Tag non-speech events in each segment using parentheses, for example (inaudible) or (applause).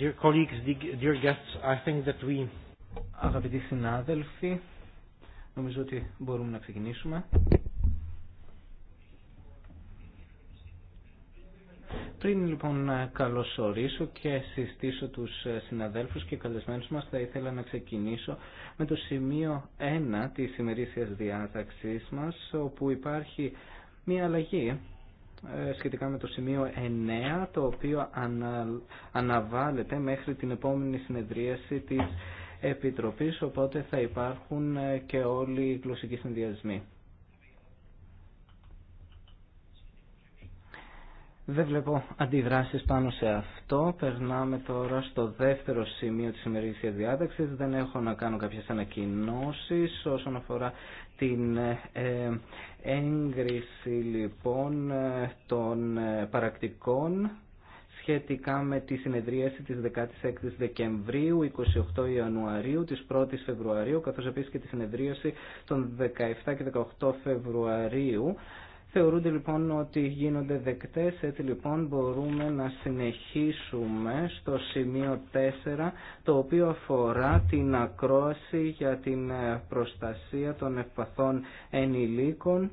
Dear colleagues, dear guests, I think that we... Αγαπητοί συνάδελφοι, νομίζω ότι μπορούμε να ξεκινήσουμε. Πριν λοιπόν καλωσορίσω και συστήσω τους συναδέλφους και καλεσμένους μας, θα ήθελα να ξεκινήσω με το σημείο 1 της ημερήσιας διάταξής μας, όπου υπάρχει μια αλλαγή ε, σχετικά με το σημείο 9, το οποίο αναβάλλεται μέχρι την επόμενη συνεδρίαση της Επιτροπής, οπότε θα υπάρχουν ε, και όλοι οι γλωσσικοί συνδυασμοί. Δεν βλέπω αντιδράσεις πάνω σε αυτό. Περνάμε τώρα στο δεύτερο σημείο της σημερινής διάταξης. Δεν έχω να κάνω κάποιες ανακοινώσεις όσον αφορά την ε, έγκριση λοιπόν ε, των ε, παρακτικών σχετικά με τη συνεδρίαση της 16ης Δεκεμβρίου, 28 Ιανουαρίου, της 1ης Φεβρουαρίου, καθώς επίσης και τη συνεδρίαση των 17 και 18 Φεβρουαρίου. Θεωρούνται λοιπόν ότι γίνονται δεκτές, έτσι λοιπόν μπορούμε να συνεχίσουμε στο σημείο 4, το οποίο αφορά την ακρόαση για την ε, προστασία των ευπαθών ενηλίκων.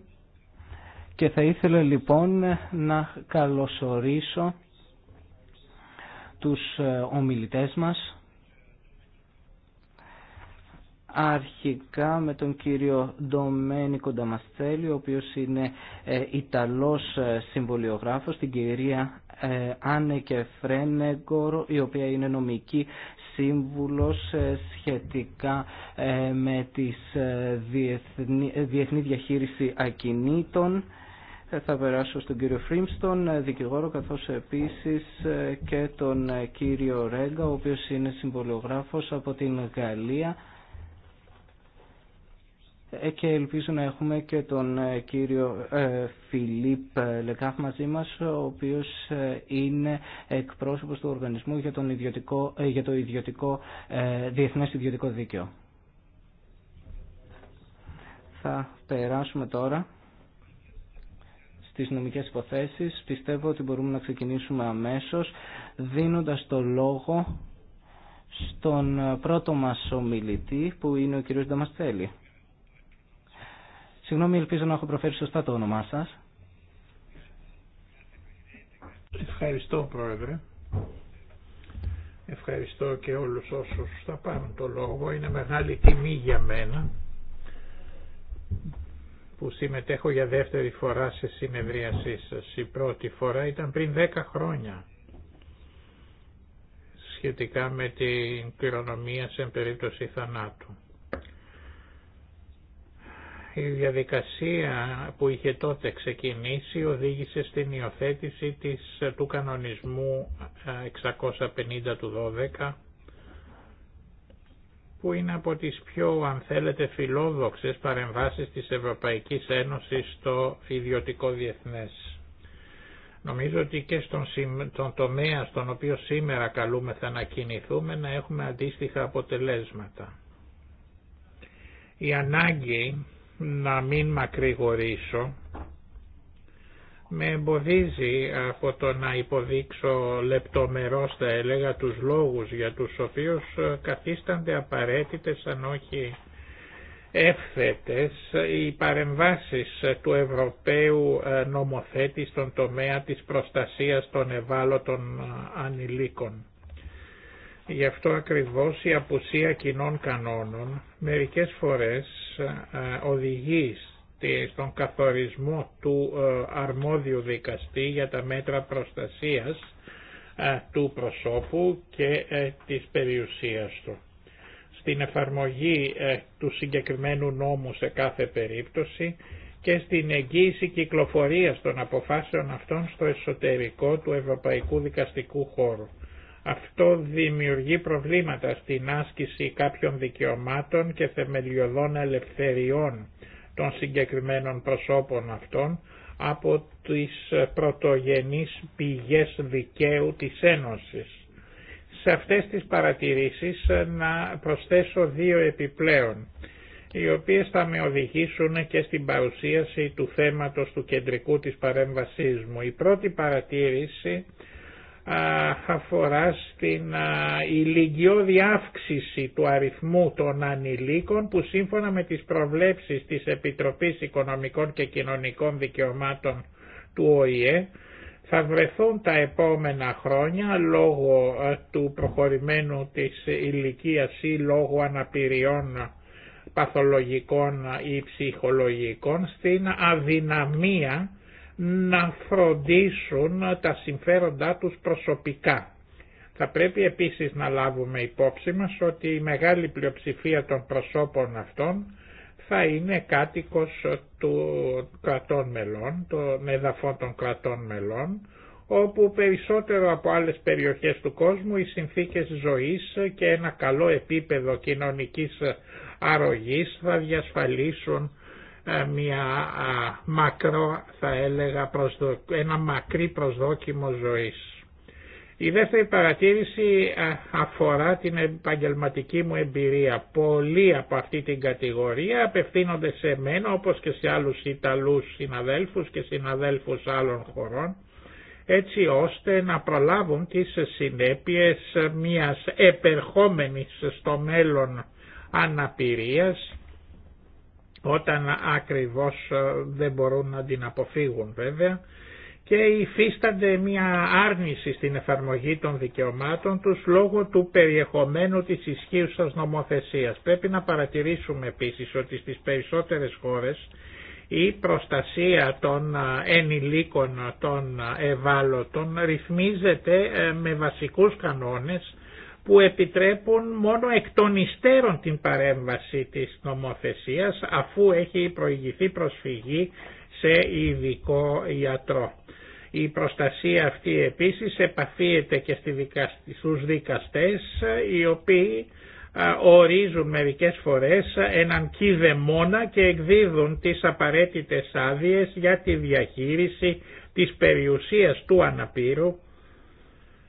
Και θα ήθελα λοιπόν να καλωσορίσω τους ε, ομιλητές μας, αρχικά με τον κύριο Ντομένικο Νταμαστέλη, ο οποίος είναι ε, Ιταλός ε, συμβολιογράφος, την κυρία ε, Άννε και Φρένεγκορο, η οποία είναι νομική σύμβουλος σχετικά με τη διεθνή διαχείριση ακινήτων. Θα περάσω στον κύριο Φρίμστον, δικηγόρο, καθώς επίσης και τον κύριο Ρέγκα, ο οποίος είναι συμβολιογράφος από την Γαλλία ε, και ελπίζω να έχουμε και τον ε, κύριο ε, Φιλίπ Λεκάφ μαζί μας, ο οποίος είναι εκπρόσωπος του οργανισμού για, τον ιδιωτικό, για το ιδιωτικό, διεθνές ιδιωτικό δίκαιο. Θα περάσουμε τώρα στις νομικές υποθέσεις. Πιστεύω ότι μπορούμε να ξεκινήσουμε αμέσως, δίνοντας το λόγο στον πρώτο μας ομιλητή, που είναι ο κύριος Νταμαστέλη. Συγγνώμη, ελπίζω να έχω προφέρει σωστά το όνομά σα. Ευχαριστώ, Πρόεδρε. Ευχαριστώ και όλους όσους θα πάρουν το λόγο. Είναι μεγάλη τιμή για μένα που συμμετέχω για δεύτερη φορά σε συνεδρίασή σας. Η πρώτη φορά ήταν πριν 10 χρόνια σχετικά με την κληρονομία σε περίπτωση θανάτου. Η διαδικασία που είχε τότε ξεκινήσει οδήγησε στην υιοθέτηση της, του κανονισμού 650 ε, του 12 που είναι από τις πιο αν θέλετε φιλόδοξες παρεμβάσεις της Ευρωπαϊκής Ένωσης στο ιδιωτικό διεθνές. Νομίζω ότι και στον, τον τομέα στον οποίο σήμερα καλούμε να κινηθούμε να έχουμε αντίστοιχα αποτελέσματα. Η ανάγκη να μην μακρηγορήσω. Με εμποδίζει από το να υποδείξω λεπτομερώς θα έλεγα τους λόγους για τους οποίους ε, καθίστανται απαραίτητες αν όχι εύθετες οι παρεμβάσεις του Ευρωπαίου ε, νομοθέτη στον τομέα της προστασίας των ευάλωτων ε, ανηλίκων. Γι' αυτό ακριβώς η απουσία κοινών κανόνων μερικές φορές ε, ε, οδηγεί στον καθορισμό του ε, αρμόδιου δικαστή για τα μέτρα προστασίας του προσώπου και της περιουσίας του. Στην εφαρμογή του συγκεκριμένου νόμου σε κάθε περίπτωση και στην εγγύηση κυκλοφορίας των αποφάσεων αυτών στο εσωτερικό του Ευρωπαϊκού Δικαστικού Χώρου. Αυτό δημιουργεί προβλήματα στην άσκηση κάποιων δικαιωμάτων και θεμελιωδών ελευθεριών των συγκεκριμένων προσώπων αυτών από τις πρωτογενείς πηγές δικαίου της Ένωσης. Σε αυτές τις παρατηρήσεις να προσθέσω δύο επιπλέον, οι οποίες θα με οδηγήσουν και στην παρουσίαση του θέματος του κεντρικού της παρέμβασής μου. Η πρώτη παρατήρηση αφορά στην ηλικιώδη αύξηση του αριθμού των ανηλίκων που σύμφωνα με τις προβλέψεις της Επιτροπής Οικονομικών και Κοινωνικών Δικαιωμάτων του ΟΗΕ θα βρεθούν τα επόμενα χρόνια λόγω του προχωρημένου της ηλικίας ή λόγω αναπηριών παθολογικών ή ψυχολογικών στην αδυναμία να φροντίσουν τα συμφέροντά τους προσωπικά. Θα πρέπει επίσης να λάβουμε υπόψη μας ότι η μεγάλη πλειοψηφία των προσώπων αυτών θα είναι κάτοικος του κρατών μελών, των εδαφών των κρατών μελών, όπου περισσότερο από άλλες περιοχές του κόσμου οι συνθήκες ζωής και ένα καλό επίπεδο κοινωνικής αρρωγής θα διασφαλίσουν ε, μια μακρό θα έλεγα ένα μακρύ προσδόκιμο ζωής. Η δεύτερη παρατήρηση ε, αφορά την επαγγελματική μου εμπειρία. Πολλοί από αυτή την κατηγορία απευθύνονται σε μένα όπως και σε άλλους Ιταλούς συναδέλφους και συναδέλφους άλλων χωρών έτσι ώστε να προλάβουν τις συνέπειες μιας επερχόμενης στο μέλλον αναπηρίας όταν ακριβώς ε, δεν μπορούν να την αποφύγουν βέβαια και υφίστανται μια άρνηση στην εφαρμογή των δικαιωμάτων τους λόγω του περιεχομένου της ισχύουσας νομοθεσίας. Πρέπει να παρατηρήσουμε επίσης ότι στις περισσότερες χώρες η προστασία των ε, ενηλίκων των ε, ευάλωτων ρυθμίζεται με βασικούς κανόνες που επιτρέπουν μόνο εκ των υστέρων την παρέμβαση της νομοθεσίας αφού έχει προηγηθεί προσφυγή σε ειδικό ιατρό. Η προστασία αυτή επίσης επαφίεται και στους δικαστές οι οποίοι ορίζουν μερικές φορές έναν κηδεμόνα και εκδίδουν τις απαραίτητες άδειες για τη διαχείριση της περιουσίας του αναπήρου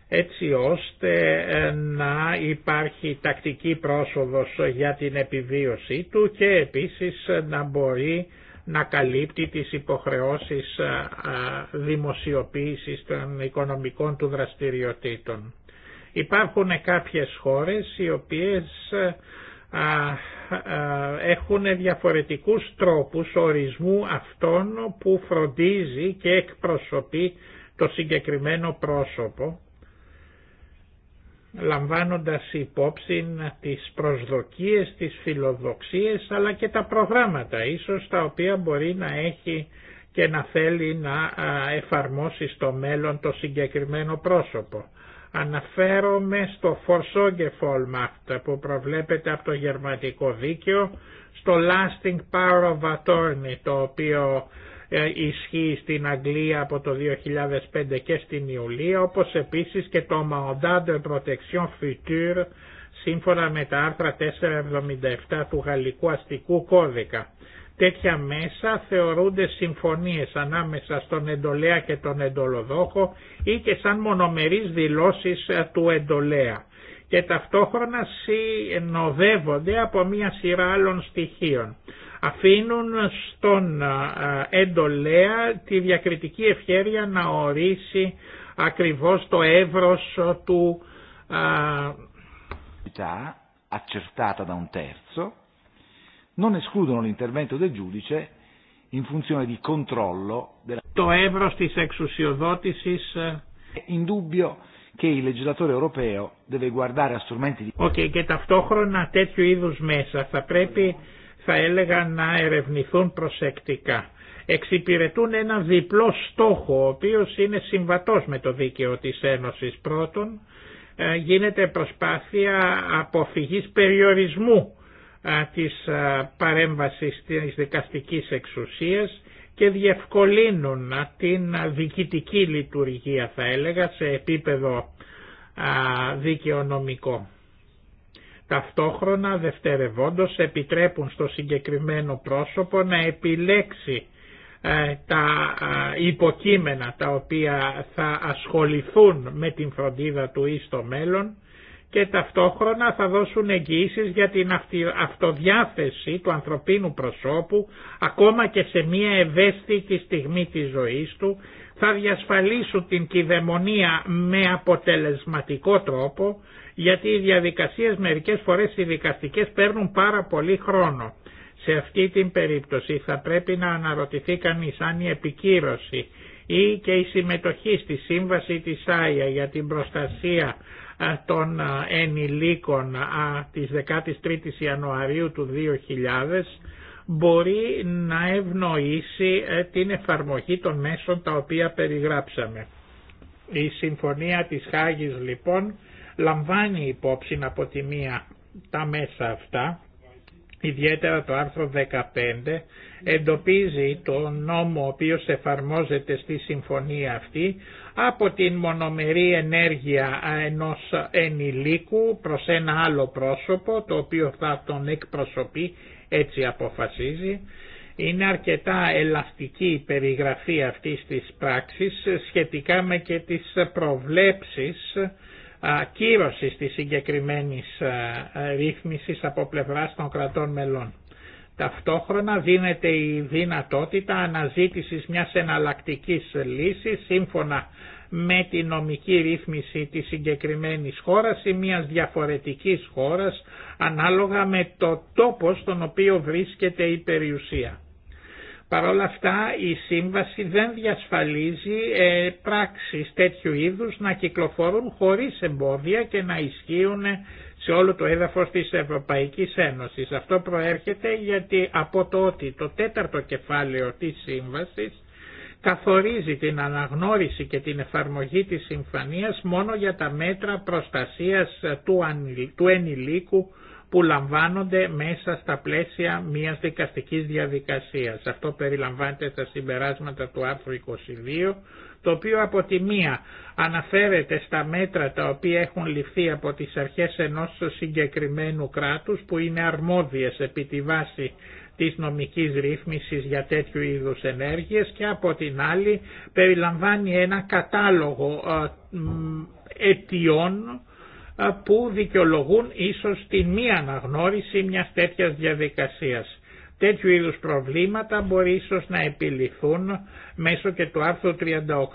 έτσι ώστε ε, να υπάρχει τακτική πρόσοδος για την επιβίωσή του και επίσης ε, να μπορεί να καλύπτει τις υποχρεώσεις ε, δημοσιοποίησης των οικονομικών του δραστηριοτήτων. Υπάρχουν κάποιες χώρες οι οποίες έχουν διαφορετικούς τρόπους ορισμού αυτών που φροντίζει και εκπροσωπεί το συγκεκριμένο πρόσωπο λαμβάνοντας υπόψη τις προσδοκίες, τις φιλοδοξίες αλλά και τα προγράμματα ίσως τα οποία μπορεί να έχει και να θέλει να εφαρμόσει στο μέλλον το συγκεκριμένο πρόσωπο. Αναφέρομαι στο Vorsorgevollmacht που προβλέπεται από το γερμανικό δίκαιο, στο Lasting Power of Attorney το οποίο ε, ισχύει στην Αγγλία από το 2005 και στην Ιουλία, όπως επίσης και το Mandat de Protection Future σύμφωνα με τα άρθρα 477 του Γαλλικού Αστικού Κώδικα. Τέτοια μέσα θεωρούνται συμφωνίες ανάμεσα στον εντολέα και τον εντολοδόχο ή και σαν μονομερείς δηλώσεις ε, του εντολέα και ταυτόχρονα συνοδεύονται από μία σειρά άλλων στοιχείων αφήνουν στον εντολέα τη διακριτική ευχέρεια να ορίσει ακριβώς το εύρος του accertata da un terzo, non escludono l'intervento del giudice in funzione di controllo della... Το εύρος της εξουσιοδότησης... In dubbio che il legislatore europeo deve guardare a strumenti di... Ok, και ταυτόχρονα τέτοιου είδους μέσα θα πρέπει θα έλεγα να ερευνηθούν προσεκτικά. Εξυπηρετούν ένα διπλό στόχο, ο οποίος είναι συμβατός με το δίκαιο της Ένωσης. Πρώτον, ε, γίνεται προσπάθεια αποφυγής περιορισμού ε, της ε, παρέμβασης της δικαστικής εξουσίας και διευκολύνουν την διοικητική λειτουργία θα έλεγα σε επίπεδο δικαιονομικό. Ταυτόχρονα δευτερευόντως επιτρέπουν στο συγκεκριμένο πρόσωπο να επιλέξει ε, τα ε, υποκείμενα τα οποία θα ασχοληθούν με την φροντίδα του ή στο μέλλον και ταυτόχρονα θα δώσουν εγγυήσει για την αυτοδιάθεση του ανθρωπίνου προσώπου ακόμα και σε μια ευαίσθητη στιγμή της ζωής του θα διασφαλίσουν την κυδαιμονία με αποτελεσματικό τρόπο γιατί οι διαδικασίες μερικές φορές οι δικαστικές παίρνουν πάρα πολύ χρόνο. Σε αυτή την περίπτωση θα πρέπει να αναρωτηθεί κανείς αν η επικύρωση ή και η συμμετοχή στη σύμβαση της ΆΙΑ για την προστασία των ενηλίκων της 13ης Ιανουαρίου του 2000 μπορεί να ευνοήσει ε, την εφαρμογή των μέσων τα οποία περιγράψαμε. Η Συμφωνία της Χάγης λοιπόν λαμβάνει υπόψη από τη μία τα μέσα αυτά, ιδιαίτερα το άρθρο 15, εντοπίζει το νόμο ο οποίος εφαρμόζεται στη συμφωνία αυτή από την μονομερή ενέργεια ενός ενηλίκου προς ένα άλλο πρόσωπο το οποίο θα τον εκπροσωπεί έτσι αποφασίζει. Είναι αρκετά ελαστική η περιγραφή αυτής της πράξης σχετικά με και τις προβλέψεις κύρωσης της συγκεκριμένης ρύθμισης από πλευράς των κρατών μελών. Ταυτόχρονα δίνεται η δυνατότητα αναζήτησης μιας εναλλακτικής λύσης σύμφωνα με τη νομική ρύθμιση της συγκεκριμένης χώρας ή μιας διαφορετικής χώρας ανάλογα με το τόπο στον οποίο βρίσκεται η περιουσία. Παρ' όλα αυτά η σύμβαση δεν διασφαλίζει ε, πράξεις τέτοιου είδους να κυκλοφορούν χωρίς εμπόδια και να ισχύουν σε όλο το έδαφος της Ευρωπαϊκής Ένωσης. Αυτό προέρχεται γιατί από το ότι το τέταρτο κεφάλαιο της σύμβασης καθορίζει την αναγνώριση και την εφαρμογή της συμφωνίας μόνο για τα μέτρα προστασίας του ενηλίκου που λαμβάνονται μέσα στα πλαίσια μιας δικαστικής διαδικασίας. Αυτό περιλαμβάνεται στα συμπεράσματα του άρθρου 22, το οποίο από τη μία αναφέρεται στα μέτρα τα οποία έχουν ληφθεί από τις αρχές ενός συγκεκριμένου κράτους που είναι αρμόδιες επί τη βάση της νομικής ρύθμισης για τέτοιου είδους ενέργειες και από την άλλη περιλαμβάνει ένα κατάλογο ε, αιτιών ε, που δικαιολογούν ίσως τη μη αναγνώριση μιας τέτοιας διαδικασίας. Τέτοιου είδους προβλήματα μπορεί ίσως να επιληθούν μέσω και του άρθρου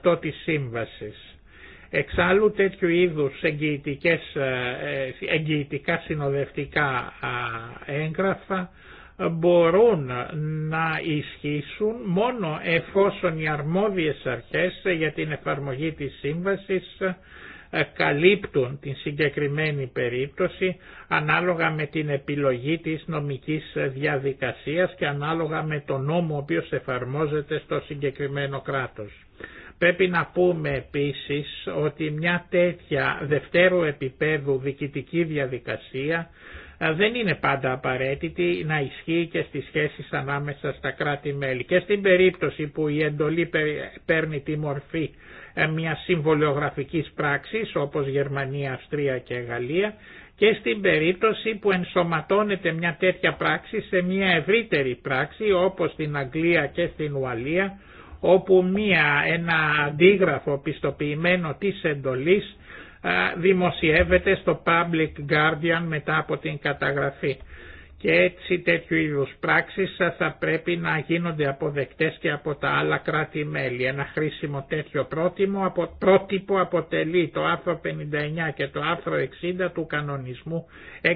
38 της Σύμβασης. Εξάλλου τέτοιου είδους ε, εγγυητικά συνοδευτικά έγγραφα μπορούν να ισχύσουν μόνο εφόσον οι αρμόδιες αρχές για την εφαρμογή της σύμβασης ε, καλύπτουν την συγκεκριμένη περίπτωση ανάλογα με την επιλογή της νομικής διαδικασίας και ανάλογα με τον νόμο ο οποίος εφαρμόζεται στο συγκεκριμένο κράτος. Πρέπει να πούμε επίσης ότι μια τέτοια δευτέρου επίπεδου διοικητική διαδικασία ε, δεν είναι πάντα απαραίτητη να ισχύει και στις σχέσεις ανάμεσα στα κράτη-μέλη. Και στην περίπτωση που η εντολή παίρνει τη μορφή ε, μια συμβολιογραφικής πράξης όπως Γερμανία, Αυστρία και Γαλλία και στην περίπτωση που ενσωματώνεται μια τέτοια πράξη σε μια ευρύτερη πράξη όπως στην Αγγλία και στην Ουαλία όπου μια, ένα αντίγραφο πιστοποιημένο της εντολής δημοσιεύεται στο Public Guardian μετά από την καταγραφή. Και έτσι τέτοιου είδους πράξεις θα πρέπει να γίνονται αποδεκτές και από τα άλλα κράτη-μέλη. Ένα χρήσιμο τέτοιο πρότυπο, απο, πρότυπο αποτελεί το άρθρο 59 και το άρθρο 60 του κανονισμού 65212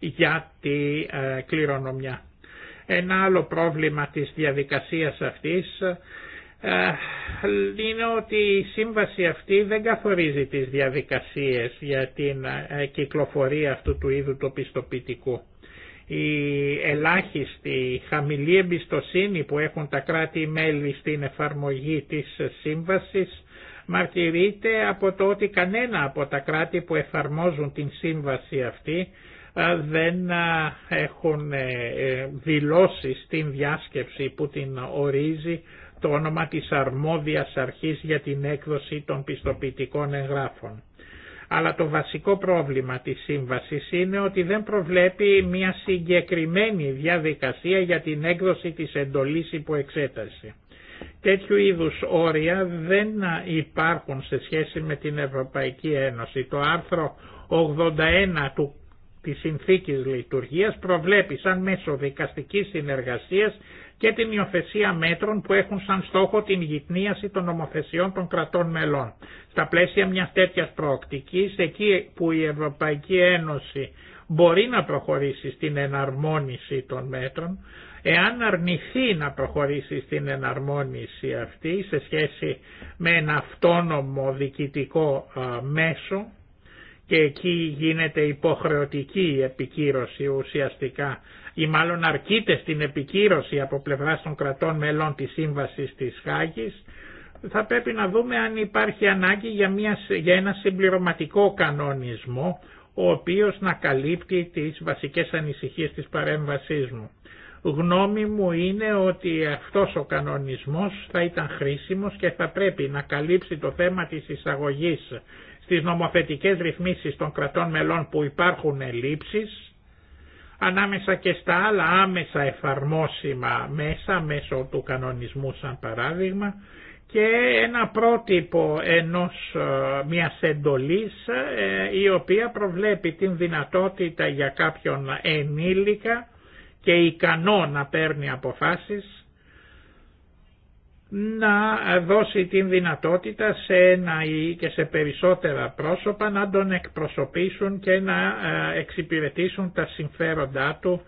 για τη κληρονομιά. Ένα άλλο πρόβλημα της διαδικασίας αυτής είναι ότι η σύμβαση αυτή δεν καθορίζει τις διαδικασίες για την ε, κυκλοφορία αυτού του είδου του πιστοποιητικού. Η ελάχιστη χαμηλή εμπιστοσύνη που έχουν τα κράτη-μέλη στην εφαρμογή της σύμβασης μαρτυρείται από το ότι κανένα από τα κράτη που εφαρμόζουν την σύμβαση αυτή ε, δεν ε, έχουν δηλώσει στην διάσκεψη που την ορίζει το όνομα της αρμόδιας αρχής για την έκδοση των πιστοποιητικών εγγράφων. Αλλά το βασικό πρόβλημα της σύμβασης είναι ότι δεν προβλέπει μια συγκεκριμένη διαδικασία για την έκδοση της εντολής υποεξέταση. Τέτοιου είδους όρια δεν υπάρχουν σε σχέση με την Ευρωπαϊκή Ένωση. Το άρθρο 81 του της συνθήκης λειτουργίας προβλέπει σαν μέσο δικαστικής συνεργασίας και την υιοθεσία μέτρων που έχουν σαν στόχο την γυτνίαση των νομοθεσιών των κρατών μελών. Στα πλαίσια μιας τέτοιας προοπτικής, εκεί που η Ευρωπαϊκή Ένωση μπορεί να προχωρήσει στην εναρμόνιση των μέτρων, εάν αρνηθεί να προχωρήσει στην εναρμόνιση αυτή σε σχέση με ένα αυτόνομο διοικητικό μέσο, και εκεί γίνεται υποχρεωτική η επικύρωση ουσιαστικά ή μάλλον αρκείται στην επικύρωση από πλευράς των κρατών μελών της Σύμβασης της Χάγης, θα πρέπει να δούμε αν υπάρχει ανάγκη για, μια, για ένα συμπληρωματικό κανονισμό, ο οποίος να καλύπτει τις βασικές ανησυχίες της παρέμβασής μου. Γνώμη μου είναι ότι αυτός ο κανονισμός θα ήταν χρήσιμος και θα πρέπει να καλύψει το θέμα της εισαγωγής στις νομοθετικές ρυθμίσεις των κρατών μελών που υπάρχουν ελλείψεις, ανάμεσα και στα άλλα άμεσα εφαρμόσιμα μέσα μέσω του κανονισμού σαν παράδειγμα και ένα πρότυπο ενός ε, μιας εντολής ε, η οποία προβλέπει την δυνατότητα για κάποιον ενήλικα και ικανό να παίρνει αποφάσεις να δώσει την δυνατότητα σε ένα ή και σε περισσότερα πρόσωπα να τον εκπροσωπήσουν και να ε, εξυπηρετήσουν τα συμφέροντά του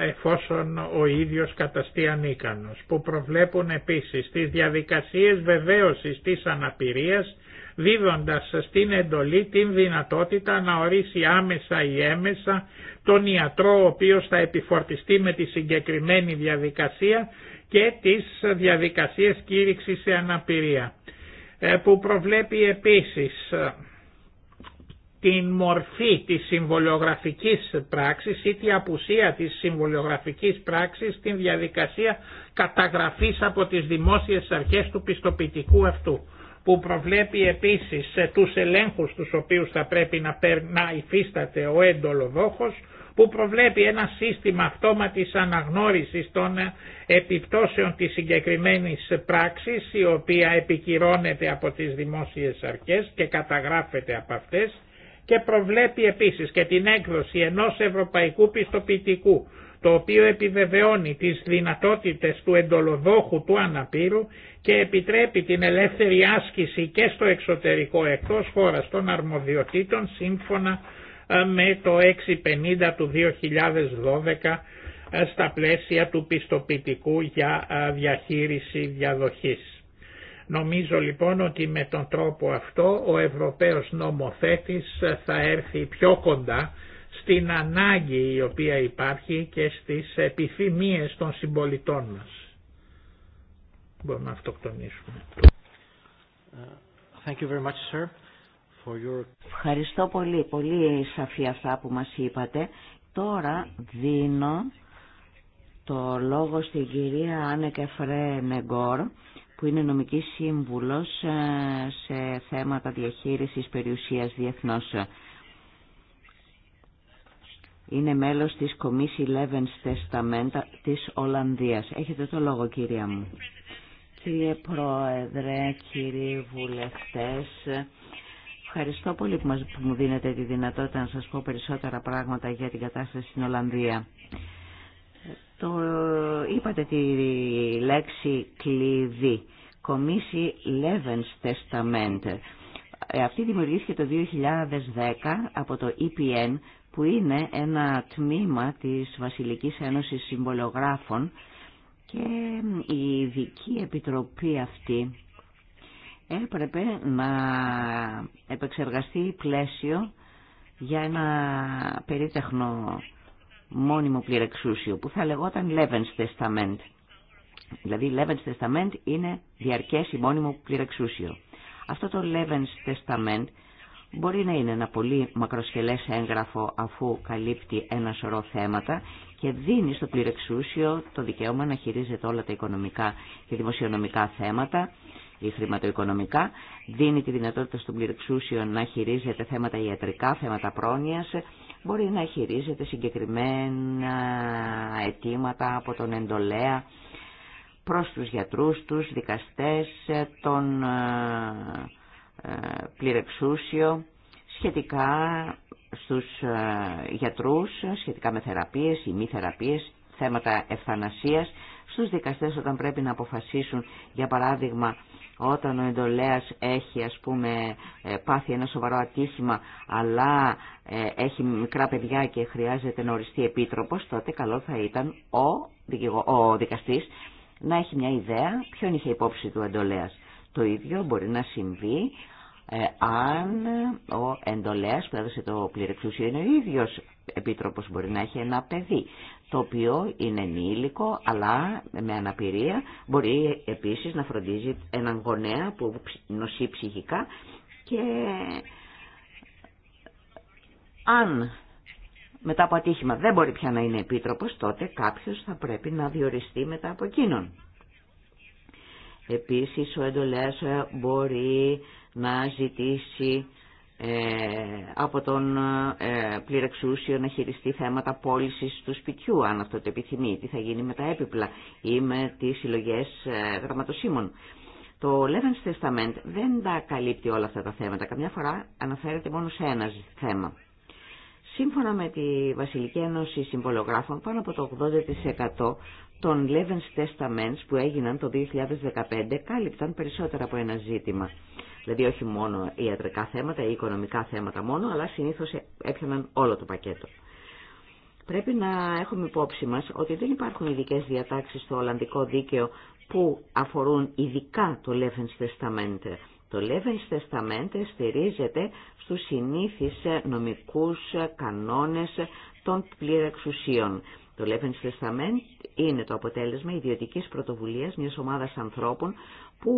ε, εφόσον ο ίδιος καταστεί ανίκανος, που προβλέπουν επίσης τις διαδικασίες βεβαίωσης της αναπηρίας, δίδοντας στην εντολή την δυνατότητα να ορίσει άμεσα ή έμεσα τον ιατρό ο οποίος θα επιφορτιστεί με τη συγκεκριμένη διαδικασία και τις διαδικασίες κήρυξης σε αναπηρία ε, που προβλέπει επίσης ε, την μορφή της συμβολιογραφικής πράξης ή την απουσία της συμβολιογραφικής πράξης στην διαδικασία καταγραφής από τις δημόσιες αρχές του πιστοποιητικού αυτού που προβλέπει επίσης σε τους ελέγχους τους οποίους θα πρέπει να, να υφίσταται ο έντολοδόχος που προβλέπει ένα σύστημα αυτόματης αναγνώρισης των ε, επιπτώσεων της συγκεκριμένης πράξης η οποία επικυρώνεται από τις δημόσιες αρχές και καταγράφεται από αυτές και προβλέπει επίσης και την έκδοση ενός ευρωπαϊκού πιστοποιητικού το οποίο επιβεβαιώνει τις δυνατότητες του εντολοδόχου του αναπήρου και επιτρέπει την ελεύθερη άσκηση και στο εξωτερικό εκτός χώρας των αρμοδιοτήτων σύμφωνα με το 650 του 2012 ε, στα πλαίσια του πιστοποιητικού για ε, διαχείριση διαδοχής. Νομίζω λοιπόν ότι με τον τρόπο αυτό ο Ευρωπαίος νομοθέτης ε, θα έρθει πιο κοντά στην ανάγκη η οποία υπάρχει και στις επιθυμίες των συμπολιτών μας. Μπορούμε να αυτοκτονήσουμε. Thank you very much, sir. Ευχαριστώ πολύ. Πολύ σαφή αυτά που μας είπατε. Τώρα δίνω το λόγο στην κυρία Άνεκε Νεγκόρ, που είναι νομική σύμβουλος ε, σε θέματα διαχείρισης περιουσίας διεθνώς. Είναι μέλος της Commission Levens Testament της Ολλανδίας. Έχετε το λόγο κυρία μου. Κύριε Πρόεδρε, κύριοι βουλευτές, Ευχαριστώ πολύ που, μας, που μου δίνετε τη δυνατότητα να σας πω περισσότερα πράγματα για την κατάσταση στην Ολλανδία. Το, είπατε τη λέξη κλειδί. Κομίση Levens Testament. Ε, αυτή δημιουργήθηκε το 2010 από το EPN που είναι ένα τμήμα της Βασιλικής Ένωσης Συμβολογράφων και η ειδική επιτροπή αυτή έπρεπε να επεξεργαστεί πλαίσιο για ένα περίτεχνο μόνιμο πληρεξούσιο που θα λεγόταν Levens Testament. Δηλαδή Levens Testament είναι διαρκές ή μόνιμο πληρεξούσιο. Αυτό το Levens Testament μπορεί να είναι ένα πολύ μακροσχελές έγγραφο αφού καλύπτει ένα σωρό θέματα και δίνει στο πληρεξούσιο το δικαίωμα να χειρίζεται όλα τα οικονομικά και δημοσιονομικά θέματα ή χρηματοοικονομικά, δίνει τη δυνατότητα στον πληρεξούσιο να χειρίζεται θέματα ιατρικά, θέματα πρόνοιας, μπορεί να χειρίζεται συγκεκριμένα αιτήματα από τον εντολέα προς τους γιατρούς τους, δικαστές, τον πληρεξούσιο, ε, σχετικά στους ε, γιατρούς, σχετικά με θεραπείες ή μη θεραπείες θέματα ευθανασίας, στους δικαστές όταν πρέπει να αποφασίσουν, για παράδειγμα, όταν ο εντολέας έχει ας πούμε ε, πάθει ένα σοβαρό ατύχημα αλλά ε, έχει μικρά παιδιά και χρειάζεται να οριστεί επίτροπος, τότε καλό θα ήταν ο, ο δικαστής να έχει μια ιδέα ποιον είχε υπόψη του εντολέας. Το ίδιο μπορεί να συμβεί ε, αν ο εντολέας που έδωσε το πληρεξούσιο είναι ο ίδιος επίτροπος μπορεί να έχει ένα παιδί το οποίο είναι ενήλικο αλλά με αναπηρία μπορεί επίσης να φροντίζει έναν γονέα που νοσεί ψυχικά και αν μετά από ατύχημα δεν μπορεί πια να είναι επίτροπος τότε κάποιος θα πρέπει να διοριστεί μετά από εκείνον. Επίσης ο εντολέας ε, μπορεί να ζητήσει ε, από τον ε, πληρεξούσιο να χειριστεί θέματα πώληση του σπιτιού, αν αυτό το επιθυμεί, τι θα γίνει με τα έπιπλα ή με τις συλλογέ ε, γραμματοσύμων. Το Levens Testament δεν τα καλύπτει όλα αυτά τα θέματα, καμιά φορά αναφέρεται μόνο σε ένα θέμα. Σύμφωνα με τη Βασιλική Ένωση Συμβολογράφων, πάνω από το 80% των Levens Testaments που έγιναν το 2015 κάλυπταν περισσότερα από ένα ζήτημα. Δηλαδή όχι μόνο ιατρικά θέματα ή οικονομικά θέματα μόνο, αλλά συνήθως έπιαναν όλο το πακέτο. Πρέπει να έχουμε υπόψη μας ότι δεν υπάρχουν ειδικέ διατάξεις στο Ολλανδικό Δίκαιο που αφορούν ειδικά το Levens Testament. Το Levens Testament στηρίζεται στους συνήθεις νομικούς κανόνες των εξουσίων. Το Levens είναι το αποτέλεσμα ιδιωτικής πρωτοβουλίας μιας ομάδας ανθρώπων που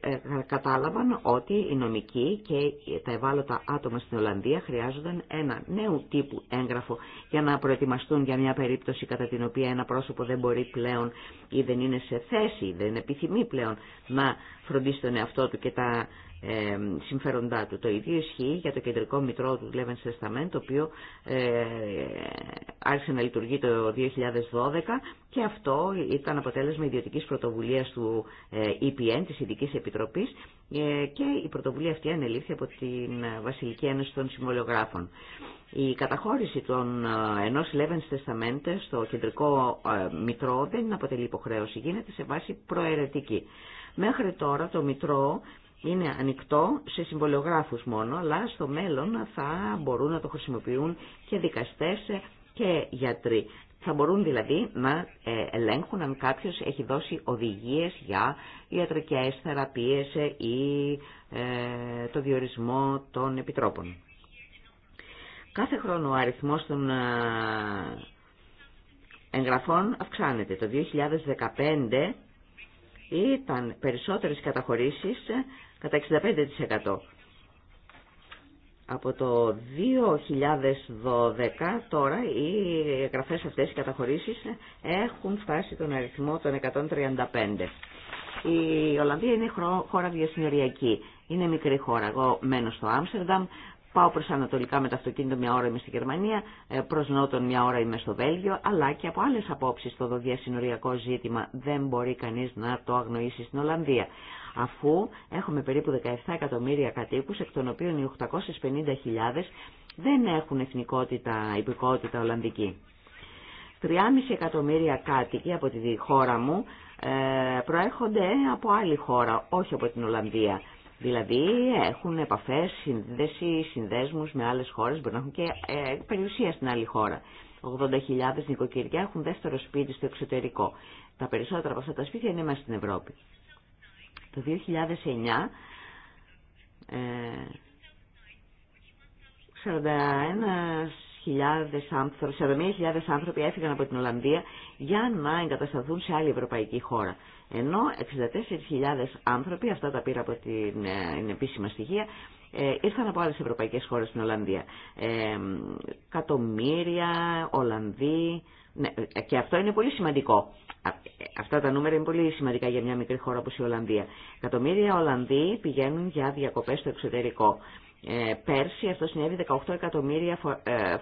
ε, κατάλαβαν ότι οι νομικοί και τα ευάλωτα άτομα στην Ολλανδία χρειάζονταν ένα νέου τύπου έγγραφο για να προετοιμαστούν για μια περίπτωση κατά την οποία ένα πρόσωπο δεν μπορεί πλέον ή δεν είναι σε θέση, δεν επιθυμεί πλέον να φροντίσει τον εαυτό του και τα ε, συμφέροντά του. Το ίδιο ισχύει για το κεντρικό μητρό του Levens Testament, το οποίο ε, άρχισε να λειτουργεί το 2012 και αυτό ήταν αποτέλεσμα ιδιωτικής πρωτοβουλίας του ε, EPN, της Ειδικής Επιτροπής ε, και η πρωτοβουλία αυτή ανελήφθη από την Βασιλική Ένωση των Συμβολιογράφων. Η καταχώρηση των, ε, ενός Levens Testament στο κεντρικό μητρό δεν αποτελεί υποχρέωση, γίνεται σε βάση προαιρετική. Μέχρι τώρα το μητρό είναι ανοιχτό σε συμβολιογράφους μόνο, αλλά στο μέλλον θα μπορούν να το χρησιμοποιούν και δικαστές και γιατροί. Θα μπορούν δηλαδή να ε, ελέγχουν αν κάποιος έχει δώσει οδηγίες για ιατρικές θεραπείες ή ε, το διορισμό των επιτρόπων. Κάθε χρόνο ο αριθμός των ε, εγγραφών αυξάνεται. Το 2015 ήταν περισσότερες καταχωρήσεις κατά 65%. Από το 2012 τώρα οι εγγραφές αυτές, οι καταχωρήσεις έχουν φτάσει τον αριθμό των 135. Η Ολλανδία είναι χώρα διασυνοριακή. Είναι μικρή χώρα. Εγώ μένω στο Άμστερνταμ, πάω προς Ανατολικά με το αυτοκίνητο μια ώρα είμαι στη Γερμανία, ε, προς Νότον μια ώρα είμαι στο Βέλγιο, αλλά και από άλλες απόψεις το διασυνοριακό ζήτημα δεν μπορεί κανείς να το αγνοήσει στην Ολλανδία αφού έχουμε περίπου 17 εκατομμύρια κατοίκους, εκ των οποίων οι 850.000 δεν έχουν εθνικότητα, υπηκότητα Ολλανδική. 3,5 εκατομμύρια κάτοικοι από τη χώρα μου ε, προέρχονται από άλλη χώρα, όχι από την Ολλανδία. Δηλαδή έχουν επαφές, σύνδεση, συνδέσμους με άλλες χώρες, μπορεί να έχουν και ε, περιουσία στην άλλη χώρα. 80.000 νοικοκυριά έχουν δεύτερο σπίτι στο εξωτερικό. Τα περισσότερα από αυτά τα σπίτια είναι μέσα στην Ευρώπη. Το 2009 41.000 άνθρωποι, 41.000 άνθρωποι έφυγαν από την Ολλανδία για να εγκατασταθούν σε άλλη ευρωπαϊκή χώρα. Ενώ 64.000 άνθρωποι, αυτά τα πήρα από την, ε, επίσημα στοιχεία, ε, ήρθαν από άλλες ευρωπαϊκές χώρες στην Ολλανδία. Ε, κατομμύρια, Ολλανδοί, ναι, ε, και αυτό είναι πολύ σημαντικό. Ε, αυτά τα νούμερα είναι πολύ σημαντικά για μια μικρή χώρα όπως η Ολλανδία. Κατομμύρια Ολλανδοί πηγαίνουν για διακοπές στο εξωτερικό. Ε, πέρσι αυτό συνέβη 18 εκατομμύρια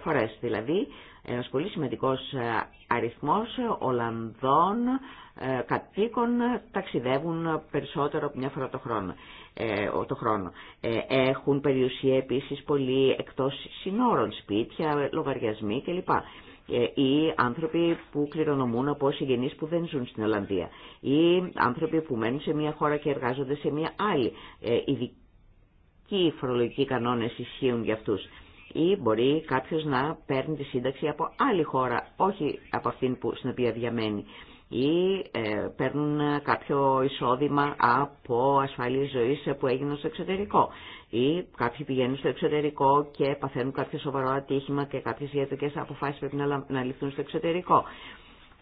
φορές, δηλαδή ένας πολύ σημαντικός αριθμός Ολλανδών κατοίκων ταξιδεύουν περισσότερο από μια φορά το χρόνο. Ε, το χρόνο. Ε, έχουν περιουσία επίσης πολύ εκτός συνόρων, σπίτια, λογαριασμοί κλπ ε, ή άνθρωποι που κληρονομούν από συγγενείς που δεν ζουν στην Ολλανδία ή άνθρωποι που μένουν σε μια χώρα και εργάζονται σε μια άλλη. Ειδικοί φορολογικοί κανόνες ισχύουν για αυτούς. Ή μπορεί κάποιος να παίρνει τη σύνταξη από άλλη χώρα, όχι από αυτήν που, στην οποία διαμένει ή ε, παίρνουν κάποιο εισόδημα από ασφαλή ζωή που έγινε στο εξωτερικό. Ή κάποιοι πηγαίνουν στο εξωτερικό και παθαίνουν κάποιο σοβαρό ατύχημα και κάποιες ιατρικές αποφάσεις πρέπει να, να ληφθούν στο εξωτερικό.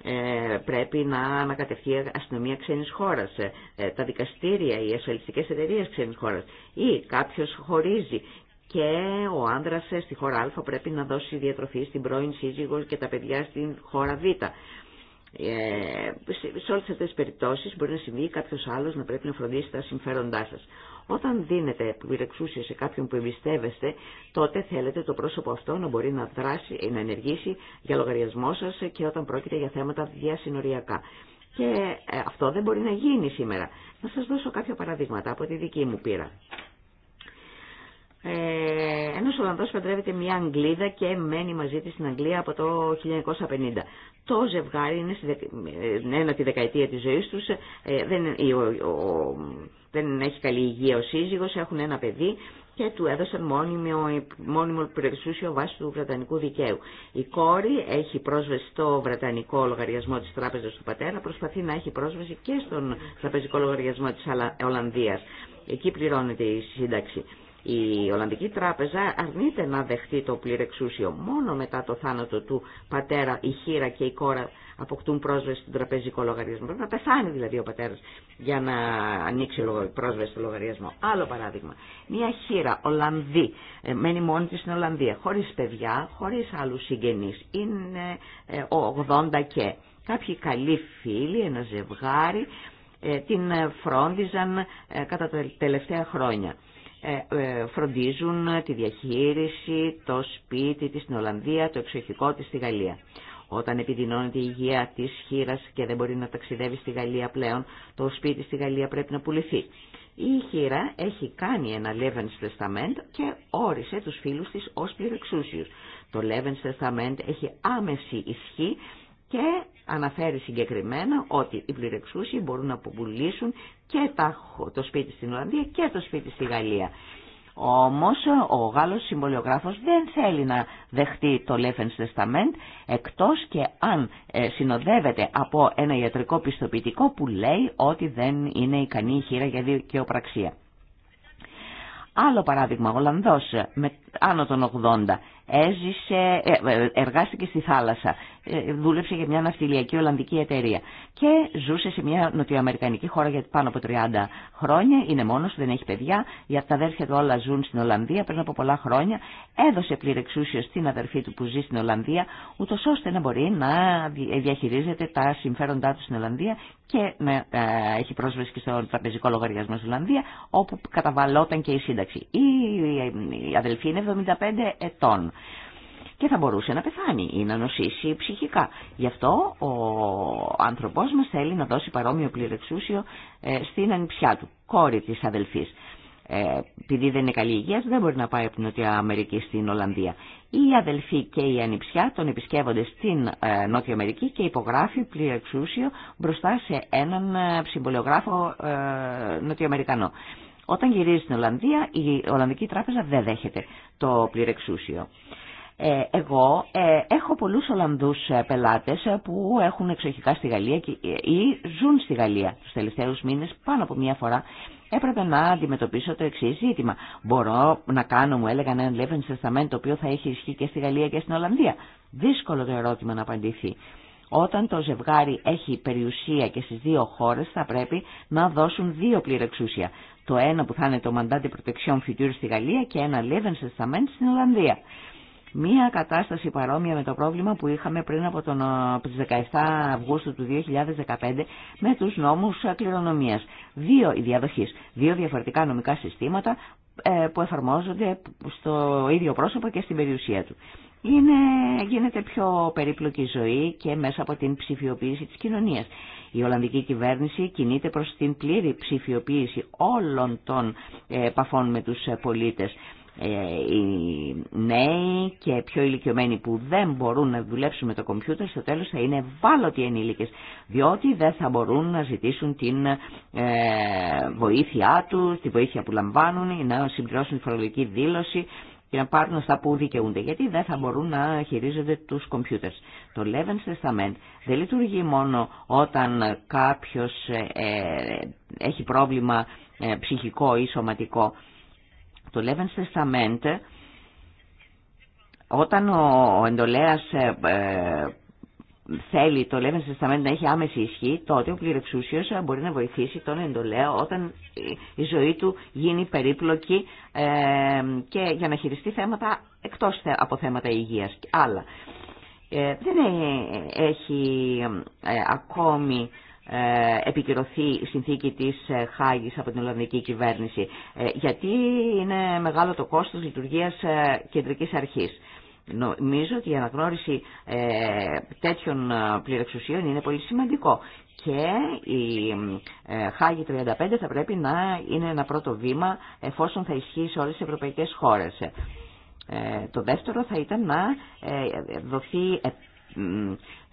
Ε, πρέπει να ανακατευθεί η αστυνομία ξένης χώρας, ε, ε τα δικαστήρια, οι ασφαλιστικές εταιρείες ξένης χώρας ή κάποιος χωρίζει και ο άντρα ε, στη χώρα Α πρέπει να δώσει διατροφή στην πρώην σύζυγο και τα παιδιά στην χώρα Β. Ε, σε όλες αυτές τις περιπτώσεις μπορεί να συμβεί κάποιος άλλος να πρέπει να φροντίσει τα συμφέροντά σας. Όταν δίνετε πληρεξούσια σε κάποιον που εμπιστεύεστε, τότε θέλετε το πρόσωπο αυτό να μπορεί να δράσει, να ενεργήσει για λογαριασμό σας και όταν πρόκειται για θέματα διασυνοριακά. Και ε, αυτό δεν μπορεί να γίνει σήμερα. Να σας δώσω κάποια παραδείγματα από τη δική μου πείρα. Ε, ένα Ολλανδό παντρεύεται μια Αγγλίδα και μένει μαζί τη στην Αγγλία από το 1950. Το ζευγάρι είναι στην ένατη δεκαετία της ζωής τους, ε, δεν, δεν έχει καλή υγεία ο σύζυγος, έχουν ένα παιδί και του έδωσαν μόνιμο, μόνιμο βάσει βάση του Βρετανικού δικαίου. Η κόρη έχει πρόσβαση στο Βρετανικό λογαριασμό τη Τράπεζα του πατέρα, προσπαθεί να έχει πρόσβαση και στον τραπεζικό λογαριασμό τη Ολλανδία. Εκεί πληρώνεται η σύνταξη. Η Ολλανδική Τράπεζα αρνείται να δεχτεί το πληρεξούσιο. Μόνο μετά το θάνατο του πατέρα η χείρα και η κόρα αποκτούν πρόσβαση στον τραπεζικό λογαριασμό. Πρέπει να πεθάνει δηλαδή ο πατέρα για να ανοίξει πρόσβαση στο λογαριασμό. Άλλο παράδειγμα. Μια χείρα Ολλανδή ε, μένει μόνη τη στην Ολλανδία, χωρί παιδιά, χωρί άλλου συγγενεί. Είναι 80 ε, και. Κάποιοι καλοί φίλοι, ένα ζευγάρι, ε, την φρόντιζαν κατά τα τελευταία χρόνια. Ε, ε, φροντίζουν τη διαχείριση, το σπίτι της στην Ολλανδία, το εξοχικό της στη Γαλλία. Όταν επιδεινώνεται η υγεία της χείρα και δεν μπορεί να ταξιδεύει στη Γαλλία πλέον, το σπίτι στη Γαλλία πρέπει να πουληθεί. Η χείρα έχει κάνει ένα Levens Testament και όρισε τους φίλους της ως πληροεξούσιους. Το Levens Testament έχει άμεση ισχύ και αναφέρει συγκεκριμένα ότι οι πληρεξούσιοι μπορούν να πουλήσουν και το σπίτι στην Ολλανδία και το σπίτι στη Γαλλία. Όμως ο Γάλλος συμβολιογράφος δεν θέλει να δεχτεί το Leffens Testament εκτός και αν ε, συνοδεύεται από ένα ιατρικό πιστοποιητικό που λέει ότι δεν είναι ικανή η χείρα για δικαιοπραξία. Άλλο παράδειγμα, ο Ολλανδός με άνω των 80. Έζησε, ε, ε, εργάστηκε στη θάλασσα, ε, δούλεψε για μια ναυτιλιακή Ολλανδική εταιρεία και ζούσε σε μια νοτιοαμερικανική χώρα για πάνω από 30 χρόνια, είναι μόνο, δεν έχει παιδιά, για τα αδέρφια του όλα ζουν στην Ολλανδία πριν από πολλά χρόνια, έδωσε πληρεξούσιο στην αδερφή του που ζει στην Ολλανδία, ούτω ώστε να μπορεί να διαχειρίζεται τα συμφέροντά του στην Ολλανδία και να έχει πρόσβαση και στον τραπεζικό λογαριασμό στην Ολλανδία, όπου καταβαλόταν και η σύνταξη. Η αδελφή είναι 75 ετών και θα μπορούσε να πεθάνει ή να νοσήσει ψυχικά. Γι' αυτό ο άνθρωπός μας θέλει να δώσει παρόμοιο πληρεξούσιο ε, στην ανιψιά του, κόρη της αδελφής. Ε, επειδή δεν είναι καλή υγεία, δεν μπορεί να πάει από την Νότια Αμερική στην Ολλανδία. Η αδελφή και η ανιψιά τον επισκέπτονται στην ε, Νότια Αμερική και υπογράφει πληρεξουσιο μπροστά σε έναν ε, ψυμπολιογράφο ε, Νοτιοαμερικανό. Όταν γυρίζει στην Ολλανδία, η Ολλανδική Τράπεζα δεν δέχεται το πληρεξούσιο. Ε, εγώ ε, έχω πολλούς Ολλανδούς ε, πελάτες που έχουν εξοχικά στη Γαλλία ή ζουν στη Γαλλία τους τελευταίους μήνες πάνω από μία φορά. Έπρεπε να αντιμετωπίσω το εξή ζήτημα. Μπορώ να κάνω, μου έλεγαν, ένα Leven Testament το οποίο θα έχει ισχύ και στη Γαλλία και στην Ολλανδία. Δύσκολο το ερώτημα να απαντηθεί. Όταν το ζευγάρι έχει περιουσία και στις δύο χώρες θα πρέπει να δώσουν δύο πληρεξούσια. Το ένα που θα είναι το Mandate Protection Future στη Γαλλία και ένα Levensestament στην Ολλανδία. Μία κατάσταση παρόμοια με το πρόβλημα που είχαμε πριν από, τον, 17 ε, Αυγούστου του 2015 με τους νόμους ε, κληρονομίας. Δύο διαδοχής, δύο διαφορετικά νομικά συστήματα ε, που εφαρμόζονται στο ίδιο πρόσωπο και στην περιουσία του είναι, γίνεται πιο περίπλοκη ζωή και μέσα από την ψηφιοποίηση της κοινωνίας. Η Ολλανδική κυβέρνηση κινείται προς την πλήρη ψηφιοποίηση όλων των επαφών με τους πολίτες. Ε, οι νέοι και πιο ηλικιωμένοι που δεν μπορούν να δουλέψουν με το κομπιούτερ στο τέλος θα είναι ευάλωτοι ενήλικες διότι δεν θα μπορούν να ζητήσουν την ε, βοήθειά τους, τη βοήθεια που λαμβάνουν ή να συμπληρώσουν τη φορολογική δήλωση για να πάρουν αυτά που δικαιούνται, γιατί δεν θα μπορούν να χειρίζονται τους κομπιούτερς. Το Levens Testament δεν λειτουργεί μόνο όταν κάποιος ε, ε, έχει πρόβλημα ε, ψυχικό ή σωματικό. Το Levens Testament όταν ο εντολέας θέλει το λέμε σε να έχει άμεση ισχύ, τότε ο πληρεξούσιος μπορεί να βοηθήσει τον εντολέο όταν η ζωή του γίνει περίπλοκη ε, και για να χειριστεί θέματα εκτός από θέματα υγείας άλλα. Ε, δεν ε, έχει ακόμη επικυρωθεί η συνθήκη της χάγη από την Ολλανδική κυβέρνηση, γιατί είναι μεγάλο το κόστος λειτουργίας κεντρικής αρχής. Νομίζω ότι η αναγνώριση ε, τέτοιων ε, πληρεξουσίων είναι πολύ σημαντικό και η ε, Χάγη 35 θα πρέπει να είναι ένα πρώτο βήμα εφόσον θα ισχύει σε όλες τις ευρωπαϊκές χώρες. Το δεύτερο θα ήταν να δοθεί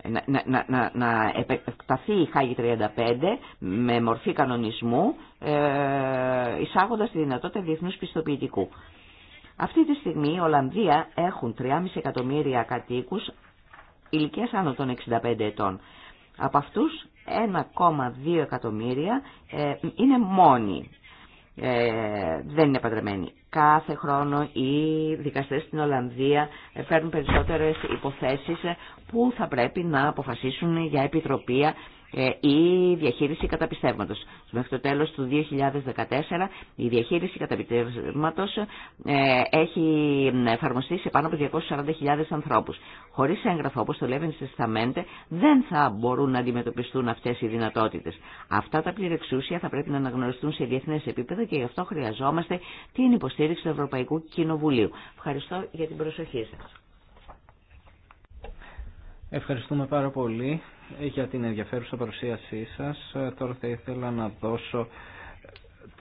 να, να, να, να επεκταθεί η Χάγη 35 με μορφή κανονισμού ε, εισάγοντας τη δυνατότητα διεθνούς πιστοποιητικού. Αυτή τη στιγμή η Ολλανδία έχουν 3,5 εκατομμύρια κατοίκους ηλικίας άνω των 65 ετών. Από αυτούς 1,2 εκατομμύρια ε, είναι μόνοι, ε, δεν είναι παντρεμένοι. Κάθε χρόνο οι δικαστές στην Ολλανδία ε, φέρνουν περισσότερες υποθέσεις που θα πρέπει να αποφασίσουν για επιτροπία ή ε, διαχείριση καταπιστεύματος. Μέχρι το τέλος του 2014 η διαχείριση καταπιστεύματος ε, έχει εφαρμοστεί σε πάνω από 240.000 ανθρώπους. Χωρίς έγγραφο, όπως το στις σταμέντε, δεν θα μπορούν να αντιμετωπιστούν αυτές οι δυνατότητες. Αυτά τα πληρεξούσια θα πρέπει να αναγνωριστούν σε διεθνές επίπεδο και γι' αυτό χρειαζόμαστε την υποστήριξη του Ευρωπαϊκού Κοινοβουλίου. Ευχαριστώ για την προσοχή σας. Ευχαριστούμε πάρα πολύ για την ενδιαφέρουσα παρουσίασή σας. Τώρα θα ήθελα να δώσω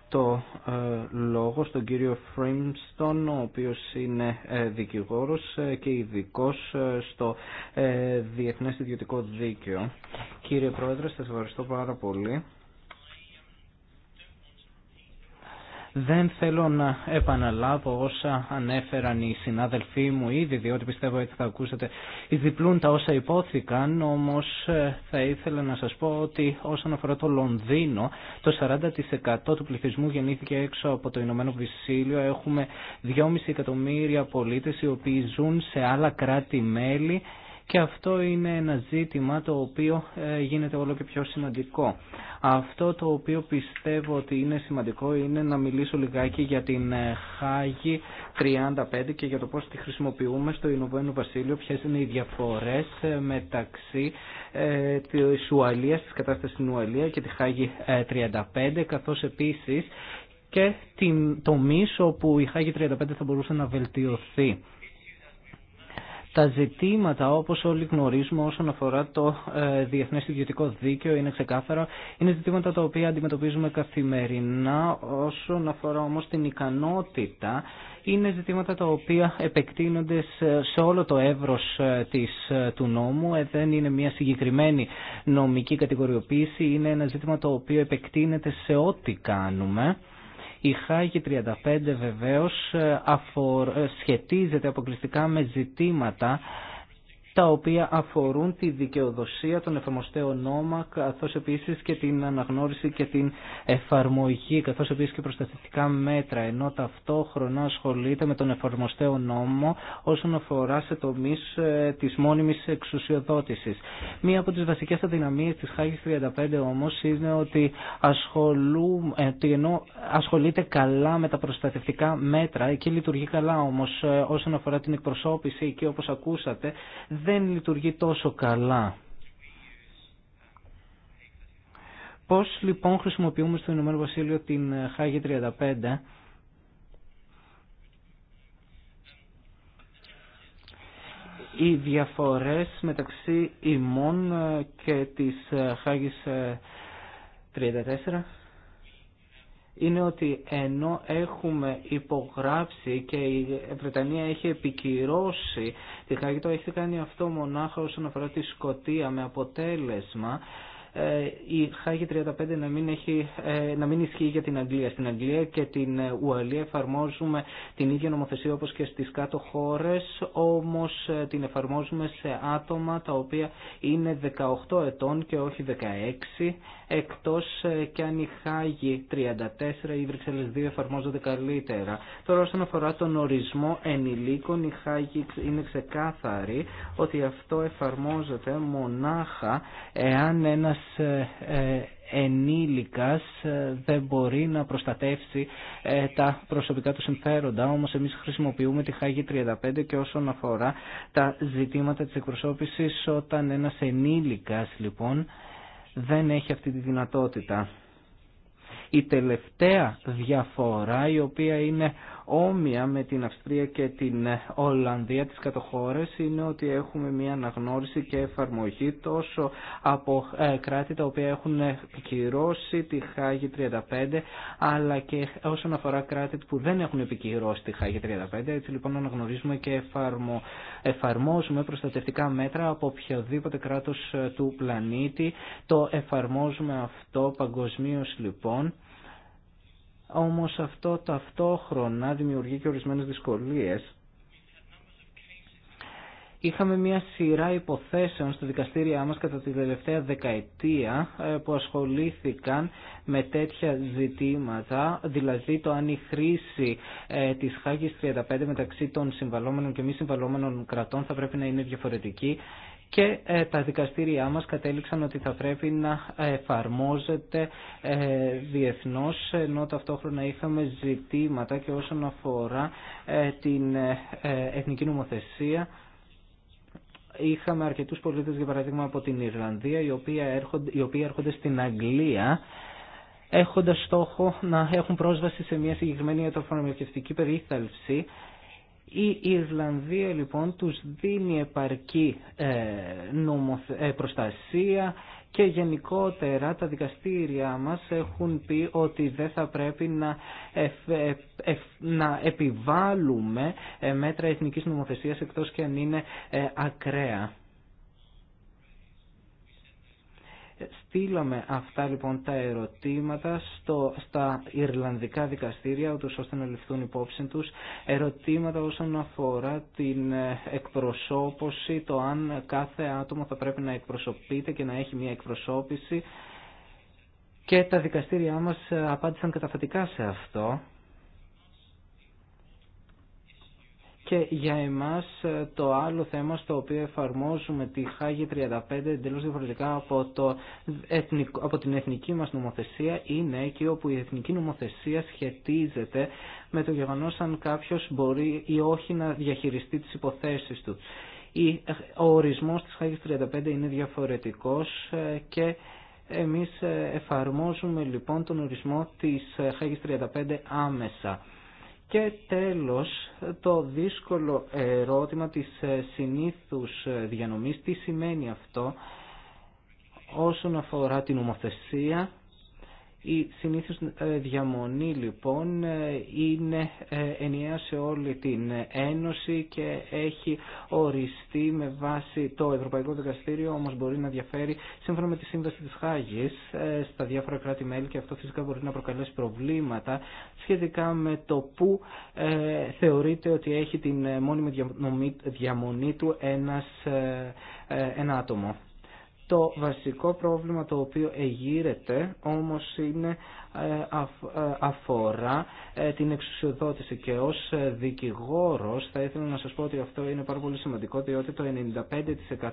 το ε, λόγο στον κύριο Φρίμστον, ο οποίος είναι ε, δικηγόρος ε, και ειδικό στο Διεθνές Ιδιωτικό Δίκαιο. Κύριε Πρόεδρε, σας ευχαριστώ πάρα πολύ. Δεν θέλω να επαναλάβω όσα ανέφεραν οι συνάδελφοί μου ήδη, διότι πιστεύω ότι θα ακούσετε διπλούν τα όσα υπόθηκαν, όμως ε, θα ήθελα να σας πω ότι όσον αφορά το Λονδίνο, το 40% του πληθυσμού γεννήθηκε έξω από το Ηνωμένο Βυσίλειο. Έχουμε 2,5 εκατομμύρια πολίτες οι οποίοι ζουν σε άλλα κράτη-μέλη και αυτό είναι ένα ζήτημα το οποίο ε, γίνεται όλο και πιο σημαντικό. Αυτό το οποίο πιστεύω ότι είναι σημαντικό είναι να μιλήσω λιγάκι για την ε, Χάγη 35 και για το πώς τη χρησιμοποιούμε στο Ηνωμένο Βασίλειο, ποιες είναι οι διαφορές ε, μεταξύ της Ουαλίας, της κατάστασης στην Ουαλία και τη Χάγη 35, καθώς επίσης και το μίσο που η Χάγη 35 θα μπορούσε να βελτιωθεί. Τα ζητήματα, όπως όλοι γνωρίζουμε όσον αφορά το ε, διεθνές ιδιωτικό δίκαιο, είναι ξεκάθαρα. Είναι ζητήματα τα οποία αντιμετωπίζουμε καθημερινά. Όσον αφορά όμως την ικανότητα, είναι ζητήματα τα οποία επεκτείνονται σε όλο το εύρος ε, της, ε, του νόμου. Δεν είναι μια συγκεκριμένη νομική κατηγοριοποίηση. Είναι ένα ζήτημα το οποίο επεκτείνεται σε ό,τι κάνουμε. Η Χάγη 35 βεβαίως ε, αφορ... Ε, σχετίζεται αποκλειστικά με ζητήματα τα οποία αφορούν τη δικαιοδοσία των εφαρμοστέων νόμα, καθώς επίσης και την αναγνώριση και την εφαρμογή, καθώς επίσης και προστατευτικά μέτρα, ενώ ταυτόχρονα ασχολείται με τον εφαρμοστέο νόμο όσον αφορά σε τομείς ε, της μόνιμης εξουσιοδότησης. Μία από τις βασικές αδυναμίες της Χάγης 35 όμως είναι ότι, ασχολού, ε, ενώ ασχολείται καλά με τα προστατευτικά μέτρα, εκεί λειτουργεί καλά όμως ε, όσον αφορά την εκπροσώπηση και όπως ακούσατε, δεν λειτουργεί τόσο καλά. Πώς λοιπόν χρησιμοποιούμε στο Ηνωμένο Βασίλειο την hg ε, 35 οι διαφορές μεταξύ ημών ε, και της ε, Χάγης 34 είναι ότι ενώ έχουμε υπογράψει και η Βρετανία έχει επικυρώσει τη Χάγη, το έχει κάνει αυτό μονάχα όσον αφορά τη Σκοτία με αποτέλεσμα ε, η Χάγη 35 να μην, έχει, ε, να μην ισχύει για την Αγγλία. Στην Αγγλία και την Ουαλία εφαρμόζουμε την ίδια νομοθεσία όπως και στις κάτω χώρες, όμως ε, την εφαρμόζουμε σε άτομα τα οποία είναι 18 ετών και όχι 16, εκτός και αν η Χάγη 34 ή οι Βρυξέλλες 2 εφαρμόζονται καλύτερα. Τώρα όσον αφορά τον ορισμό ενηλίκων, η βρυξελλες 2 είναι ξεκάθαρη ότι αυτό εφαρμόζεται μονάχα εάν ένας ε, ε, ενήλικας ε, δεν μπορεί να προστατεύσει τα προσωπικά του συμφέροντα. Όμως εμείς χρησιμοποιούμε τη Χάγη 35 και όσον αφορά τα ζητήματα της εκπροσώπησης όταν ένας ενήλικας λοιπόν δεν έχει αυτή τη δυνατότητα. Η τελευταία διαφορά η οποία είναι όμοια με την Αυστρία και την Ολλανδία τις κατοχώρες είναι ότι έχουμε μια αναγνώριση και εφαρμογή τόσο από ε, κράτη τα οποία έχουν επικυρώσει τη Χάγη 35 αλλά και όσον αφορά κράτη που δεν έχουν επικυρώσει τη Χάγη 35 έτσι λοιπόν αναγνωρίζουμε και εφαρμόζουμε προστατευτικά μέτρα από οποιοδήποτε κράτος ε, του πλανήτη το εφαρμόζουμε αυτό παγκοσμίω λοιπόν όμως αυτό ταυτόχρονα δημιουργεί και ορισμένες δυσκολίες. Είχαμε μια σειρά υποθέσεων στο δικαστήριά μας κατά τη τελευταία δεκαετία ε, που ασχολήθηκαν με τέτοια ζητήματα, δηλαδή το αν η χρήση ε, της Χάγης 35 μεταξύ των συμβαλόμενων και μη συμβαλόμενων κρατών θα πρέπει να είναι διαφορετική και ε, τα δικαστήριά μας κατέληξαν ότι θα πρέπει να εφαρμόζεται ε, διεθνώς ενώ ταυτόχρονα είχαμε ζητήματα και όσον αφορά ε, την εθνική νομοθεσία είχαμε αρκετούς πολίτες για παράδειγμα από την Ιρλανδία οι οποίοι έρχονται, στην Αγγλία έχοντας στόχο να έχουν πρόσβαση σε μια συγκεκριμένη ατροφονομικευτική περίθαλψη η Ιρλανδία λοιπόν τους δίνει επαρκή ε, ε, προστασία και γενικότερα τα δικαστήρια μας έχουν πει ότι δεν θα πρέπει να, να επιβάλλουμε ε, μέτρα εθνικής νομοθεσίας εκτός και αν είναι ακραία. στείλαμε αυτά λοιπόν τα ερωτήματα στο, στα Ιρλανδικά δικαστήρια ούτως ώστε να ληφθούν υπόψη τους ερωτήματα όσον αφορά την ε, εκπροσώπωση το αν κάθε άτομο θα πρέπει να εκπροσωπείται και να έχει μια εκπροσώπηση και τα δικαστήριά μας ε, απάντησαν καταφατικά σε αυτό Και για εμάς ε, το άλλο θέμα στο οποίο εφαρμόζουμε τη Χάγη 35 εντελώς διαφορετικά από, το εθνικό, από την εθνική μας νομοθεσία είναι εκεί όπου η εθνική νομοθεσία σχετίζεται με το γεγονός αν κάποιος μπορεί ή όχι να διαχειριστεί τις υποθέσεις του. Ο ορισμός της Χάγης 35 είναι διαφορετικός ε, και εμείς ε, εφαρμόζουμε λοιπόν τον ορισμό της Χάγης 35 άμεσα. Και τέλος, το δύσκολο ερώτημα της συνήθους διανομής, τι σημαίνει αυτό όσον αφορά την ομοθεσία η συνήθως ε, διαμονή λοιπόν ε, είναι ε, ενιαία σε όλη την Ένωση και έχει οριστεί με βάση το Ευρωπαϊκό Δικαστήριο όμως μπορεί να διαφέρει σύμφωνα με τη Σύμβαση της Χάγης στα διάφορα κράτη-μέλη και αυτό φυσικά μπορεί να προκαλέσει προβλήματα σχετικά με το που θεωρείται ότι έχει την μόνιμη διαμονή του ένας, ένα άτομο. Το βασικό πρόβλημα το οποίο εγείρεται όμως είναι ε, ε, αφορά ε, την εξουσιοδότηση και ως δικηγόρος θα ήθελα να σας πω ότι αυτό είναι πάρα πολύ σημαντικό διότι το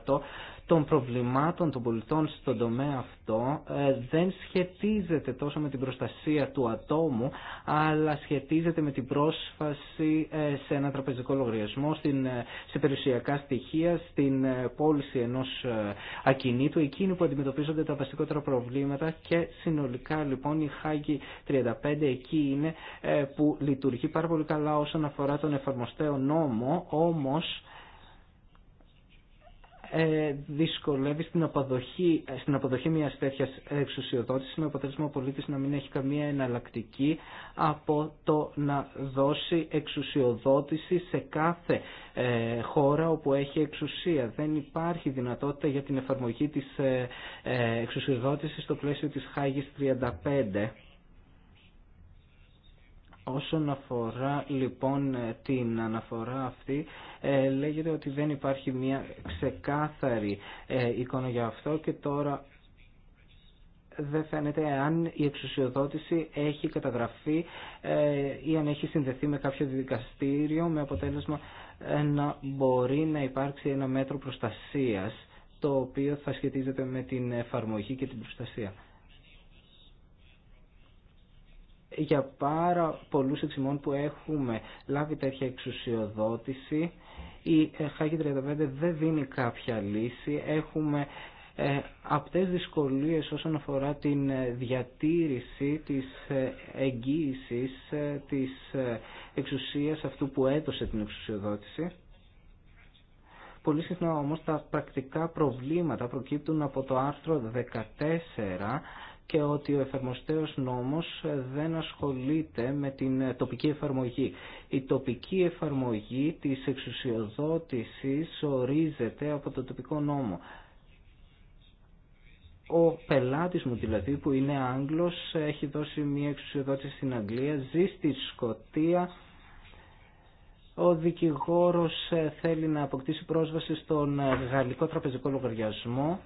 95% των προβλημάτων των πολιτών στον τομέα αυτό δεν σχετίζεται τόσο με την προστασία του ατόμου αλλά σχετίζεται με την πρόσφαση σε ένα τραπεζικό λογαριασμό στην, σε περιουσιακά στοιχεία στην πώληση ενός ακινήτου Εκείνοι που αντιμετωπίζονται τα βασικότερα προβλήματα και συνολικά λοιπόν η Χάγκη 35 εκεί είναι ε, που λειτουργεί πάρα πολύ καλά όσον αφορά τον εφαρμοστέο νόμο, όμως ε, δυσκολεύει στην αποδοχή, στην αποδοχή μιας τέτοιας εξουσιοδότησης με αποτέλεσμα ο πολίτης να μην έχει καμία εναλλακτική από το να δώσει εξουσιοδότηση σε κάθε ε, χώρα όπου έχει εξουσία. Δεν υπάρχει δυνατότητα για την εφαρμογή της ε, εξουσιοδότησης στο πλαίσιο της Χάγης 35 Όσον αφορά λοιπόν την αναφορά αυτή, ε, λέγεται ότι δεν υπάρχει μια ξεκάθαρη ε, εικόνα για αυτό και τώρα δεν φαίνεται αν η εξουσιοδότηση έχει καταγραφεί ε, ή αν έχει συνδεθεί με κάποιο δικαστήριο με αποτέλεσμα να μπορεί να υπάρξει ένα μέτρο προστασίας το οποίο θα σχετίζεται με την εφαρμογή και την προστασία. για πάρα πολλούς εξημών που έχουμε λάβει τέτοια εξουσιοδότηση η ε, ΧΑΚΙ 35 δεν δίνει κάποια λύση. Έχουμε ε, απτές δυσκολίες όσον αφορά την ε, διατήρηση της ε, εγγύησης της εξουσίας αυτού που έδωσε την εξουσιοδότηση. Πολύ συχνά όμως τα πρακτικά προβλήματα προκύπτουν από το άρθρο 14 και ότι ο εφαρμοστέος νόμος δεν ασχολείται με την τοπική εφαρμογή. Η τοπική εφαρμογή της εξουσιοδότησης ορίζεται από το τοπικό νόμο. Ο πελάτης μου δηλαδή που είναι Άγγλος έχει δώσει μια εξουσιοδότηση στην Αγγλία, ζει στη Σκοτία, ο δικηγόρος θέλει να αποκτήσει πρόσβαση στον γαλλικό τραπεζικό λογαριασμό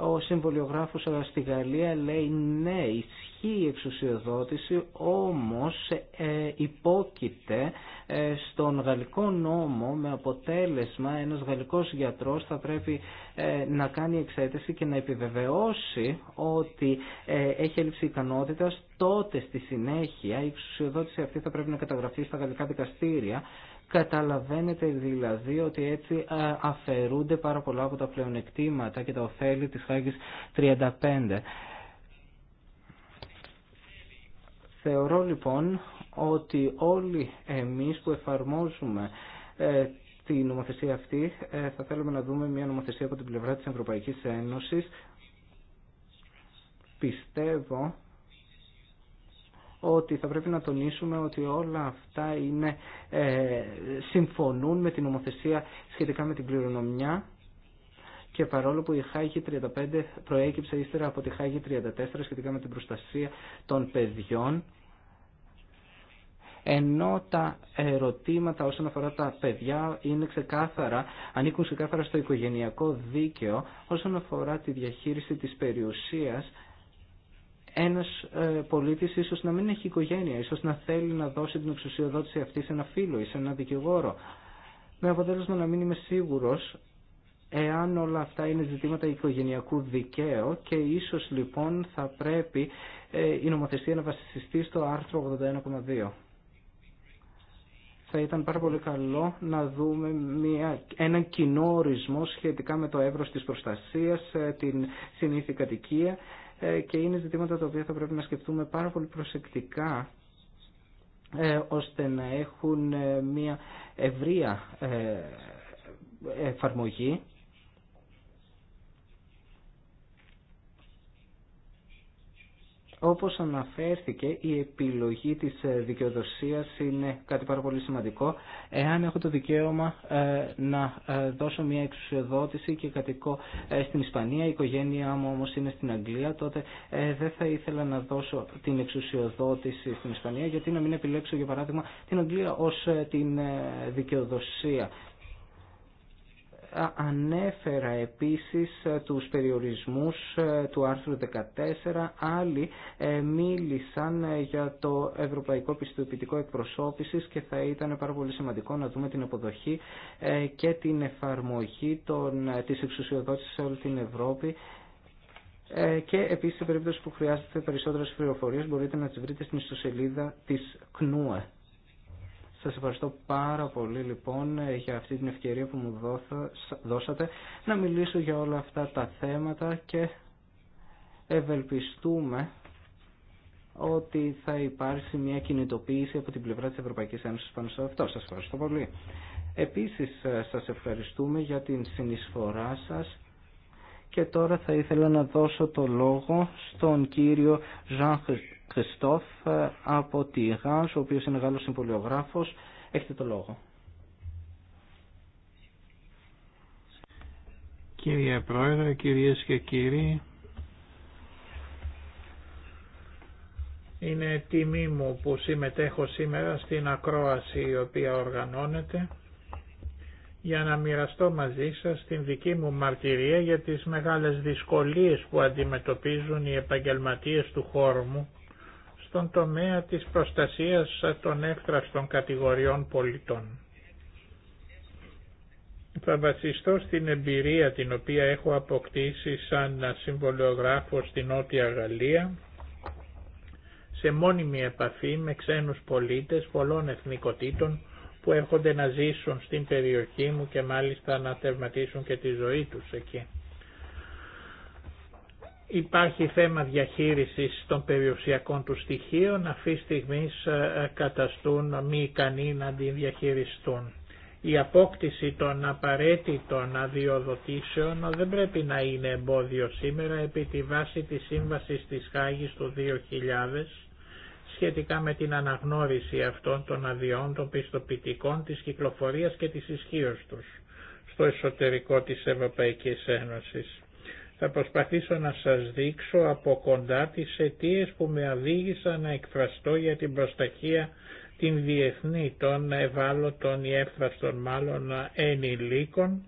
ο συμβολιογράφος στη Γαλλία λέει ναι, ισχύει η εξουσιοδότηση, όμως ε, υπόκειται ε, στον γαλλικό νόμο με αποτέλεσμα ένας γαλλικός γιατρός θα πρέπει ε, να κάνει εξέταση και να επιβεβαιώσει ότι έχει έλλειψη ικανότητας, τότε στη συνέχεια η εξουσιοδότηση αυτή θα πρέπει να καταγραφεί στα γαλλικά δικαστήρια Καταλαβαίνετε δηλαδή ότι έτσι ε, αφαιρούνται πάρα πολλά από τα πλεονεκτήματα και τα ωφέλη της Χάγης 35. Θεωρώ λοιπόν ότι όλοι εμείς που εφαρμόζουμε ε, τη νομοθεσία αυτή ε, θα θέλουμε να δούμε μια νομοθεσία από την πλευρά της Ευρωπαϊκής Ένωσης. Πιστεύω ότι θα πρέπει να τονίσουμε ότι όλα αυτά είναι, ε, συμφωνούν με την νομοθεσία σχετικά με την κληρονομιά και παρόλο που η Χάγη 35 προέκυψε ύστερα από τη Χάγη 34 σχετικά με την προστασία των παιδιών, ενώ τα ερωτήματα όσον αφορά τα παιδιά είναι ξεκάθαρα, ανήκουν ξεκάθαρα στο οικογενειακό δίκαιο όσον αφορά τη διαχείριση της περιουσίας ένας ε, πολίτη ίσω να μην έχει οικογένεια, ίσω να θέλει να δώσει την εξουσιοδότηση αυτή σε ένα φίλο ή σε ένα δικηγόρο. Με αποτέλεσμα να μην είμαι σίγουρο, εάν όλα αυτά είναι ζητήματα οικογενειακού δικαίου και ίσω λοιπόν θα πρέπει ε, η νομοθεσία να βασιστεί στο άρθρο 81,2. Θα ήταν πάρα πολύ καλό να δούμε μια, έναν κοινό ορισμό σχετικά με το εύρος της προστασίας, ε, την συνήθεια κατοικία ε, και είναι ζητήματα τα οποία θα πρέπει να σκεφτούμε πάρα πολύ προσεκτικά ε, ώστε να έχουν ε, μια ευρεία εφαρμογή Όπως αναφέρθηκε, η επιλογή της ε, δικαιοδοσίας είναι κάτι πάρα πολύ σημαντικό. Εάν έχω το δικαίωμα ε, να ε, δώσω μια εξουσιοδότηση και κατοικώ στην Ισπανία, η οικογένειά μου όμως είναι στην Αγγλία, τότε δεν θα ήθελα να δώσω την εξουσιοδότηση στην Ισπανία, γιατί να μην επιλέξω για παράδειγμα την Αγγλία ως την δικαιοδοσία Ανέφερα επίσης ε, τους περιορισμούς ε, του άρθρου 14. Άλλοι ε, μίλησαν για το Ευρωπαϊκό Πιστοποιητικό Εκπροσώπησης και θα ήταν πάρα πολύ σημαντικό να δούμε την αποδοχή και την εφαρμογή των, της εξουσιοδότησης σε όλη την Ευρώπη και επίσης σε περίπτωση που χρειάζεται περισσότερες πληροφορίες μπορείτε να τις βρείτε στην ιστοσελίδα της ΚΝΟΕ. Σας ευχαριστώ πάρα πολύ λοιπόν για αυτή την ευκαιρία που μου δώσατε να μιλήσω για όλα αυτά τα θέματα και ευελπιστούμε ότι θα υπάρξει μια κινητοποίηση από την πλευρά της Ευρωπαϊκής Ένωσης πάνω σε αυτό. Σας ευχαριστώ πολύ. Επίσης ε, σας ευχαριστούμε για την συνεισφορά σας και τώρα θα ήθελα να δώσω το λόγο στον κύριο Jean Χριστόφ ε, από τη ΓΑΣ, ο οποίος είναι Γάλλος συμβολιογράφος. Έχετε το λόγο. Κύριε Πρόεδρε, κυρίες και κύριοι, είναι τιμή μου που συμμετέχω σήμερα στην ακρόαση η οποία οργανώνεται για να μοιραστώ μαζί σας την δική μου μαρτυρία για τις μεγάλες δυσκολίες που αντιμετωπίζουν οι επαγγελματίες του χώρου μου στον τομέα της προστασίας των εύθραστων κατηγοριών πολιτών. Θα βασιστώ στην εμπειρία την οποία έχω αποκτήσει σαν συμβολιογράφο στην Νότια Γαλλία, σε μόνιμη επαφή με ξένους πολίτες πολλών εθνικοτήτων που έρχονται να ζήσουν στην περιοχή μου και μάλιστα να τερματίσουν και τη ζωή τους εκεί. Υπάρχει θέμα διαχείρισης των περιουσιακών του στοιχείων, αυτή τη στιγμή ε, ε, καταστούν μη ικανοί να την διαχειριστούν. Η απόκτηση των απαραίτητων αδειοδοτήσεων δεν πρέπει να είναι εμπόδιο σήμερα επί τη βάση της Σύμβασης της Χάγης του 2000 σχετικά με την αναγνώριση αυτών των αδειών των πιστοποιητικών της κυκλοφορίας και της ισχύω τους στο εσωτερικό της Ευρωπαϊκής Ένωσης θα προσπαθήσω να σας δείξω από κοντά τις αιτίε που με οδήγησαν να εκφραστώ για την προσταχία την διεθνή των ευάλωτων ή έφραστων μάλλον ενηλίκων,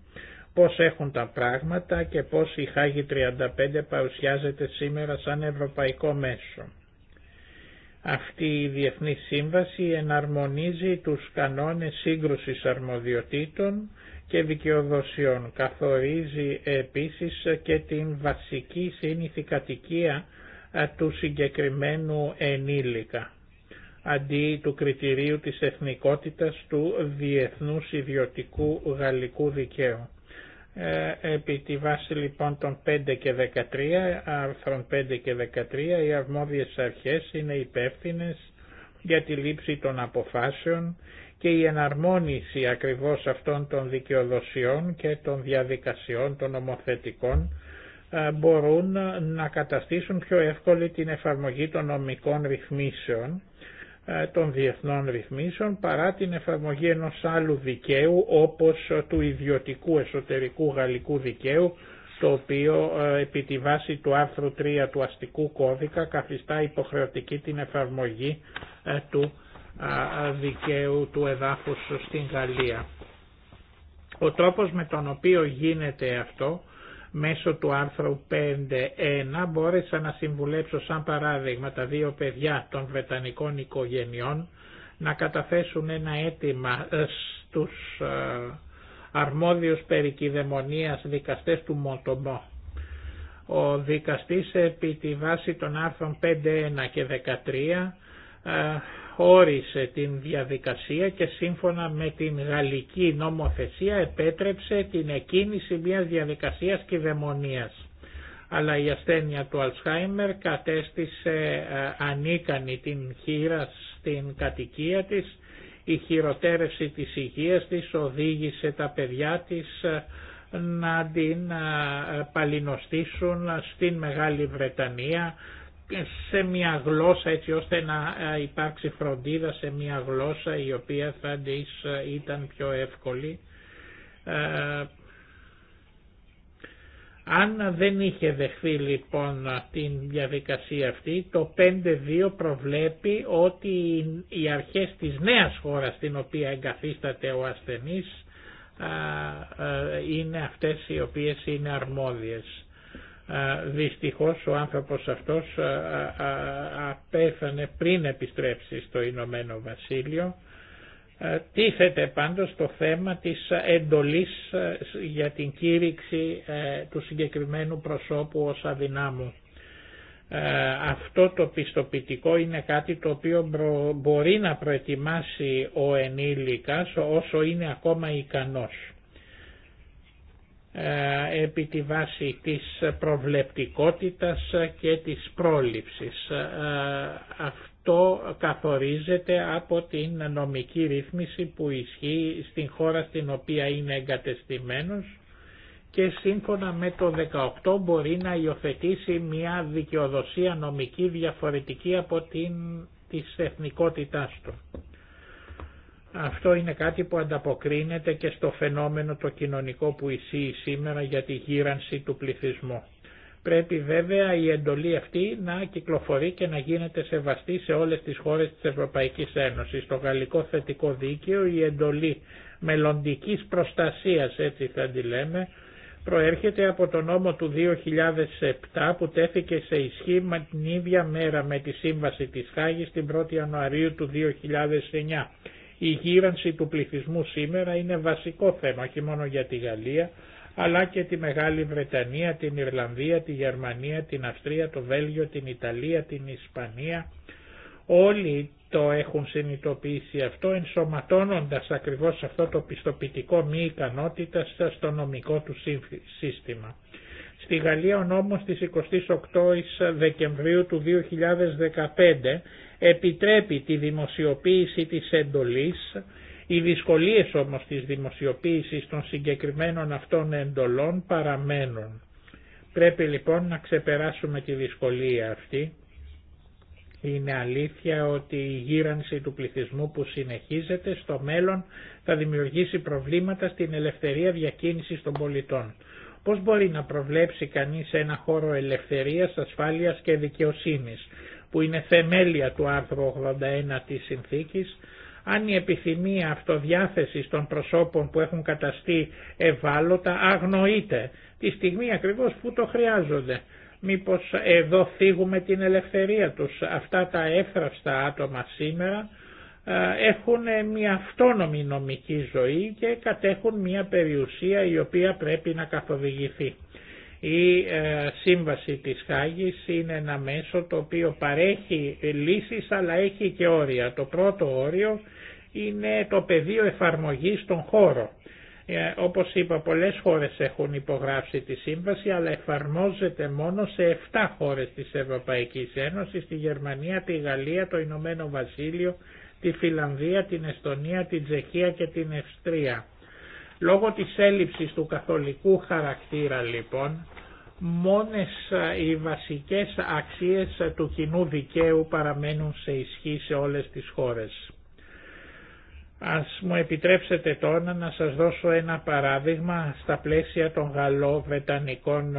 πώς έχουν τα πράγματα και πώς η Χάγη 35 παρουσιάζεται σήμερα σαν ευρωπαϊκό μέσο. Αυτή η Διεθνή Σύμβαση εναρμονίζει τους κανόνες σύγκρουσης αρμοδιοτήτων και δικαιοδοσιών. Καθορίζει επίσης και την βασική σύνηθη κατοικία του συγκεκριμένου ενήλικα αντί του κριτηρίου της εθνικότητας του διεθνούς ιδιωτικού γαλλικού δικαίου. Ε, επί τη βάση λοιπόν των 5 και 13, άρθρων 5 και 13, οι αρμόδιες αρχές είναι υπεύθυνε για τη λήψη των αποφάσεων και η εναρμόνιση ακριβώς αυτών των δικαιοδοσιών και των διαδικασιών των νομοθετικών ε, μπορούν να καταστήσουν πιο εύκολη την εφαρμογή των νομικών ρυθμίσεων, ε, των διεθνών ρυθμίσεων, παρά την εφαρμογή ενός άλλου δικαίου όπως του ιδιωτικού εσωτερικού γαλλικού δικαίου, το οποίο ε, επί τη βάση του άρθρου 3 του αστικού κώδικα καθιστά υποχρεωτική την εφαρμογή του δικαίου του εδάφους στην Γαλλία. Ο τρόπος με τον οποίο γίνεται αυτό μέσω του άρθρου 5.1 μπόρεσα να συμβουλέψω σαν παράδειγμα τα δύο παιδιά των Βρετανικών οικογενειών να καταθέσουν ένα αίτημα ε, στους ε, αρμόδιους περί δικαστές του Μοντομπό. Ο δικαστής επί τη βάση των άρθρων 5.1 και 13 Όρισε την διαδικασία και σύμφωνα με την γαλλική νομοθεσία επέτρεψε την εκκίνηση μιας διαδικασίας κυδαιμονίας. Αλλά η ασθένεια του Αλσχάιμερ κατέστησε ε, ανίκανη την χείρα στην κατοικία της, η χειροτέρευση της υγείας της οδήγησε τα παιδιά της ε, να την ε, παλινοστήσουν στην Μεγάλη Βρετανία σε μια γλώσσα έτσι ώστε να ε, υπάρξει φροντίδα σε μια γλώσσα η οποία θα της ε, ήταν πιο εύκολη. Ε, αν δεν είχε δεχθεί λοιπόν την διαδικασία αυτή, το 5-2 προβλέπει ότι οι αρχές της νέας χώρας στην οποία εγκαθίσταται ο ασθενής είναι αυτές οι οποίες είναι αρμόδιες. Δυστυχώς ο άνθρωπος αυτός απέθανε πριν επιστρέψει στο Ηνωμένο Βασίλειο. Τίθεται πάντως το θέμα της εντολής για την κήρυξη ε, του συγκεκριμένου προσώπου ως αδυνάμου. Αυτό το πιστοποιητικό είναι κάτι το οποίο μπορεί να προετοιμάσει ο ενήλικας όσο είναι ακόμα ικανός. Ε, επί τη βάση της προβλεπτικότητας και της πρόληψης. Ε, αυτό καθορίζεται από την νομική ρύθμιση που ισχύει στην χώρα στην οποία είναι εγκατεστημένος και σύμφωνα με το 18 μπορεί να υιοθετήσει μια δικαιοδοσία νομική διαφορετική από την της εθνικότητάς του. Αυτό είναι κάτι που ανταποκρίνεται και στο φαινόμενο το κοινωνικό που ισχύει σήμερα για τη γύρανση του πληθυσμού. Πρέπει βέβαια η εντολή αυτή να κυκλοφορεί και να γίνεται σεβαστή σε όλες τις χώρες της Ευρωπαϊκής Ένωσης. Στο γαλλικό θετικό δίκαιο η εντολή μελλοντικής προστασίας, έτσι θα τη λέμε, προέρχεται από τον νόμο του 2007 που τέθηκε σε ισχύ με την ίδια μέρα με τη σύμβαση της Χάγης την 1η Ιανουαρίου του 2009 η γύρανση του πληθυσμού σήμερα είναι βασικό θέμα όχι μόνο για τη Γαλλία αλλά και τη Μεγάλη Βρετανία, την Ιρλανδία, τη Γερμανία, την Αυστρία, το Βέλγιο, την Ιταλία, την Ισπανία. Όλοι το έχουν συνειδητοποιήσει αυτό ενσωματώνοντας ακριβώς αυτό το πιστοποιητικό μη ικανότητα στο νομικό του σύστημα. Στη Γαλλία ο νόμος της 28 Δεκεμβρίου του 2015 επιτρέπει τη δημοσιοποίηση της εντολής, οι δυσκολίες όμως της δημοσιοποίησης των συγκεκριμένων αυτών εντολών παραμένουν. Πρέπει λοιπόν να ξεπεράσουμε τη δυσκολία αυτή. Είναι αλήθεια ότι η γύρανση του πληθυσμού που συνεχίζεται στο μέλλον θα δημιουργήσει προβλήματα στην ελευθερία διακίνησης των πολιτών. Πώς μπορεί να προβλέψει κανείς ένα χώρο ελευθερίας, ασφάλειας και δικαιοσύνης που είναι θεμέλια του άρθρου 81 της συνθήκης, αν η επιθυμία αυτοδιάθεσης των προσώπων που έχουν καταστεί ευάλωτα αγνοείται, τη στιγμή ακριβώς που το χρειάζονται. Μήπως εδώ φύγουμε την ελευθερία τους. Αυτά τα έφραστα άτομα σήμερα ε, έχουν μια αυτόνομη νομική ζωή και κατέχουν μια περιουσία η οποία πρέπει να καθοδηγηθεί. Η ε, σύμβαση της Χάγης είναι ένα μέσο το οποίο παρέχει λύσεις αλλά έχει και όρια. Το πρώτο όριο είναι το πεδίο εφαρμογής στον χώρο. Ε, όπως είπα πολλές χώρες έχουν υπογράψει τη σύμβαση αλλά εφαρμόζεται μόνο σε 7 χώρες της Ευρωπαϊκής Ένωσης, τη Γερμανία, τη Γαλλία, το Ηνωμένο Βασίλειο, τη Φιλανδία, την Εστονία, την Τσεχία και την Ευστρία. Λόγω της έλλειψης του καθολικού χαρακτήρα λοιπόν, μόνες οι βασικές αξίες του κοινού δικαίου παραμένουν σε ισχύ σε όλες τις χώρες. Ας μου επιτρέψετε τώρα να σας δώσω ένα παράδειγμα στα πλαίσια των γαλλοβετανικών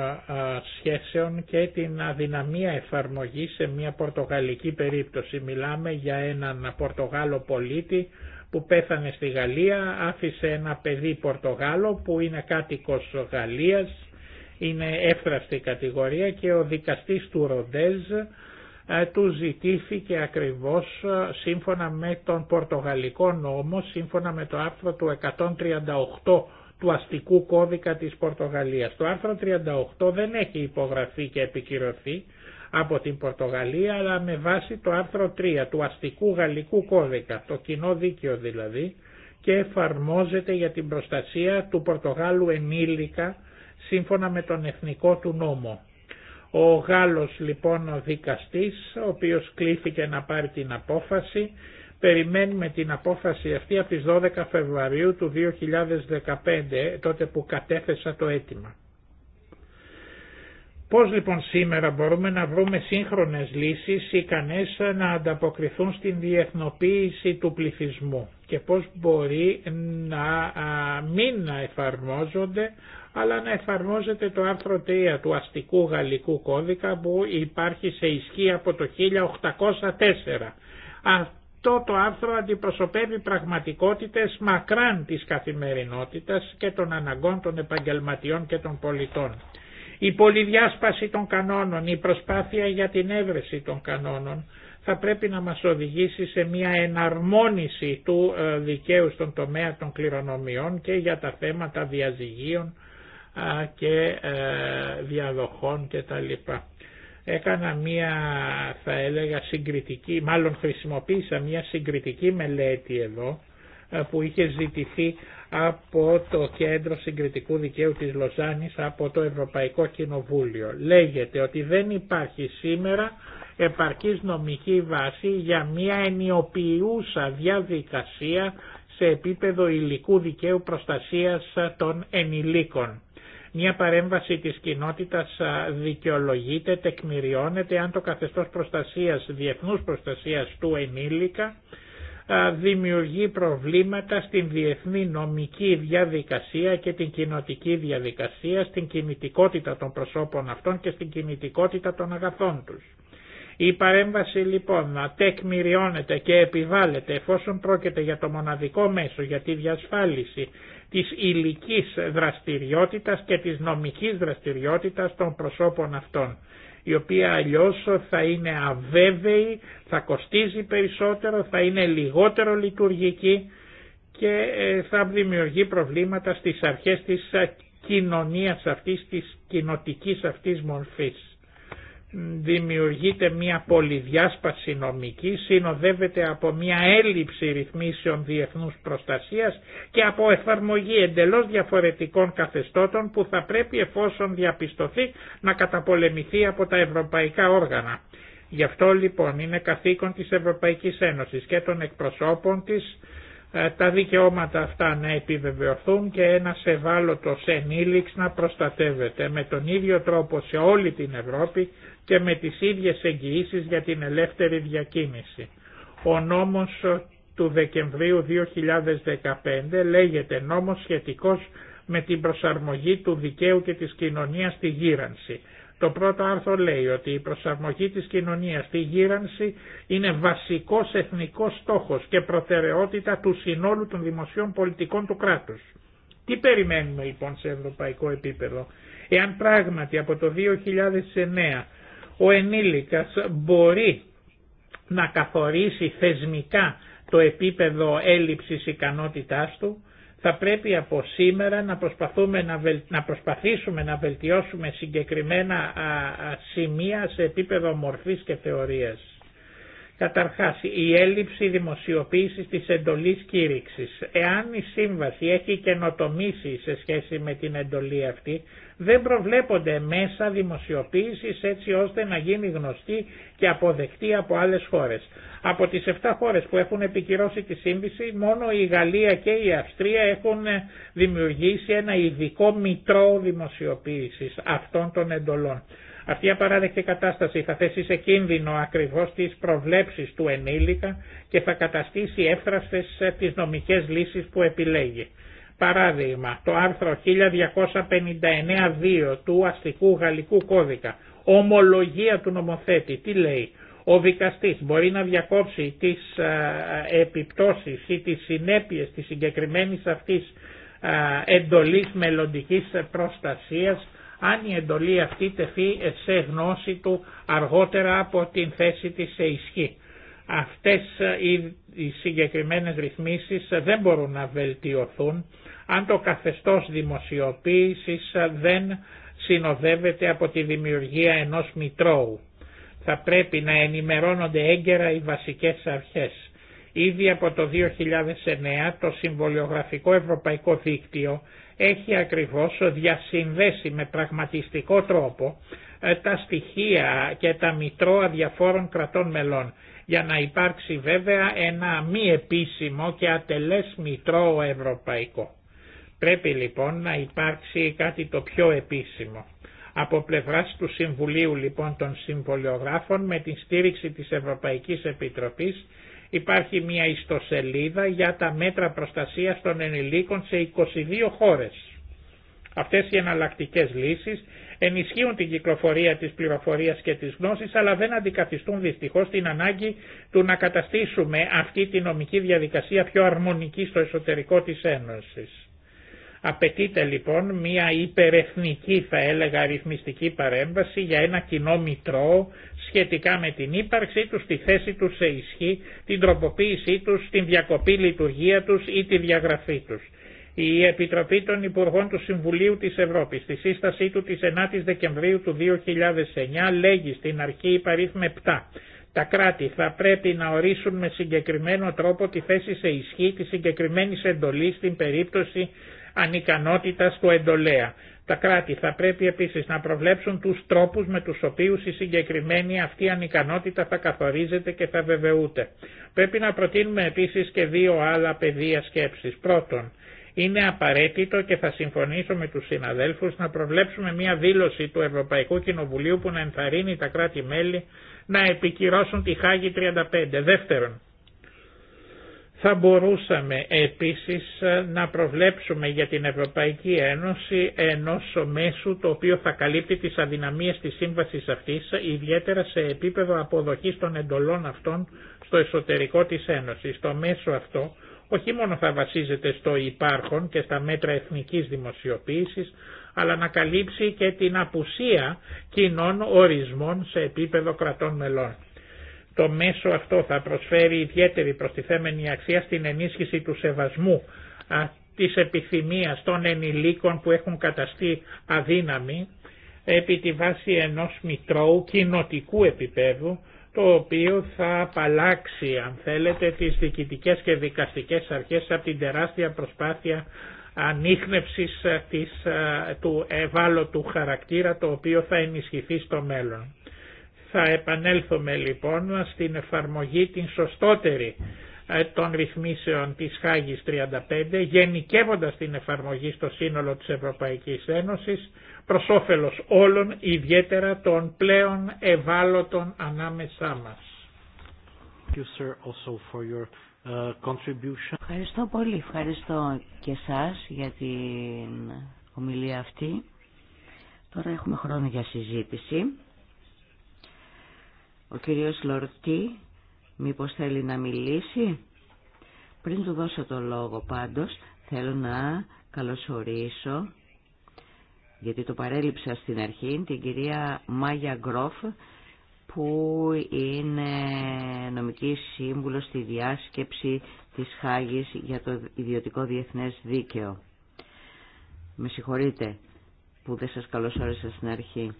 σχέσεων και την αδυναμία εφαρμογή σε μια πορτογαλική περίπτωση. Μιλάμε για έναν Πορτογάλο πολίτη που πέθανε στη Γαλλία, άφησε ένα παιδί Πορτογάλο που είναι κάτοικος Γαλλίας, είναι έφραστη κατηγορία και ο δικαστής του Ροντέζ ε, του ζητήθηκε ακριβώς ε, σύμφωνα με τον Πορτογαλικό νόμο, σύμφωνα με το άρθρο του 138 του αστικού κώδικα της Πορτογαλίας. Το άρθρο 38 δεν έχει υπογραφεί και επικυρωθεί, από την Πορτογαλία αλλά με βάση το άρθρο 3 του αστικού γαλλικού κώδικα, το κοινό δίκαιο δηλαδή, και εφαρμόζεται για την προστασία του Πορτογάλου ενήλικα σύμφωνα με τον εθνικό του νόμο. Ο Γάλλος λοιπόν ο δικαστής, ο οποίος κλήθηκε να πάρει την απόφαση, περιμένει με την απόφαση αυτή από τις 12 Φεβρουαρίου του 2015, τότε που κατέθεσα το αίτημα. Πώς λοιπόν σήμερα μπορούμε να βρούμε σύγχρονες λύσεις ικανές να ανταποκριθούν στην διεθνοποίηση του πληθυσμού και πώς μπορεί να μην να εφαρμόζονται αλλά να εφαρμόζεται το άρθρο 3 του αστικού γαλλικού κώδικα που υπάρχει σε ισχύ από το 1804. Αυτό το άρθρο αντιπροσωπεύει πραγματικότητες μακράν της καθημερινότητας και των αναγκών των επαγγελματιών και των πολιτών. Η πολυδιάσπαση των κανόνων, η προσπάθεια για την έβρεση των κανόνων θα πρέπει να μας οδηγήσει σε μια εναρμόνιση του ε, δικαίου στον τομέα των κληρονομιών και για τα θέματα διαζυγίων και ε, διαδοχών κτλ. Έκανα μία θα έλεγα συγκριτική, μάλλον χρησιμοποίησα μία συγκριτική μελέτη εδώ ε, που είχε ζητηθεί από το Κέντρο Συγκριτικού Δικαίου της Λοζάνης από το Ευρωπαϊκό Κοινοβούλιο. Λέγεται ότι δεν υπάρχει σήμερα επαρκής νομική βάση για μια ενιοποιούσα διαδικασία σε επίπεδο υλικού δικαίου προστασίας των ενηλίκων. Μια παρέμβαση της κοινότητας δικαιολογείται, τεκμηριώνεται αν το καθεστώς προστασίας, διεθνούς προστασίας του ενήλικα δημιουργεί προβλήματα στην διεθνή νομική διαδικασία και την κοινοτική διαδικασία, στην κινητικότητα των προσώπων αυτών και στην κινητικότητα των αγαθών τους. Η παρέμβαση λοιπόν να τεκμηριώνεται και επιβάλλεται εφόσον πρόκειται για το μοναδικό μέσο για τη διασφάλιση της υλικής δραστηριότητας και της νομικής δραστηριότητας των προσώπων αυτών η οποία αλλιώς θα είναι αβέβαιη, θα κοστίζει περισσότερο, θα είναι λιγότερο λειτουργική και ε, θα δημιουργεί προβλήματα στις αρχές της ε, κοινωνίας αυτής, της κοινοτικής αυτής μορφής δημιουργείται μια πολυδιάσπαση νομική, συνοδεύεται από μια έλλειψη ρυθμίσεων διεθνούς προστασίας και από εφαρμογή εντελώς διαφορετικών καθεστώτων που θα πρέπει εφόσον διαπιστωθεί να καταπολεμηθεί από τα ευρωπαϊκά όργανα. Γι' αυτό λοιπόν είναι καθήκον της Ευρωπαϊκής Ένωσης και των εκπροσώπων της ε, τα δικαιώματα αυτά να επιβεβαιωθούν και ένα ευάλωτος ενήλικς να προστατεύεται με τον ίδιο τρόπο σε όλη την Ευρώπη και με τις ίδιες εγγυήσεις για την ελεύθερη διακίνηση. Ο νόμος του Δεκεμβρίου 2015 λέγεται νόμος σχετικός με την προσαρμογή του δικαίου και της κοινωνίας στη γύρανση. Το πρώτο άρθρο λέει ότι η προσαρμογή της κοινωνίας στη γύρανση είναι βασικός εθνικός στόχος και προτεραιότητα του συνόλου των δημοσίων πολιτικών του κράτους. Τι περιμένουμε λοιπόν σε ευρωπαϊκό επίπεδο. Εάν πράγματι από το 2009 ο ενήλικας μπορεί να καθορίσει θεσμικά το επίπεδο έλλειψης ικανότητάς του, θα πρέπει από σήμερα να, προσπαθούμε να, να προσπαθήσουμε να βελτιώσουμε συγκεκριμένα σημεία σε επίπεδο μορφής και θεωρίας. Καταρχάς, η έλλειψη δημοσιοποίησης της εντολής κήρυξης. Εάν η σύμβαση έχει καινοτομήσει σε σχέση με την εντολή αυτή, δεν προβλέπονται μέσα δημοσιοποίησης έτσι ώστε να γίνει γνωστή και αποδεκτή από άλλες χώρες. Από τις 7 χώρες που έχουν επικυρώσει τη σύμβαση, μόνο η Γαλλία και η Αυστρία έχουν δημιουργήσει ένα ειδικό μητρό δημοσιοποίησης αυτών των εντολών. Αυτή η απαράδεκτη κατάσταση θα θέσει σε κίνδυνο ακριβώς τις προβλέψεις του ενήλικα και θα καταστήσει εύθραστες ε, τις νομικές λύσεις που επιλέγει. Παράδειγμα, το άρθρο 1259 1259-2 του αστικού γαλλικού κώδικα, ομολογία του νομοθέτη, τι λέει, ο δικαστής μπορεί να διακόψει τις ε, ε, επιπτώσεις ή τις συνέπειες της συγκεκριμένης αυτής εντολής μελλοντικής προστασίας αν η εντολή αυτή τεθεί σε γνώση του αργότερα από την θέση της σε ισχύ. Αυτές ε, οι συγκεκριμένες ρυθμίσεις ε, δεν μπορούν να βελτιωθούν αν το καθεστώς δημοσιοποίησης ε, δεν συνοδεύεται από τη δημιουργία ενός μητρώου. Θα πρέπει να ενημερώνονται έγκαιρα οι βασικές αρχές. Ήδη από το 2009 το Συμβολιογραφικό Ευρωπαϊκό Δίκτυο έχει ακριβώς διασυνδέσει με πραγματιστικό τρόπο ε, τα στοιχεία και τα μητρώα διαφόρων κρατών μελών για να υπάρξει βέβαια ένα μη επίσημο και ατελές μητρώο ευρωπαϊκό. Πρέπει λοιπόν να υπάρξει κάτι το πιο επίσημο. Από πλευράς του Συμβουλίου λοιπόν των Συμβολιογράφων με την στήριξη της Ευρωπαϊκής Επιτροπής Υπάρχει μια ιστοσελίδα για τα μέτρα προστασίας των ενηλίκων σε 22 χώρες. Αυτές οι εναλλακτικέ λύσεις ενισχύουν την κυκλοφορία της πληροφορίας και της γνώσης αλλά δεν αντικαθιστούν δυστυχώς την ανάγκη του να καταστήσουμε αυτή τη νομική διαδικασία πιο αρμονική στο εσωτερικό της Ένωσης. Απαιτείται λοιπόν μια υπερεθνική θα έλεγα αριθμιστική παρέμβαση για ένα κοινό μητρό σχετικά με την ύπαρξή τους, τη θέση τους σε ισχύ, την τροποποίησή τους, την διακοπή λειτουργία τους ή τη διαγραφή τους. Η Επιτροπή των Υπουργών του Συμβουλίου της Ευρώπης στη σύστασή του της 9ης Δεκεμβρίου του 2009 λέγει στην αρχή υπαρίθμε 7. Τα κράτη θα πρέπει να ορίσουν με συγκεκριμένο τρόπο τη θέση σε ισχύ της συγκεκριμένης εντολής στην περίπτωση ανικανότητας του εντολέα. Τα κράτη θα πρέπει επίσης να προβλέψουν τους τρόπους με τους οποίους η συγκεκριμένη αυτή ανικανότητα θα καθορίζεται και θα βεβαιούται. Πρέπει να προτείνουμε επίσης και δύο άλλα πεδία σκέψης. Πρώτον, είναι απαραίτητο και θα συμφωνήσω με τους συναδέλφους να προβλέψουμε μια δήλωση του Ευρωπαϊκού Κοινοβουλίου που να ενθαρρύνει τα κράτη-μέλη να επικυρώσουν τη Χάγη 35. Δεύτερον, θα μπορούσαμε επίσης ε, να προβλέψουμε για την Ευρωπαϊκή Ένωση ενός μέσου το οποίο θα καλύπτει τις αδυναμίες της σύμβασης αυτής, ιδιαίτερα σε επίπεδο αποδοχής των εντολών αυτών στο εσωτερικό της Ένωσης. Το μέσο αυτό όχι μόνο θα βασίζεται στο υπάρχον και στα μέτρα εθνικής δημοσιοποίησης, αλλά να καλύψει και την απουσία κοινών ορισμών σε επίπεδο κρατών μελών. Το μέσο αυτό θα προσφέρει ιδιαίτερη προστιθέμενη αξία στην ενίσχυση του σεβασμού της επιθυμίας των ενηλίκων που έχουν καταστεί αδύναμοι επί τη βάση ενός μητρώου κοινοτικού επίπεδου το οποίο θα απαλλάξει αν θέλετε τις διοικητικές και δικαστικές αρχές από την τεράστια προσπάθεια ανείχνευσης ε, της, ε, του ευάλωτου χαρακτήρα το οποίο θα ενισχυθεί στο μέλλον. Θα επανέλθουμε λοιπόν στην εφαρμογή την σωστότερη ε, των ρυθμίσεων της Χάγης 35, γενικεύοντας την εφαρμογή στο σύνολο της Ευρωπαϊκής Ένωσης, προς όφελος όλων, ιδιαίτερα των πλέον ευάλωτων ανάμεσά μας. Uh, Ευχαριστώ πολύ. Ευχαριστώ και σας για την ομιλία αυτή. Τώρα έχουμε χρόνο για συζήτηση. Ο κύριος Λορτή μήπως θέλει να μιλήσει. Πριν του δώσω το λόγο πάντως θέλω να καλωσορίσω γιατί το παρέλειψα στην αρχή, την κυρία Μάγια Γκρόφ, που είναι νομική σύμβουλο στη διάσκεψη της Χάγης για το ιδιωτικό διεθνές δίκαιο. Με συγχωρείτε που δεν σας καλωσόρισα στην αρχή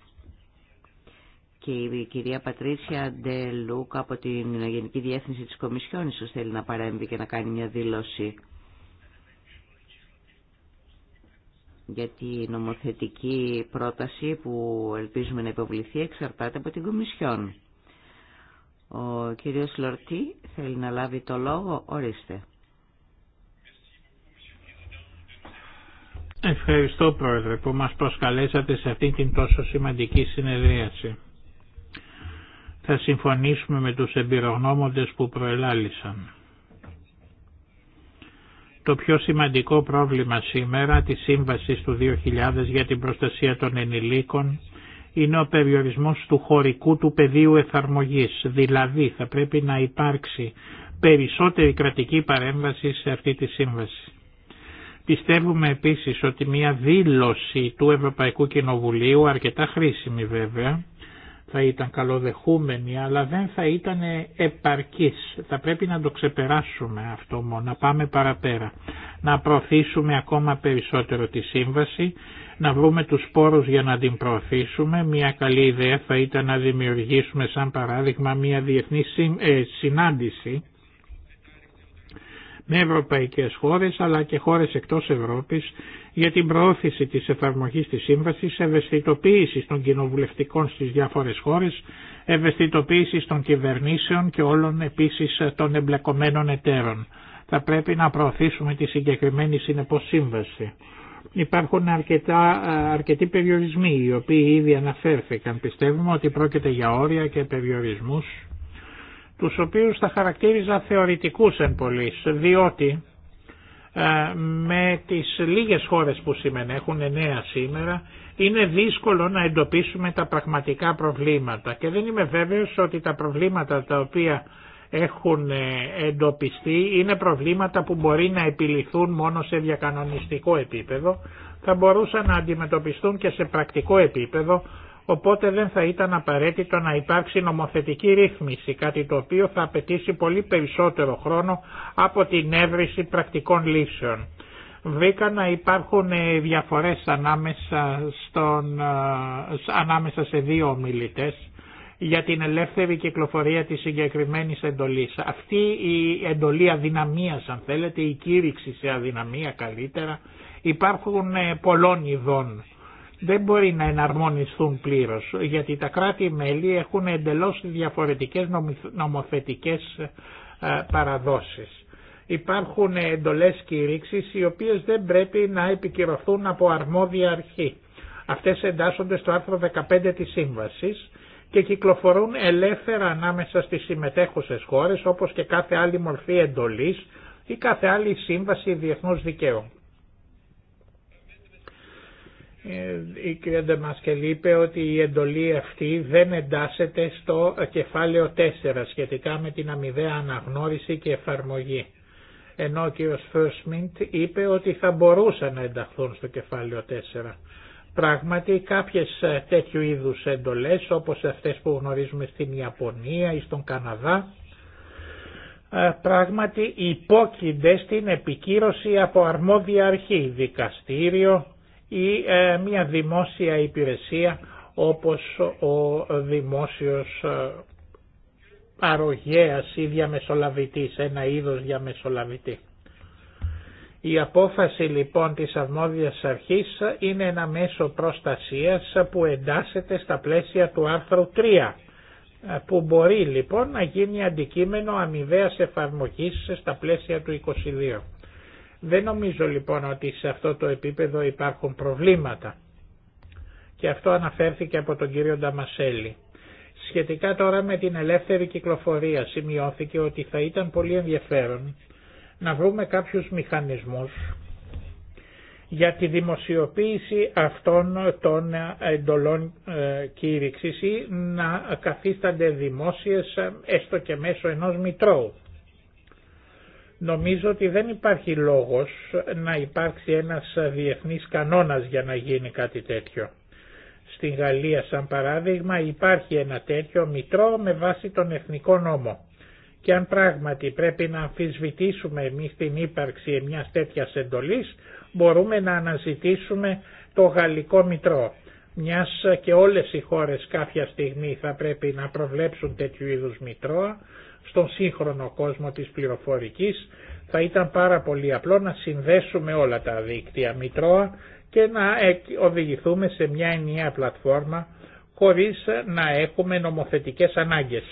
και η κυρία Πατρίτσια Ντελούκ από την Γενική Διεύθυνση της Κομισιόν ίσως θέλει να παρέμβει και να κάνει μια δήλωση για την νομοθετική πρόταση που ελπίζουμε να υποβληθεί εξαρτάται από την Κομισιόν. Ο κύριος Λορτή θέλει να λάβει το λόγο. Ορίστε. Ευχαριστώ Πρόεδρε που μας προσκαλέσατε σε αυτήν την τόσο σημαντική συνεδρίαση θα συμφωνήσουμε με τους εμπειρογνώμοντες που προελάλησαν. Το πιο σημαντικό πρόβλημα σήμερα της Σύμβασης του 2000 για την προστασία των ενηλίκων είναι ο περιορισμός του χωρικού του πεδίου εφαρμογής, δηλαδή θα πρέπει να υπάρξει περισσότερη κρατική παρέμβαση σε αυτή τη σύμβαση. Πιστεύουμε επίσης ότι μια δήλωση του Ευρωπαϊκού Κοινοβουλίου, αρκετά χρήσιμη βέβαια, θα ήταν καλοδεχούμενη αλλά δεν θα ήταν επαρκής. Θα πρέπει να το ξεπεράσουμε αυτό μόνο, να πάμε παραπέρα. Να προωθήσουμε ακόμα περισσότερο τη σύμβαση, να βρούμε τους πόρους για να την προωθήσουμε. Μια καλή ιδέα θα ήταν να δημιουργήσουμε σαν παράδειγμα μια διεθνή ε, συνάντηση με ευρωπαϊκές χώρες αλλά και χώρες εκτός Ευρώπης για την προώθηση της εφαρμογής της σύμβασης, ευαισθητοποίηση των κοινοβουλευτικών στις διάφορες χώρες, ευαισθητοποίηση των κυβερνήσεων και όλων επίσης των εμπλεκομένων εταίρων. Θα πρέπει να προωθήσουμε τη συγκεκριμένη συνεπώς σύμβαση. Υπάρχουν αρκετά, αρκετοί περιορισμοί οι οποίοι ήδη αναφέρθηκαν. Πιστεύουμε ότι πρόκειται για όρια και περιορισμούς τους οποίους θα χαρακτήριζα θεωρητικούς εν πολλής, διότι ε, με τις λίγες χώρες που έχουν εννέα σήμερα, είναι δύσκολο να εντοπίσουμε τα πραγματικά προβλήματα και δεν είμαι βέβαιος ότι τα προβλήματα τα οποία έχουν ε, εντοπιστεί είναι προβλήματα που μπορεί να επιληθούν μόνο σε διακανονιστικό επίπεδο, θα μπορούσαν να αντιμετωπιστούν και σε πρακτικό επίπεδο οπότε δεν θα ήταν απαραίτητο να υπάρξει νομοθετική ρύθμιση, κάτι το οποίο θα απαιτήσει πολύ περισσότερο χρόνο από την έβριση πρακτικών λύσεων. Βρήκα να υπάρχουν ε, διαφορές ανάμεσα, στον, ε, ανάμεσα σε δύο ομιλητές για την ελεύθερη κυκλοφορία της συγκεκριμένη εντολής. Αυτή η εντολή αδυναμίας αν θέλετε, η κήρυξη σε αδυναμία καλύτερα, υπάρχουν ε, πολλών ειδών δεν μπορεί να εναρμονιστούν πλήρως, γιατί τα κράτη-μέλη έχουν εντελώς διαφορετικές νομοθετικές ε, παραδόσεις. Υπάρχουν εντολές κηρύξεις οι οποίες δεν πρέπει να επικυρωθούν από αρμόδια αρχή. Αυτές εντάσσονται στο άρθρο 15 της Σύμβασης και κυκλοφορούν ελεύθερα ανάμεσα στις συμμετέχουσες χώρες όπως και κάθε άλλη μορφή εντολής ή κάθε άλλη σύμβαση διεθνούς δικαίου. Ε, η κυρία Ντεμασκελή είπε ότι η εντολή αυτή δεν εντάσσεται στο κεφάλαιο 4 σχετικά με την αμοιβαία αναγνώριση και εφαρμογή. Ενώ ο κύριος Φερσμιντ είπε ότι θα μπορούσαν να ενταχθούν στο κεφάλαιο 4. Πράγματι κάποιες ε, τέτοιου είδους εντολές όπως αυτές που γνωρίζουμε στην Ιαπωνία ή στον Καναδά ε, πράγματι υπόκεινται στην επικύρωση από αρμόδια αρχή, δικαστήριο, ή ε, μια δημόσια υπηρεσία όπως ο δημόσιος ε, αρρωγέας ή διαμεσολαβητής, ένα είδος διαμεσολαβητή. Η απόφαση λοιπόν της αρμόδιας αρχής είναι ένα μέσο προστασίας που εντάσσεται στα πλαίσια του άρθρου 3 ε, που μπορεί λοιπόν να γίνει αντικείμενο αμοιβαίας εφαρμογής στα πλαίσια του 22. Δεν νομίζω λοιπόν ότι σε αυτό το επίπεδο υπάρχουν προβλήματα. Και αυτό αναφέρθηκε από τον κύριο Νταμασέλη. Σχετικά τώρα με την ελεύθερη κυκλοφορία σημειώθηκε ότι θα ήταν πολύ ενδιαφέρον να βρούμε κάποιους μηχανισμούς για τη δημοσιοποίηση αυτών των εντολών ε, κήρυξης ή να καθίστανται δημόσιες ε, έστω και μέσω ενός μητρώου. Νομίζω ότι δεν υπάρχει λόγος να υπάρξει ένας διεθνής κανόνας για να γίνει κάτι τέτοιο. Στην Γαλλία σαν παράδειγμα υπάρχει ένα τέτοιο μητρό με βάση τον εθνικό νόμο. Και αν πράγματι πρέπει να αμφισβητήσουμε εμείς την ύπαρξη μιας τέτοιας εντολής, μπορούμε να αναζητήσουμε το γαλλικό μητρό. Μιας και όλες οι χώρες κάποια στιγμή θα πρέπει να προβλέψουν τέτοιου είδους μητρώα, στον σύγχρονο κόσμο της πληροφορικής θα ήταν πάρα πολύ απλό να συνδέσουμε όλα τα δίκτυα Μητρώα και να οδηγηθούμε σε μια ενιαία πλατφόρμα χωρίς να έχουμε νομοθετικές ανάγκες.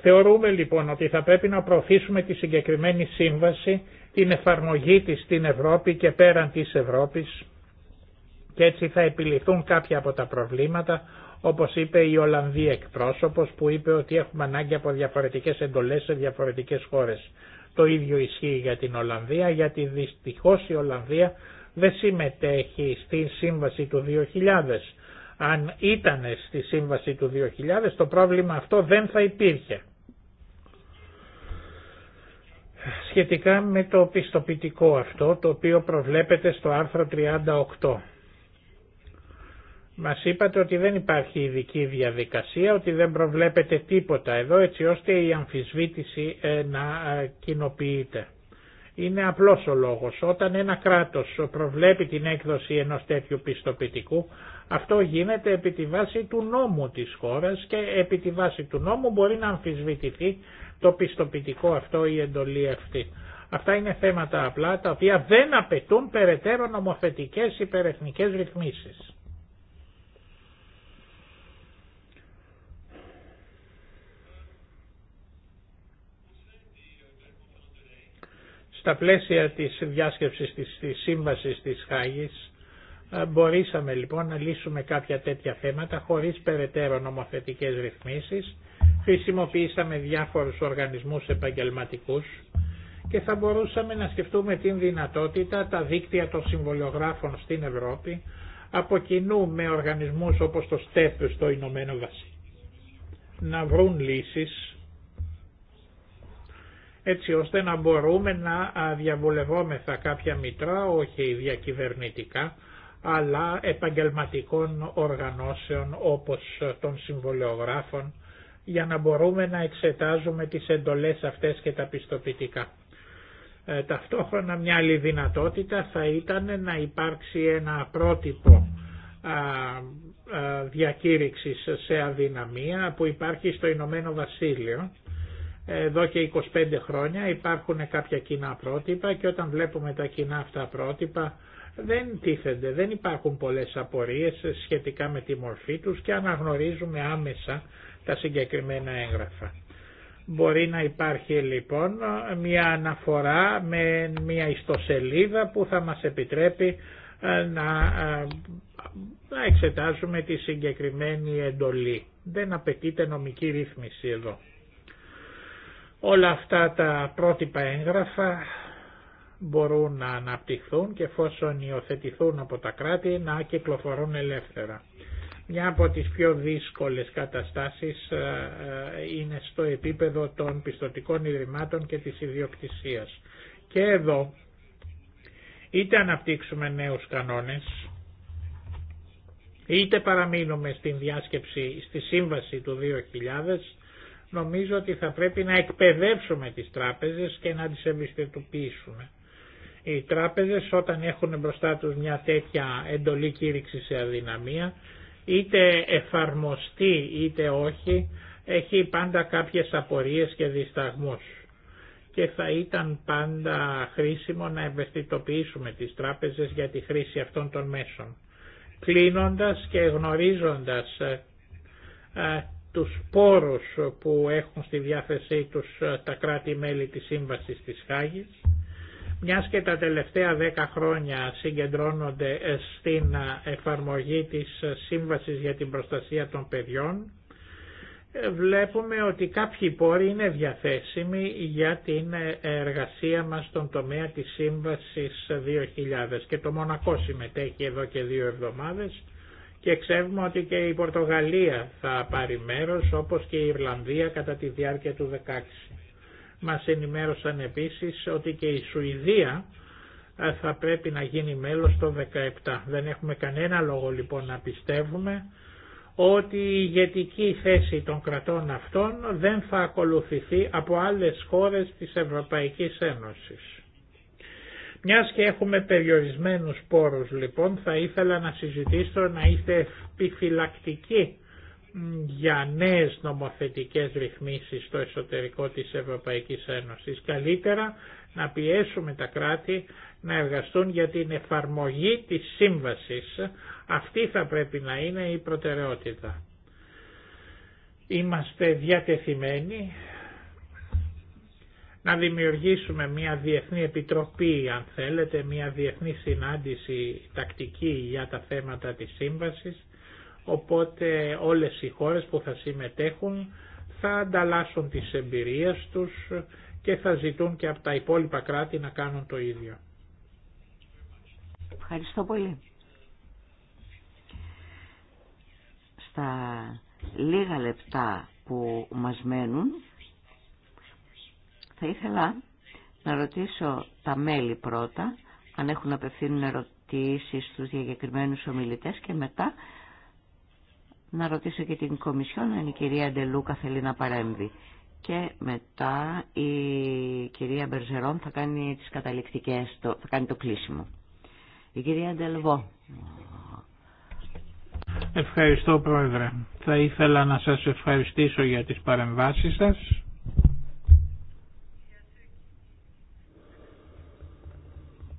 Θεωρούμε λοιπόν ότι θα πρέπει να προωθήσουμε τη συγκεκριμένη σύμβαση, την εφαρμογή της στην Ευρώπη και πέραν της Ευρώπης και έτσι θα επιληθούν κάποια από τα προβλήματα όπως είπε η Ολλανδή εκπρόσωπος που είπε ότι έχουμε ανάγκη από διαφορετικές εντολές σε διαφορετικές χώρες. Το ίδιο ισχύει για την Ολλανδία γιατί δυστυχώς η Ολλανδία δεν συμμετέχει στην σύμβαση του 2000. Αν ήταν στη σύμβαση του 2000 το πρόβλημα αυτό δεν θα υπήρχε. Σχετικά με το πιστοποιητικό αυτό το οποίο προβλέπεται στο άρθρο 38. Μα είπατε ότι δεν υπάρχει ειδική διαδικασία, ότι δεν προβλέπετε τίποτα εδώ έτσι ώστε η αμφισβήτηση ε, να ε, κοινοποιείται. Είναι απλός ο λόγος. Όταν ένα κράτος προβλέπει την έκδοση ενός τέτοιου πιστοποιητικού, αυτό γίνεται επί τη βάση του νόμου της χώρας και επί τη βάση του νόμου μπορεί να αμφισβητηθεί το πιστοποιητικό αυτό ή εντολή αυτή. Αυτά είναι θέματα απλά τα οποία δεν απαιτούν περαιτέρω νομοθετικές υπερεθνικές ρυθμίσεις. Στα πλαίσια της διάσκεψης της, της σύμβασης της Χάγης ε, μπορήσαμε λοιπόν να λύσουμε κάποια τέτοια θέματα χωρίς περαιτέρω νομοθετικές ρυθμίσεις. Χρησιμοποιήσαμε διάφορους οργανισμούς επαγγελματικούς και θα μπορούσαμε να σκεφτούμε την δυνατότητα τα δίκτυα των συμβολιογράφων στην Ευρώπη από κοινού με οργανισμούς όπως το ΣΤΕΠ στο Ηνωμένο Βασίλειο να βρουν λύσεις έτσι ώστε να μπορούμε να διαβουλευόμεθα κάποια μητρά, όχι διακυβερνητικά, αλλά επαγγελματικών οργανώσεων όπως των συμβολεογράφων, για να μπορούμε να εξετάζουμε τις εντολές αυτές και τα πιστοποιητικά. Ε, ταυτόχρονα μια άλλη δυνατότητα θα ήταν να υπάρξει ένα πρότυπο διακήρυξης σε αδυναμία που υπάρχει στο Ηνωμένο Βασίλειο εδώ και 25 χρόνια υπάρχουν κάποια κοινά πρότυπα και όταν βλέπουμε τα κοινά αυτά πρότυπα δεν τίθενται, δεν υπάρχουν πολλές απορίες σχετικά με τη μορφή τους και αναγνωρίζουμε άμεσα τα συγκεκριμένα έγγραφα. Μπορεί να υπάρχει λοιπόν μια αναφορά με μια ιστοσελίδα που θα μας επιτρέπει ε, να, ε, να εξετάζουμε τη συγκεκριμένη εντολή. Δεν απαιτείται νομική ρύθμιση εδώ. Όλα αυτά τα πρότυπα έγγραφα μπορούν να αναπτυχθούν και εφόσον υιοθετηθούν από τα κράτη να κυκλοφορούν ελεύθερα. Μια από τις πιο δύσκολες καταστάσεις ε, ε, είναι στο επίπεδο των πιστοτικών ιδρυμάτων και της ιδιοκτησίας. Και εδώ είτε αναπτύξουμε νέους κανόνες, είτε παραμείνουμε στην διάσκεψη, στη σύμβαση του 2000, νομίζω ότι θα πρέπει να εκπαιδεύσουμε τις τράπεζες και να τις ευαισθητοποιήσουμε. Οι τράπεζες όταν έχουν μπροστά τους μια τέτοια εντολή κήρυξη σε αδυναμία, είτε εφαρμοστεί είτε όχι, έχει πάντα κάποιες απορίες και δισταγμούς. Και θα ήταν πάντα χρήσιμο να ευαισθητοποιήσουμε τις τράπεζες για τη χρήση αυτών των μέσων. Κλείνοντας και γνωρίζοντας ε, τους πόρους που έχουν στη διάθεσή τους ε, τα κράτη-μέλη της Σύμβασης της Χάγης, μιας και τα τελευταία δέκα χρόνια συγκεντρώνονται ε, στην ε, εφαρμογή της Σύμβασης για την Προστασία των Παιδιών, βλέπουμε ότι κάποιοι πόροι είναι διαθέσιμοι για την εργασία μας στον τομέα της Σύμβασης 2000 και το Μονακό συμμετέχει εδώ και δύο εβδομάδες και ξέρουμε ότι και η Πορτογαλία θα πάρει μέρος όπως και η Ιρλανδία κατά τη διάρκεια του 2016. Μας ενημέρωσαν επίσης ότι και η Σουηδία θα πρέπει να γίνει μέλος το 2017. Δεν έχουμε κανένα λόγο λοιπόν να πιστεύουμε ότι η ηγετική θέση των κρατών αυτών δεν θα ακολουθηθεί από άλλες χώρες της Ευρωπαϊκής Ένωσης. Μιας και έχουμε περιορισμένους πόρους λοιπόν θα ήθελα να συζητήσω να είστε επιφυλακτικοί για νέες νομοθετικές ρυθμίσεις στο εσωτερικό της Ευρωπαϊκής Ένωσης. Καλύτερα να πιέσουμε τα κράτη να εργαστούν για την εφαρμογή της σύμβασης. Αυτή θα πρέπει να είναι η προτεραιότητα. Είμαστε διατεθειμένοι να δημιουργήσουμε μια διεθνή επιτροπή, αν θέλετε, μια διεθνή συνάντηση τακτική για τα θέματα της σύμβασης, οπότε όλες οι χώρες που θα συμμετέχουν θα ανταλλάσσουν τις εμπειρίες τους και θα ζητούν και από τα υπόλοιπα κράτη να κάνουν το ίδιο. Ευχαριστώ πολύ. Στα λίγα λεπτά που μας μένουν θα ήθελα να ρωτήσω τα μέλη πρώτα, αν έχουν απευθύνουν ερωτήσεις στους διακεκριμένους ομιλητές και μετά να ρωτήσω και την Κομισιόν αν η κυρία Αντελούκα θέλει να παρέμβει. Και μετά η κυρία Μπερζερόν θα κάνει τις καταληκτικές, θα κάνει το κλείσιμο. Η κυρία Ντελβό. Ευχαριστώ Πρόεδρε. Θα ήθελα να σας ευχαριστήσω για τις παρεμβάσεις σας.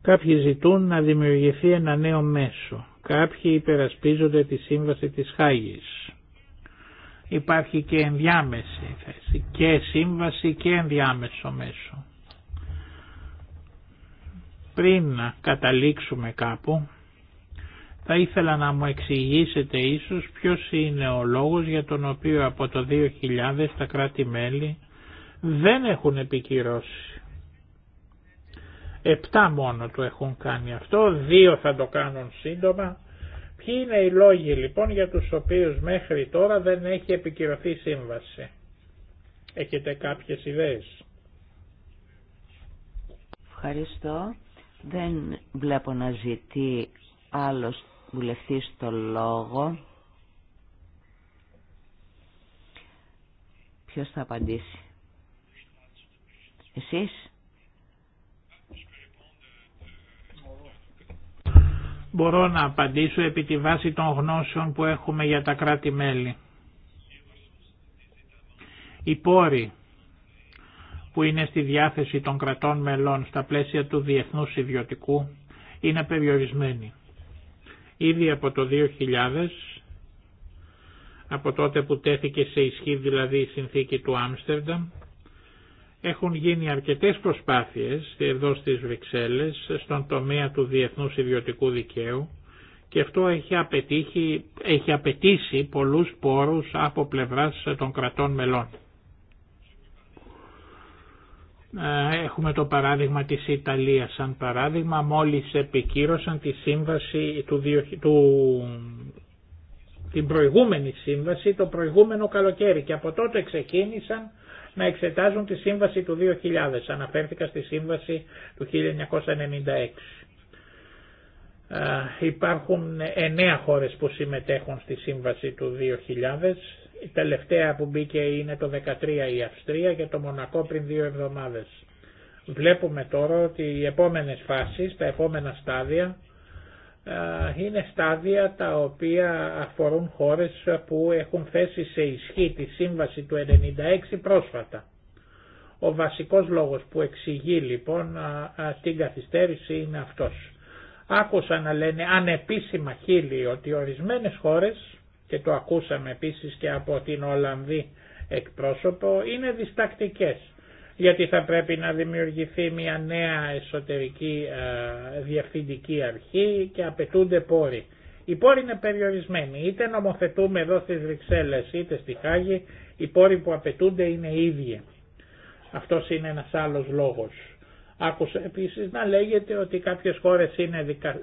Κάποιοι ζητούν να δημιουργηθεί ένα νέο μέσο. Κάποιοι υπερασπίζονται τη σύμβαση της Χάγης. Υπάρχει και ενδιάμεση θέση, και σύμβαση και ενδιάμεσο μέσο. Πριν να καταλήξουμε κάπου, θα ήθελα να μου εξηγήσετε ίσως ποιος είναι ο λόγος για τον οποίο από το 2000 τα κράτη-μέλη δεν έχουν επικυρώσει Επτά μόνο του έχουν κάνει αυτό, δύο θα το κάνουν σύντομα. Ποιοι είναι οι λόγοι λοιπόν για τους οποίους μέχρι τώρα δεν έχει επικυρωθεί σύμβαση. Έχετε κάποιες ιδέες. Ευχαριστώ. Δεν βλέπω να ζητεί άλλος βουλευτής το λόγο. Ποιος θα απαντήσει. Εσείς. μπορώ να απαντήσω επί τη βάση των γνώσεων που έχουμε για τα κράτη-μέλη. Οι πόροι που είναι στη διάθεση των κρατών μελών στα πλαίσια του διεθνούς ιδιωτικού είναι περιορισμένοι. Ήδη από το 2000, από τότε που τέθηκε σε ισχύ δηλαδή η συνθήκη του Άμστερνταμ, έχουν γίνει αρκετές προσπάθειες εδώ στις Βρυξέλλες στον τομέα του διεθνούς ιδιωτικού δικαίου και αυτό έχει, απαιτήσει, έχει απαιτήσει πολλούς πόρους από πλευράς των κρατών μελών. Ε, έχουμε το παράδειγμα της Ιταλίας σαν παράδειγμα, μόλις επικύρωσαν τη σύμβαση του, του, την προηγούμενη σύμβαση το προηγούμενο καλοκαίρι και από τότε ξεκίνησαν να εξετάζουν τη σύμβαση του 2000. Αναφέρθηκα στη σύμβαση του 1996. Ε, υπάρχουν εννέα χώρες που συμμετέχουν στη σύμβαση του 2000. Η τελευταία που μπήκε είναι το 13 η Αυστρία και το Μονακό πριν δύο εβδομάδες. Βλέπουμε τώρα ότι οι επόμενες φάσεις, τα επόμενα στάδια ε, είναι στάδια τα οποία αφορούν χώρες που έχουν θέσει σε ισχύ τη σύμβαση του 1996 πρόσφατα. Ο βασικός λόγος που εξηγεί λοιπόν την καθυστέρηση είναι αυτός. Άκουσα να λένε ανεπίσημα χείλη ότι ορισμένες χώρες, και το ακούσαμε επίσης και από την Ολλανδή εκπρόσωπο, είναι διστακτικές γιατί θα πρέπει να δημιουργηθεί μια νέα εσωτερική ε, διευθυντική αρχή και απαιτούνται πόροι. Οι πόροι είναι περιορισμένοι. Είτε νομοθετούμε εδώ στις Βρυξέλλες είτε στη Χάγη, οι πόροι που απαιτούνται είναι ίδιοι. Αυτός είναι ένας άλλος λόγος. Άκουσα επίσης να λέγεται ότι κάποιες χώρες είναι δικα...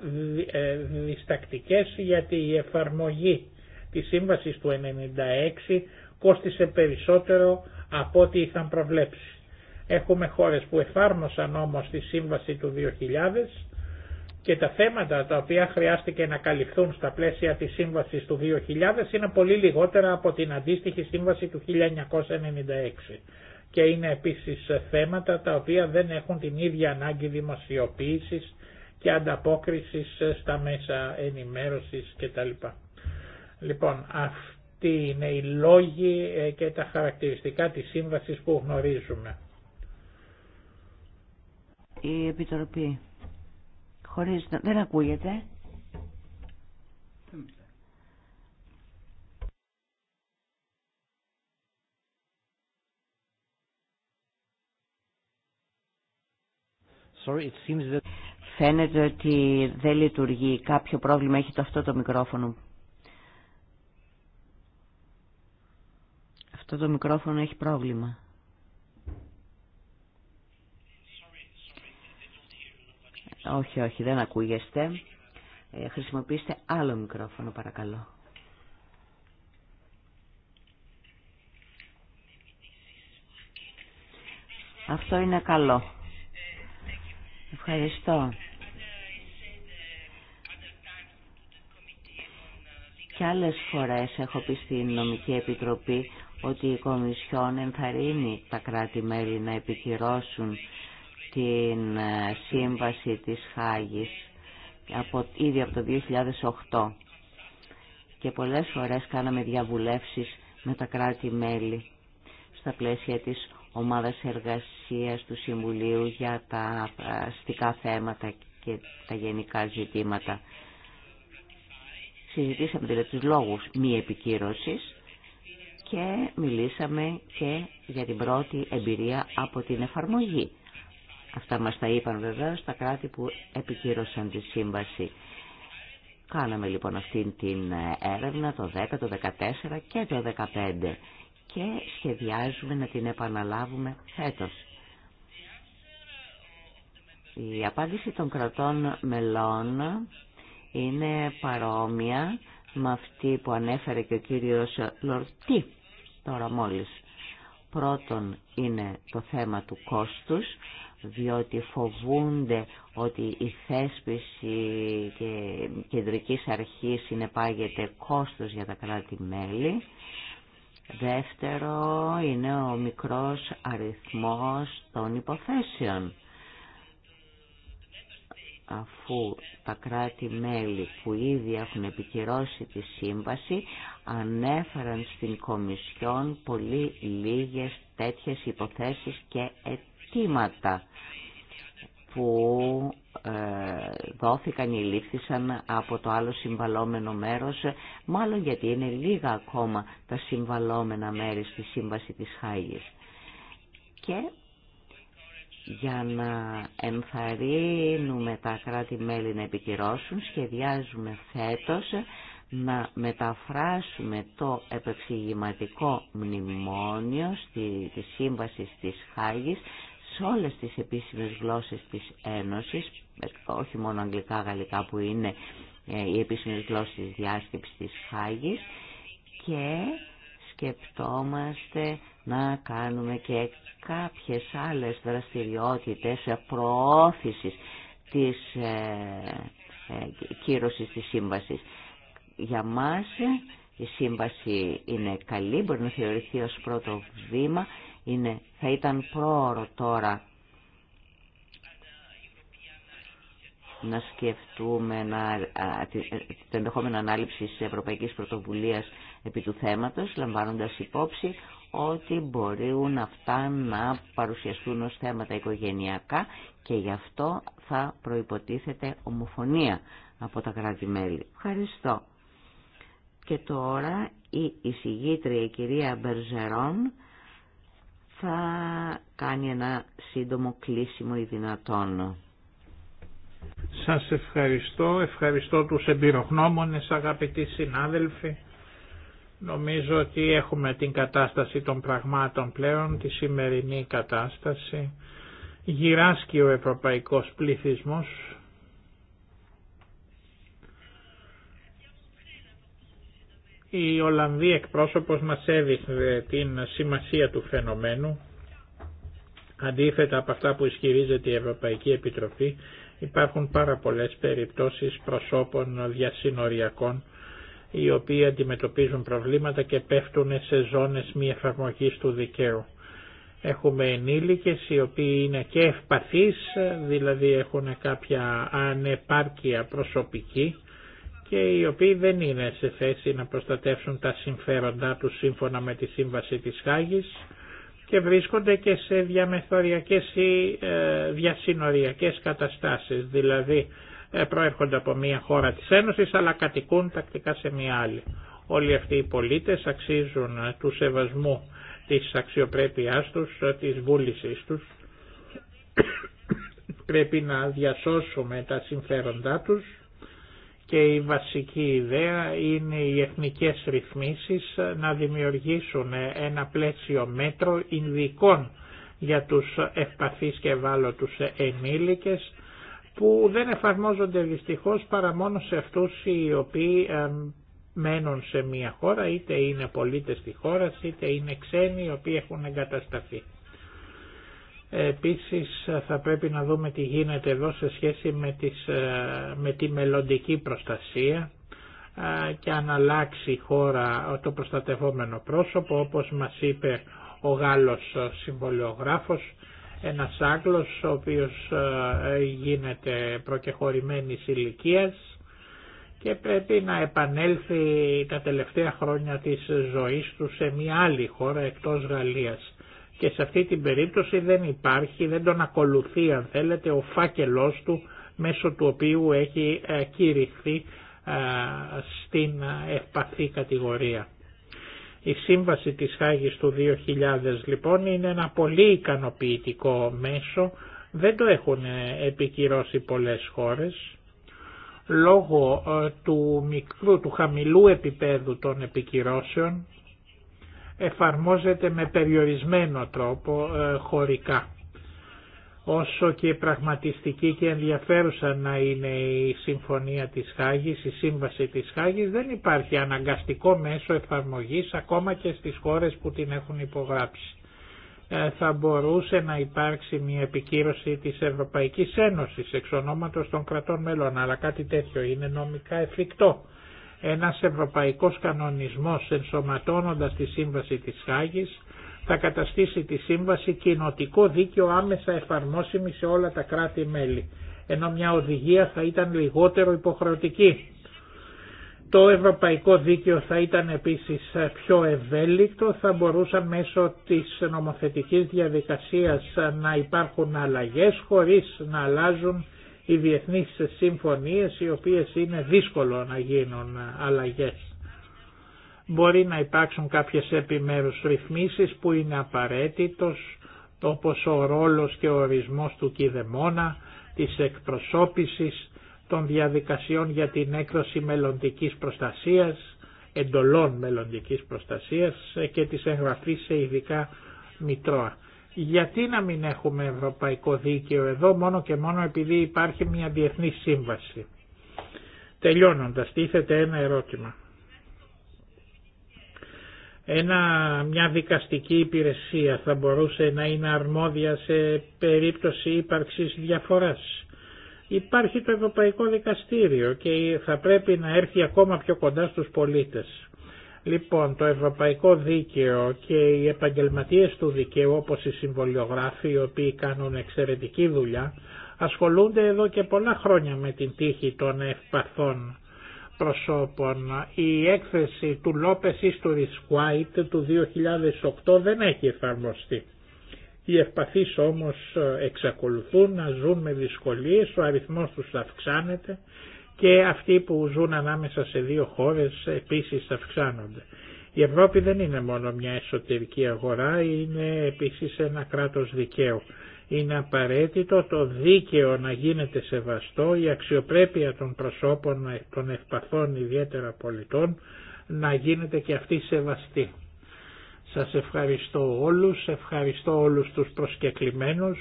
Ε, διστακτικές γιατί η εφαρμογή της σύμβασης του 96 κόστισε περισσότερο από ό,τι είχαν προβλέψει. Έχουμε χώρες που εφάρμοσαν όμως τη σύμβαση του 2000 και τα θέματα τα οποία χρειάστηκε να καλυφθούν στα πλαίσια της σύμβασης του 2000 είναι πολύ λιγότερα από την αντίστοιχη σύμβαση του 1996 και είναι επίσης θέματα τα οποία δεν έχουν την ίδια ανάγκη δημοσιοποίησης και ανταπόκρισης στα μέσα ενημέρωσης κτλ. Λοιπόν, αυτοί είναι οι λόγοι ε, και τα χαρακτηριστικά της σύμβασης που γνωρίζουμε η Επιτροπή. Χωρίς... Δεν ακούγεται. Sorry, it seems that... Φαίνεται ότι δεν λειτουργεί. Κάποιο πρόβλημα έχει το αυτό το μικρόφωνο. Αυτό το μικρόφωνο έχει πρόβλημα. Όχι, όχι, δεν ακούγεστε. Ε, χρησιμοποιήστε άλλο μικρόφωνο, παρακαλώ. Αυτό είναι καλό. Ευχαριστώ. Κι άλλες φορές έχω πει στην Νομική Επιτροπή ότι η Κομισιόν ενθαρρύνει τα κράτη-μέλη να επικυρώσουν στην ε, σύμβαση της Χάγης από, ήδη από το 2008 και πολλές φορές κάναμε διαβουλεύσεις με τα κράτη-μέλη στα πλαίσια της ομάδας εργασίας του Συμβουλίου για τα αστικά θέματα και τα γενικά ζητήματα. Συζητήσαμε δηλαδή τους λόγους μη επικύρωσης και μιλήσαμε και για την πρώτη εμπειρία από την εφαρμογή Αυτά μας τα είπαν βεβαίως τα κράτη που επικύρωσαν τη σύμβαση. Κάναμε λοιπόν αυτή την έρευνα το 10, το 14 και το 15 και σχεδιάζουμε να την επαναλάβουμε φέτος. Η απάντηση των κρατών μελών είναι παρόμοια με αυτή που ανέφερε και ο κύριος Λορτή τώρα μόλις. Πρώτον είναι το θέμα του κόστους διότι φοβούνται ότι η θέσπιση και κεντρικής αρχής συνεπάγεται κόστος για τα κράτη-μέλη. Δεύτερο είναι ο μικρός αριθμός των υποθέσεων. Αφού τα κράτη-μέλη που ήδη έχουν επικυρώσει τη σύμβαση ανέφεραν στην Κομισιόν πολύ λίγες τέτοιες υποθέσεις και αιτήσεις που ε, δόθηκαν ή λήφθησαν από το άλλο συμβαλόμενο μέρος, μάλλον γιατί είναι λίγα ακόμα τα συμβαλόμενα μέρη στη Σύμβαση της Χάγης. Και για να ενθαρρύνουμε τα κράτη-μέλη να επικυρώσουν, σχεδιάζουμε φέτος να μεταφράσουμε το επεξηγηματικό μνημόνιο στη, τη Σύμβαση της Χάγης σε όλες τις επίσημες γλώσσες της Ένωσης, όχι μόνο αγγλικά, γαλλικά που είναι ε, οι επίσημες γλώσσες της διάσκεψης της Χάγης και σκεπτόμαστε να κάνουμε και κάποιες άλλες δραστηριότητες προώθηση της ε, ε, κύρωσης της σύμβασης. Για μας η σύμβαση είναι καλή, μπορεί να θεωρηθεί ως πρώτο βήμα είναι, θα ήταν πρόωρο τώρα να σκεφτούμε να, ε, την ενδεχόμενη ανάληψη της Ευρωπαϊκής Πρωτοβουλίας επί του θέματος, λαμβάνοντας υπόψη ότι μπορούν αυτά να παρουσιαστούν ως θέματα οικογενειακά και γι' αυτό θα προϋποτίθεται ομοφωνία από τα κράτη-μέλη. Ευχαριστώ. Και τώρα η εισηγήτρια η κυρία Μπερζερόν θα κάνει ένα σύντομο κλείσιμο ή δυνατόν. Σας ευχαριστώ, ευχαριστώ τους εμπειρογνώμονες αγαπητοί συνάδελφοι. Νομίζω ότι έχουμε την κατάσταση των πραγμάτων πλέον, τη σημερινή κατάσταση. Γυράσκει ο ευρωπαϊκός πληθυσμός, Η Ολλανδή εκπρόσωπος μας έδειξε την σημασία του φαινομένου. Αντίθετα από αυτά που ισχυρίζεται η Ευρωπαϊκή Επιτροπή, υπάρχουν πάρα πολλές περιπτώσεις προσώπων διασυνοριακών οι οποίοι αντιμετωπίζουν προβλήματα και πέφτουν σε ζώνες μη εφαρμογή του δικαίου. Έχουμε ενήλικες οι οποίοι είναι και ευπαθείς, δηλαδή έχουν κάποια ανεπάρκεια προσωπική και οι οποίοι δεν είναι σε θέση να προστατεύσουν τα συμφέροντά του σύμφωνα με τη Σύμβαση της Χάγης και βρίσκονται και σε διαμεθοριακές ή ε, διασυνοριακές καταστάσεις, δηλαδή ε, προέρχονται από μια χώρα της Ένωσης αλλά κατοικούν τακτικά σε μια άλλη. Όλοι αυτοί οι πολίτες αξίζουν ε, του σεβασμού της αξιοπρέπειάς τους, της βούλησής τους. (coughs) Πρέπει να διασώσουμε τα συμφέροντά τους και η βασική ιδέα είναι οι εθνικές ρυθμίσεις να δημιουργήσουν ένα πλαίσιο μέτρο ειδικών για τους ευπαθείς και ευάλωτους ενήλικες που δεν εφαρμόζονται δυστυχώς παρά μόνο σε αυτούς οι οποίοι ε, μένουν σε μια χώρα είτε είναι πολίτες της χώρας είτε είναι ξένοι οι οποίοι έχουν εγκατασταθεί. Επίσης θα πρέπει να δούμε τι γίνεται εδώ σε σχέση με, ε, τη μελλοντική προστασία ε, και αν αλλάξει η χώρα το προστατευόμενο πρόσωπο όπως μας είπε ο Γάλλος συμβολιογράφος ένας Άγγλος ο οποίος ε, γίνεται προκεχωρημένης ηλικίας και πρέπει να επανέλθει τα τελευταία χρόνια της ζωής του σε μια άλλη χώρα εκτός Γαλλίας και σε αυτή την περίπτωση δεν υπάρχει, δεν τον ακολουθεί αν θέλετε ο φάκελός του μέσω του οποίου έχει ε, κηρυχθεί ε, στην ε, ευπαθή κατηγορία. Η σύμβαση της Χάγης του 2000 λοιπόν είναι ένα πολύ ικανοποιητικό μέσο, δεν το έχουν επικυρώσει πολλές χώρες. Λόγω του μικρού, του χαμηλού επίπεδου των επικυρώσεων εφαρμόζεται με περιορισμένο τρόπο ε, χωρικά. Όσο και πραγματιστική και ενδιαφέρουσα να είναι η Συμφωνία της Χάγης, η Σύμβαση της Χάγης, δεν υπάρχει αναγκαστικό μέσο εφαρμογής ακόμα και στις χώρες που την έχουν υπογράψει. Ε, θα μπορούσε να υπάρξει μια επικύρωση της Ευρωπαϊκής Ένωσης εξ ονόματος των κρατών μέλων, αλλά κάτι τέτοιο είναι νομικά εφικτό ένας ευρωπαϊκός κανονισμός ενσωματώνοντας τη σύμβαση της Χάγης θα καταστήσει τη σύμβαση κοινοτικό δίκαιο άμεσα εφαρμόσιμη σε όλα τα κράτη-μέλη, ενώ μια οδηγία θα ήταν λιγότερο υποχρεωτική. Το ευρωπαϊκό δίκαιο θα ήταν επίσης πιο ευέλικτο, θα μπορούσαν μέσω της νομοθετικής διαδικασίας να υπάρχουν αλλαγές χωρίς να αλλάζουν οι διεθνείς συμφωνίες οι οποίες είναι δύσκολο να γίνουν αλλαγές. Μπορεί να υπάρξουν κάποιες επιμέρους ρυθμίσεις που είναι απαραίτητος, όπως ο ρόλος και ο ορισμός του κηδεμόνα, της εκπροσώπησης, των διαδικασιών για την έκδοση μελλοντικής προστασίας, εντολών μελλοντικής προστασίας και της εγγραφής σε ειδικά μητρώα. Γιατί να μην έχουμε ευρωπαϊκό δίκαιο εδώ μόνο και μόνο επειδή υπάρχει μια διεθνή σύμβαση. Τελειώνοντας, τίθεται ένα ερώτημα. Ένα, μια δικαστική υπηρεσία θα μπορούσε να είναι αρμόδια σε περίπτωση ύπαρξης διαφοράς. Υπάρχει το Ευρωπαϊκό Δικαστήριο και θα πρέπει να έρθει ακόμα πιο κοντά στους πολίτες. Λοιπόν, το Ευρωπαϊκό Δίκαιο και οι επαγγελματίες του δικαίου όπως οι συμβολιογράφοι οι οποίοι κάνουν εξαιρετική δουλειά ασχολούνται εδώ και πολλά χρόνια με την τύχη των ευπαθών προσώπων. Η έκθεση του Λόπες ή του του 2008 δεν έχει εφαρμοστεί. Οι ευπαθείς όμως εξακολουθούν να ζουν με δυσκολίες, ο αριθμός τους αυξάνεται και αυτοί που ζουν ανάμεσα σε δύο χώρες επίσης αυξάνονται. Η Ευρώπη δεν είναι μόνο μια εσωτερική αγορά, είναι επίσης ένα κράτος δικαίου. Είναι απαραίτητο το δίκαιο να γίνεται σεβαστό, η αξιοπρέπεια των προσώπων των ευπαθών ιδιαίτερα πολιτών να γίνεται και αυτή σεβαστή. Σας ευχαριστώ όλους, ευχαριστώ όλους τους προσκεκλημένους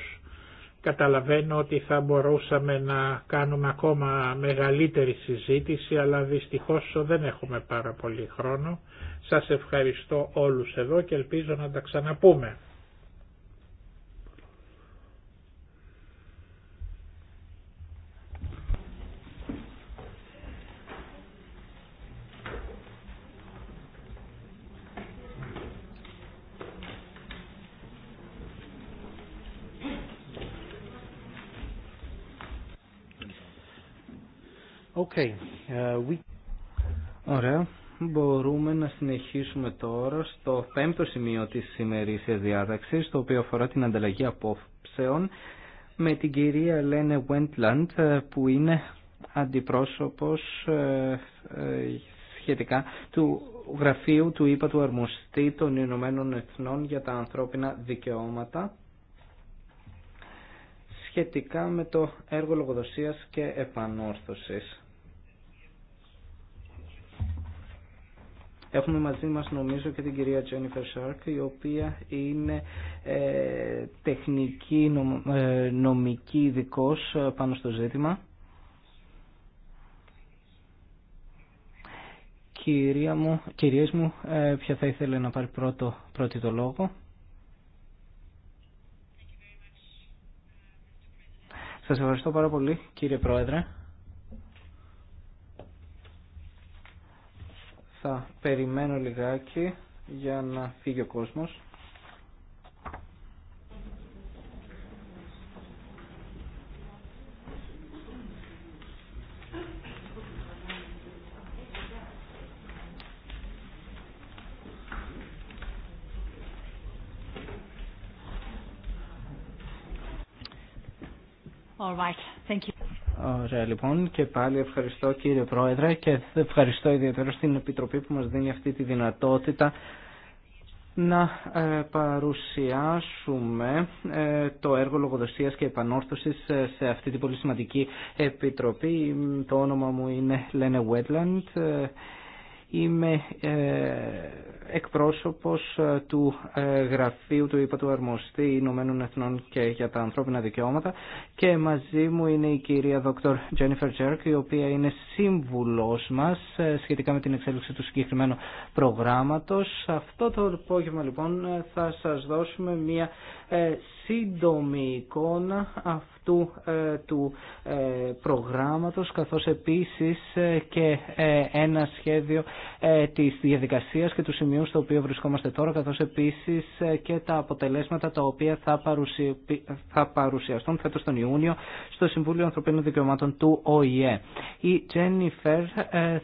Καταλαβαίνω ότι θα μπορούσαμε να κάνουμε ακόμα μεγαλύτερη συζήτηση, αλλά δυστυχώς δεν έχουμε πάρα πολύ χρόνο. Σας ευχαριστώ όλους εδώ και ελπίζω να τα ξαναπούμε. Okay. Uh, Ωραία. Μπορούμε να συνεχίσουμε τώρα στο πέμπτο σημείο της σημερινής διάταξης, το οποίο αφορά την ανταλλαγή απόψεων με την κυρία Ελένε Βέντλαντ, ε, που είναι αντιπρόσωπος ε, ε, σχετικά του γραφείου του ΙΠΑ του Αρμοστή των Ηνωμένων Εθνών για τα ανθρώπινα δικαιώματα σχετικά με το έργο λογοδοσίας και επανόρθωσης. Έχουμε μαζί μας νομίζω και την κυρία Τζένιφερ Σάρκ η οποία είναι ε, τεχνική ε, νομική ειδικό ε, πάνω στο ζήτημα. Κυρία μου, κυρίες μου, ποια θα ήθελε να πάρει πρώτο, πρώτη το λόγο. Σας ευχαριστώ πάρα πολύ κύριε Πρόεδρε. Θα περιμένω λιγάκι για να φύγει ο κόσμος. All right. Ωραία λοιπόν και πάλι ευχαριστώ κύριε Πρόεδρε και ευχαριστώ ιδιαίτερα στην Επιτροπή που μας δίνει αυτή τη δυνατότητα να ε, παρουσιάσουμε ε, το έργο λογοδοσίας και επανόρθωσης ε, σε αυτή την πολύ σημαντική επιτροπή. Το όνομα μου είναι Λένε Wetland Είμαι ε, εκπρόσωπος ε, του ε, γραφείου του ΥΠΑ του Αρμοστή Ηνωμένων Εθνών και για τα ανθρώπινα δικαιώματα και μαζί μου είναι η κυρία Δόκτωρ Τζένιφερ Τζέρκ η οποία είναι σύμβουλός μας σχετικά με την εξέλιξη του συγκεκριμένου προγράμματος. Αυτό το απόγευμα λοιπόν θα σας δώσουμε μια σύντομη εικόνα του ε, ε, προγράμματος καθώς επίσης ε, και ένα σχέδιο της διαδικασίας και του σημείου στο οποίο βρισκόμαστε τώρα καθώς επίσης και τα αποτελέσματα τα οποία θα παρουσιαστούν φέτος τον Ιούνιο στο Συμβούλιο Ανθρωπίνων Δικαιωμάτων του ΟΗΕ. Η Τζένιφερ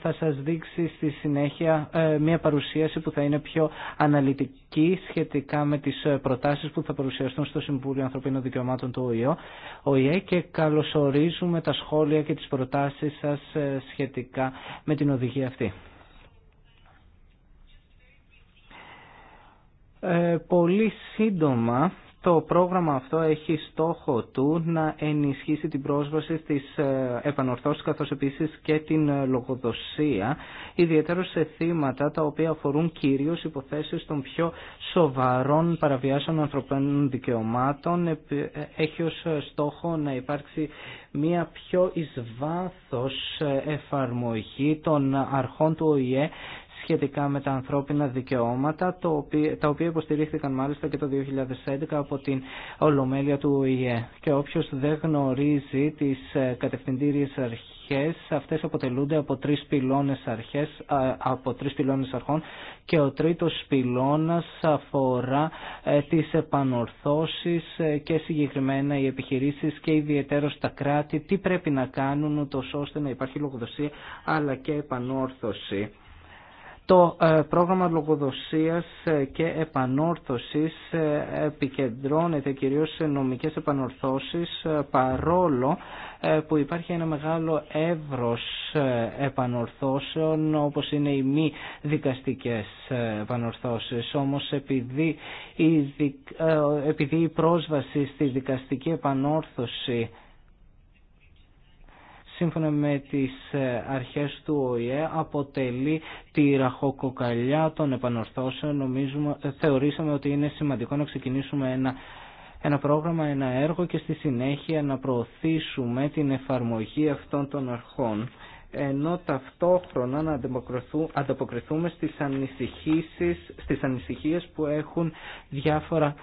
θα σας δείξει στη συνέχεια μια παρουσίαση που θα είναι πιο αναλυτική σχετικά με τις προτάσεις που θα παρουσιαστούν στο Συμβούλιο Ανθρωπίνων Δικαιωμάτων του ΟΗΕ και καλωσορίζουμε τα σχόλια και τις προτάσεις σας ε, σχετικά με την οδηγία αυτή. Ε, πολύ σύντομα το πρόγραμμα αυτό έχει στόχο του να ενισχύσει την πρόσβαση στις ε, επανορθώσεις καθώς επίσης και την ε, λογοδοσία, ιδιαίτερα σε θύματα τα οποία αφορούν κυρίως υποθέσεις των πιο σοβαρών παραβιάσεων ανθρωπίνων δικαιωμάτων. Ε, έχει ως στόχο να υπάρξει μια πιο εις εφαρμογή των αρχών του ΟΗΕ σχετικά με τα ανθρώπινα δικαιώματα, τα οποία υποστηρίχθηκαν μάλιστα και το 2011 από την Ολομέλεια του ΟΗΕ. Και όποιος δεν γνωρίζει τις ε, κατευθυντήριες αρχές, αυτές αποτελούνται από τρεις πυλώνες, αρχές, από τρεις πυλώνες αρχών και ο τρίτος πυλώνας αφορά ε, τις επανορθώσεις ε, και συγκεκριμένα οι επιχειρήσεις και ιδιαίτερως τα κράτη, τι πρέπει να κάνουν ούτως ώστε να υπάρχει λογοδοσία αλλά και επανόρθωση. Το ε, πρόγραμμα λογοδοσίας ε, και επανόρθωσης ε, επικεντρώνεται κυρίως σε νομικές επανορθώσεις παρόλο που υπάρχει ένα μεγάλο εύρος επανορθώσεων όπως είναι οι μη δικαστικές επανορθώσεις. Όμως επειδή η, επειδή η πρόσβαση στη δικαστική επανόρθωση σύμφωνα με τις ε, αρχές του ΟΗΕ αποτελεί τη ραχοκοκαλιά των επανορθώσεων. Νομίζουμε, ε, θεωρήσαμε ότι είναι σημαντικό να ξεκινήσουμε ένα ένα πρόγραμμα, ένα έργο και στη συνέχεια να προωθήσουμε την εφαρμογή αυτών των αρχών ενώ ταυτόχρονα να ανταποκριθούμε στις, ανησυχίες, στις ανησυχίες που έχουν διάφορα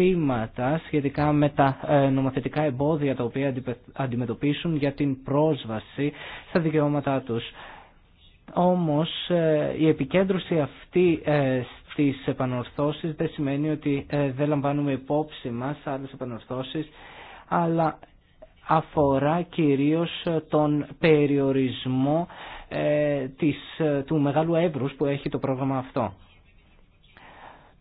θύματα σχετικά με τα ε, νομοθετικά εμπόδια τα οποία αντιμετωπίσουν για την πρόσβαση στα δικαιώματά τους. Όμως ε, η επικέντρωση αυτή ε, στις επανορθώσεις δεν σημαίνει ότι δεν λαμβάνουμε υπόψη μας άλλες επανορθώσεις, αλλά αφορά κυρίως τον περιορισμό της, του μεγάλου εύρους που έχει το πρόγραμμα αυτό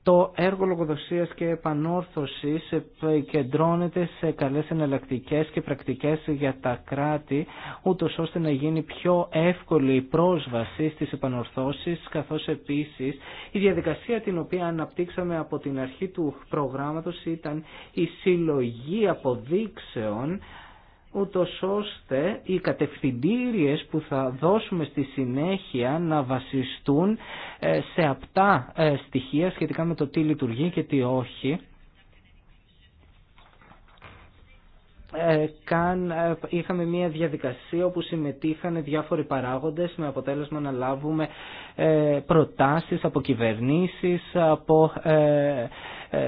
το έργο λογοδοσίας και επανόρθωσης ε, κεντρώνεται σε καλές εναλλακτικέ και πρακτικές για τα κράτη, ούτως ώστε να γίνει πιο εύκολη η πρόσβαση στις επανορθώσεις, καθώς επίσης η διαδικασία την οποία αναπτύξαμε από την αρχή του προγράμματος ήταν η συλλογή αποδείξεων ούτω ώστε οι κατευθυντήριες που θα δώσουμε στη συνέχεια να βασιστούν ε, σε απτά ε, στοιχεία σχετικά με το τι λειτουργεί και τι όχι. Ε, καν, είχαμε μια διαδικασία όπου συμμετείχαν διάφοροι παράγοντες με αποτέλεσμα να λάβουμε προτάσεις από κυβερνήσεις, από ε,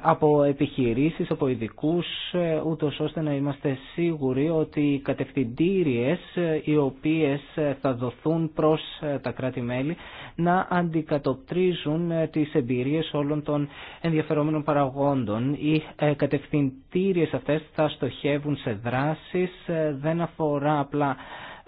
από επιχειρήσεις, από ειδικού, ε, ούτω ώστε να είμαστε σίγουροι ότι οι κατευθυντήριες ε, οι οποίες θα δοθούν προς τα κράτη-μέλη να αντικατοπτρίζουν τις εμπειρίες όλων των ενδιαφερόμενων παραγόντων. Οι κατευθυντήριες αυτές θα στοχεύουν σε δράσεις, δεν αφορά απλά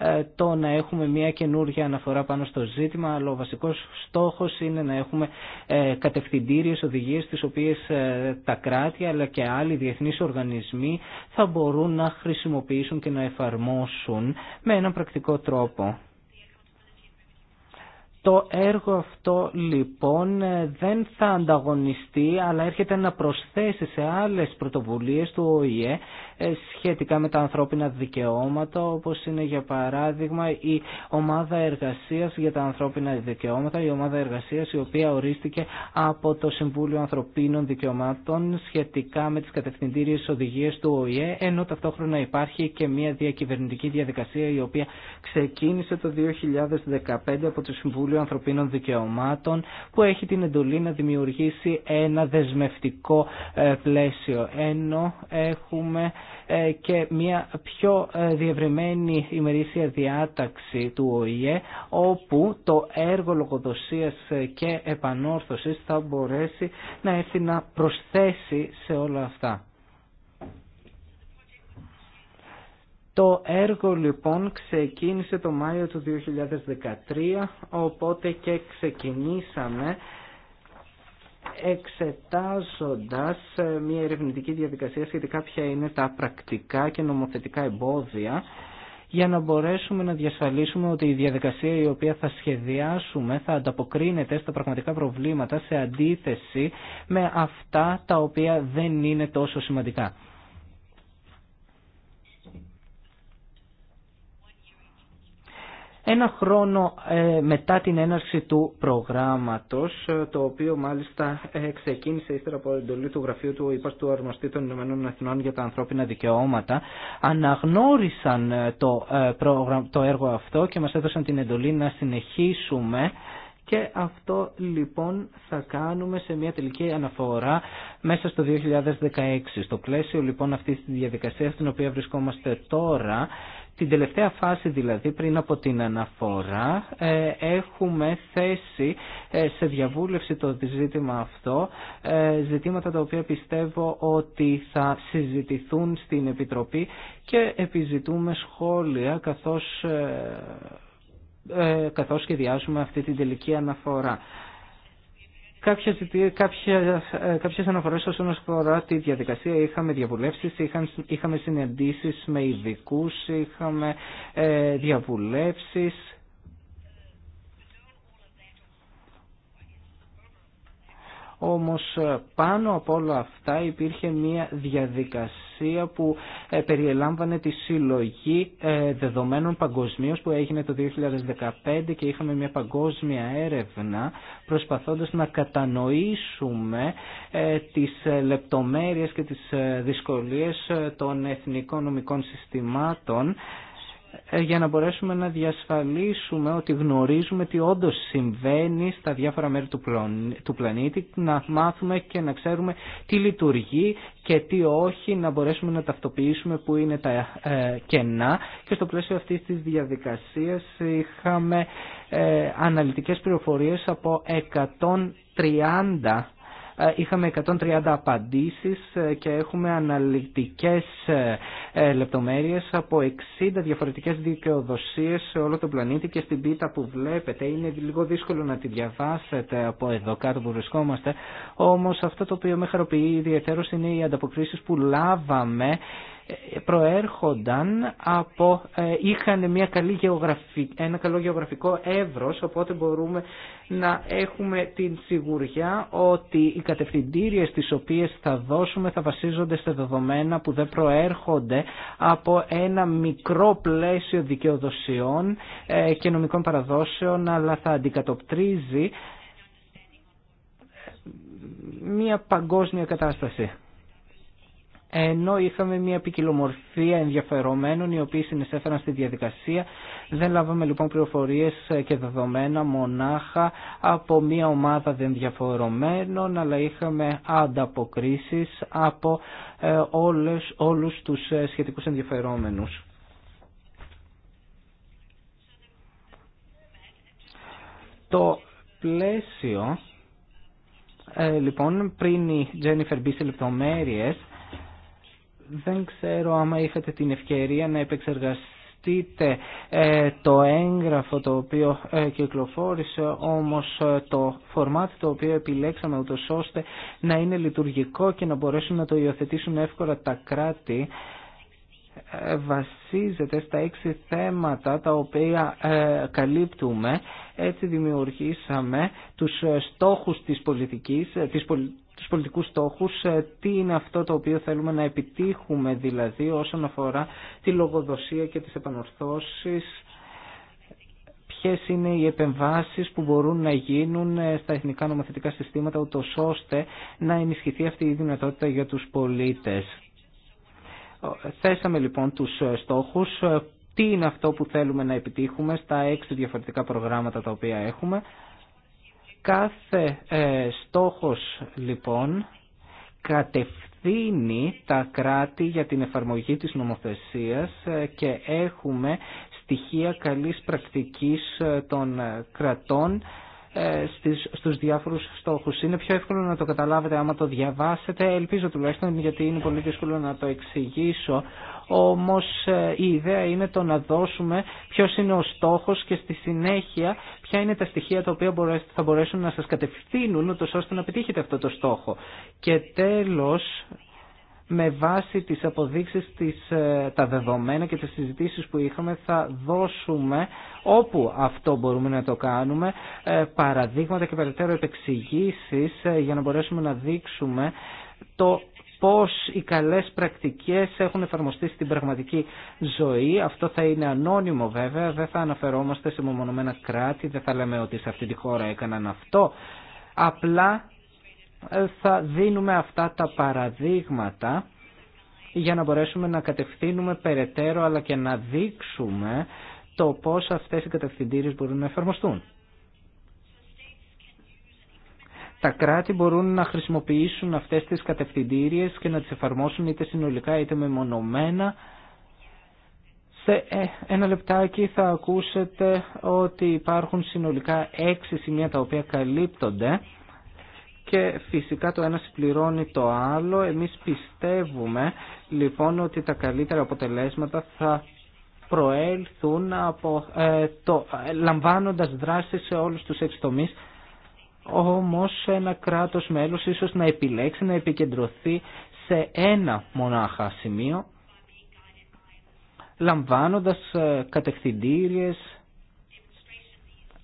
ε, το να έχουμε μια καινούργια αναφορά πάνω στο ζήτημα, αλλά ο βασικός στόχος είναι να έχουμε ε, κατευθυντήριες οδηγίες τις οποίες ε, τα κράτη αλλά και άλλοι διεθνείς οργανισμοί θα μπορούν να χρησιμοποιήσουν και να εφαρμόσουν με έναν πρακτικό τρόπο. Το έργο αυτό λοιπόν δεν θα ανταγωνιστεί αλλά έρχεται να προσθέσει σε άλλες πρωτοβουλίες του ΟΗΕ ε, σχετικά με τα ανθρώπινα δικαιώματα όπως είναι για παράδειγμα η ομάδα εργασίας για τα ανθρώπινα δικαιώματα, η ομάδα εργασίας η οποία ορίστηκε από το Συμβούλιο Ανθρωπίνων Δικαιωμάτων σχετικά με τις κατευθυντήριες οδηγίες του ΟΗΕ ενώ ταυτόχρονα υπάρχει και μια διακυβερνητική διαδικασία η οποία ξεκίνησε το 2015 από το Συμβούλιο Ανθρωπίνων Δικαιωμάτων που έχει την εντολή να δημιουργήσει ένα δεσμευτικό ε, πλαίσιο ενώ έχουμε ε, και μια πιο ε, διευρυμένη ημερήσια διάταξη του ΟΗΕ όπου το έργο λογοδοσίας ε, και επανόρθωσης θα μπορέσει να έρθει να προσθέσει σε όλα αυτά. Το έργο λοιπόν ξεκίνησε το Μάιο του 2013, οπότε και ξεκινήσαμε εξετάζοντας ε, μια ερευνητική διαδικασία σχετικά ποια είναι τα πρακτικά και νομοθετικά εμπόδια για να μπορέσουμε να διασφαλίσουμε ότι η διαδικασία η οποία θα σχεδιάσουμε θα ανταποκρίνεται στα πραγματικά προβλήματα σε αντίθεση με αυτά τα οποία δεν είναι τόσο σημαντικά. ένα χρόνο ε, μετά την έναρξη του προγράμματος, ε, το οποίο μάλιστα ε, ξεκίνησε ύστερα από εντολή του γραφείου του ΥΠΑΣ Αρμοστή των Ηνωμένων Εθνών για τα ανθρώπινα δικαιώματα, αναγνώρισαν το, το έργο αυτό και μας έδωσαν την εντολή να συνεχίσουμε και αυτό λοιπόν θα κάνουμε σε μια τελική αναφορά μέσα στο 2016. Στο πλαίσιο λοιπόν αυτής της διαδικασίας στην οποία βρισκόμαστε τώρα την τελευταία φάση δηλαδή πριν από την αναφορά ε, έχουμε θέση ε, σε διαβούλευση το ζήτημα αυτό ε, ζητήματα τα οποία πιστεύω ότι θα συζητηθούν στην Επιτροπή και επιζητούμε σχόλια καθώς καθώς σχεδιάζουμε αυτή την τελική αναφορά. Κάποια, αναφορέ ε, κάποιες αναφορές όσον αφορά τη διαδικασία είχαμε διαβουλεύσεις, είχαμε συναντήσεις με ειδικού, είχαμε ε, διαβουλεύσεις όμως ε, πάνω από όλα αυτά υπήρχε μια διαδικασία που ε, περιελάμβανε τη συλλογή ε, δεδομένων παγκοσμίως που έγινε το 2015 και είχαμε μια παγκόσμια έρευνα προσπαθώντας να κατανοήσουμε τις λεπτομέρειες και τις δυσκολίες των εθνικών νομικών συστημάτων ε, για να μπορέσουμε να διασφαλίσουμε ότι γνωρίζουμε τι όντως συμβαίνει στα διάφορα μέρη του πλανήτη, να μάθουμε και να ξέρουμε τι λειτουργεί και τι όχι, να μπορέσουμε να ταυτοποιήσουμε που είναι τα ε, κενά. Και στο πλαίσιο αυτής της διαδικασίας είχαμε ε, αναλυτικές πληροφορίες από 130 ε, είχαμε 130 απαντήσεις ε, και έχουμε αναλυτικές ε, λεπτομέρειες από 60 διαφορετικές δικαιοδοσίες σε όλο τον πλανήτη και στην πίτα που βλέπετε είναι λίγο δύσκολο να τη διαβάσετε από εδώ κάτω που βρισκόμαστε όμως αυτό το οποίο με χαροποιεί ιδιαίτερως είναι οι ανταποκρίσεις που λάβαμε προέρχονταν από, ε, είχαν μια καλή ένα καλό γεωγραφικό έβρος οπότε μπορούμε να έχουμε την σιγουριά ότι οι κατευθυντήριες τις οποίες θα δώσουμε θα βασίζονται σε δεδομένα που δεν προέρχονται από ένα μικρό πλαίσιο δικαιοδοσιών ε, και νομικών παραδόσεων, αλλά θα αντικατοπτρίζει μια παγκόσμια κατάσταση ενώ είχαμε μια ποικιλομορφία ενδιαφερομένων οι οποίοι συνεισέφεραν στη διαδικασία. Δεν λάβαμε λοιπόν πληροφορίε ε, και δεδομένα μονάχα από μια ομάδα δεν ενδιαφερομένων, αλλά είχαμε ανταποκρίσει από ε, όλες, όλους τους ε, σχετικούς ενδιαφερόμενους. Το πλαίσιο, λοιπόν, πριν η Τζένιφερ μπει σε λεπτομέρειες, δεν ξέρω άμα είχατε την ευκαιρία να επεξεργαστείτε ε, το έγγραφο το οποίο ε, κυκλοφόρησε, όμως ε, το φορμάτ το οποίο επιλέξαμε ούτως ώστε να είναι λειτουργικό και να μπορέσουν να το υιοθετήσουν εύκολα τα κράτη βασίζεται στα έξι θέματα τα οποία καλύπτουμε. Έτσι δημιουργήσαμε τους στόχους της πολιτικής, της, τους πολιτικούς στόχους, ε, τι είναι αυτό το οποίο θέλουμε να επιτύχουμε δηλαδή όσον αφορά τη λογοδοσία και τις επανορθώσεις, ποιες είναι οι επεμβάσεις που μπορούν να γίνουν ε, στα εθνικά νομοθετικά συστήματα ούτως ώστε να ενισχυθεί αυτή η δυνατότητα για τους πολίτες. Θέσαμε λοιπόν τους ε, στόχους, τι είναι αυτό που θέλουμε να επιτύχουμε στα έξι διαφορετικά προγράμματα τα οποία έχουμε Κάθε ε, στόχος λοιπόν κατευθύνει τα κράτη για την εφαρμογή της νομοθεσίας ε, και έχουμε στοιχεία καλής πρακτικής ε, των κρατών στις, στους διάφορους στόχους. Είναι πιο εύκολο να το καταλάβετε άμα το διαβάσετε. Ελπίζω τουλάχιστον γιατί είναι πολύ δύσκολο να το εξηγήσω όμως ε, η ιδέα είναι το να δώσουμε ποιος είναι ο στόχος και στη συνέχεια ποια είναι τα στοιχεία τα οποία θα μπορέσουν να σας κατευθύνουν ώστε να πετύχετε αυτό το στόχο. Και τέλος, με βάση τις αποδείξεις, τις, ε, τα δεδομένα και τις συζητήσεις που είχαμε θα δώσουμε όπου αυτό μπορούμε να το κάνουμε ε, παραδείγματα και περαιτέρω επεξηγήσεις για να μπορέσουμε να δείξουμε το πώς οι καλές πρακτικές έχουν εφαρμοστεί στην πραγματική ζωή. Αυτό θα είναι ανώνυμο βέβαια, δεν θα αναφερόμαστε σε μεμονωμένα κράτη, δεν θα λέμε ότι σε αυτή τη χώρα έκαναν αυτό. Απλά ε, θα δίνουμε αυτά τα παραδείγματα για να μπορέσουμε να κατευθύνουμε περαιτέρω αλλά και να δείξουμε το πώς αυτές οι κατευθυντήριες μπορούν να εφαρμοστούν τα κράτη μπορούν να χρησιμοποιήσουν αυτές τις κατευθυντήριες και να τις εφαρμόσουν είτε συνολικά είτε μεμονωμένα. Σε ε, ένα λεπτάκι θα ακούσετε ότι υπάρχουν συνολικά έξι σημεία τα οποία καλύπτονται και φυσικά το ένα συμπληρώνει το άλλο. Εμείς πιστεύουμε λοιπόν ότι τα καλύτερα αποτελέσματα θα προέλθουν από, ε, το, ε, λαμβάνοντας δράση σε όλους τους έξι τομείς όμως ένα κράτος μέλος ίσως να επιλέξει να επικεντρωθεί σε ένα μονάχα σημείο λαμβάνοντας ε, κατευθυντήριες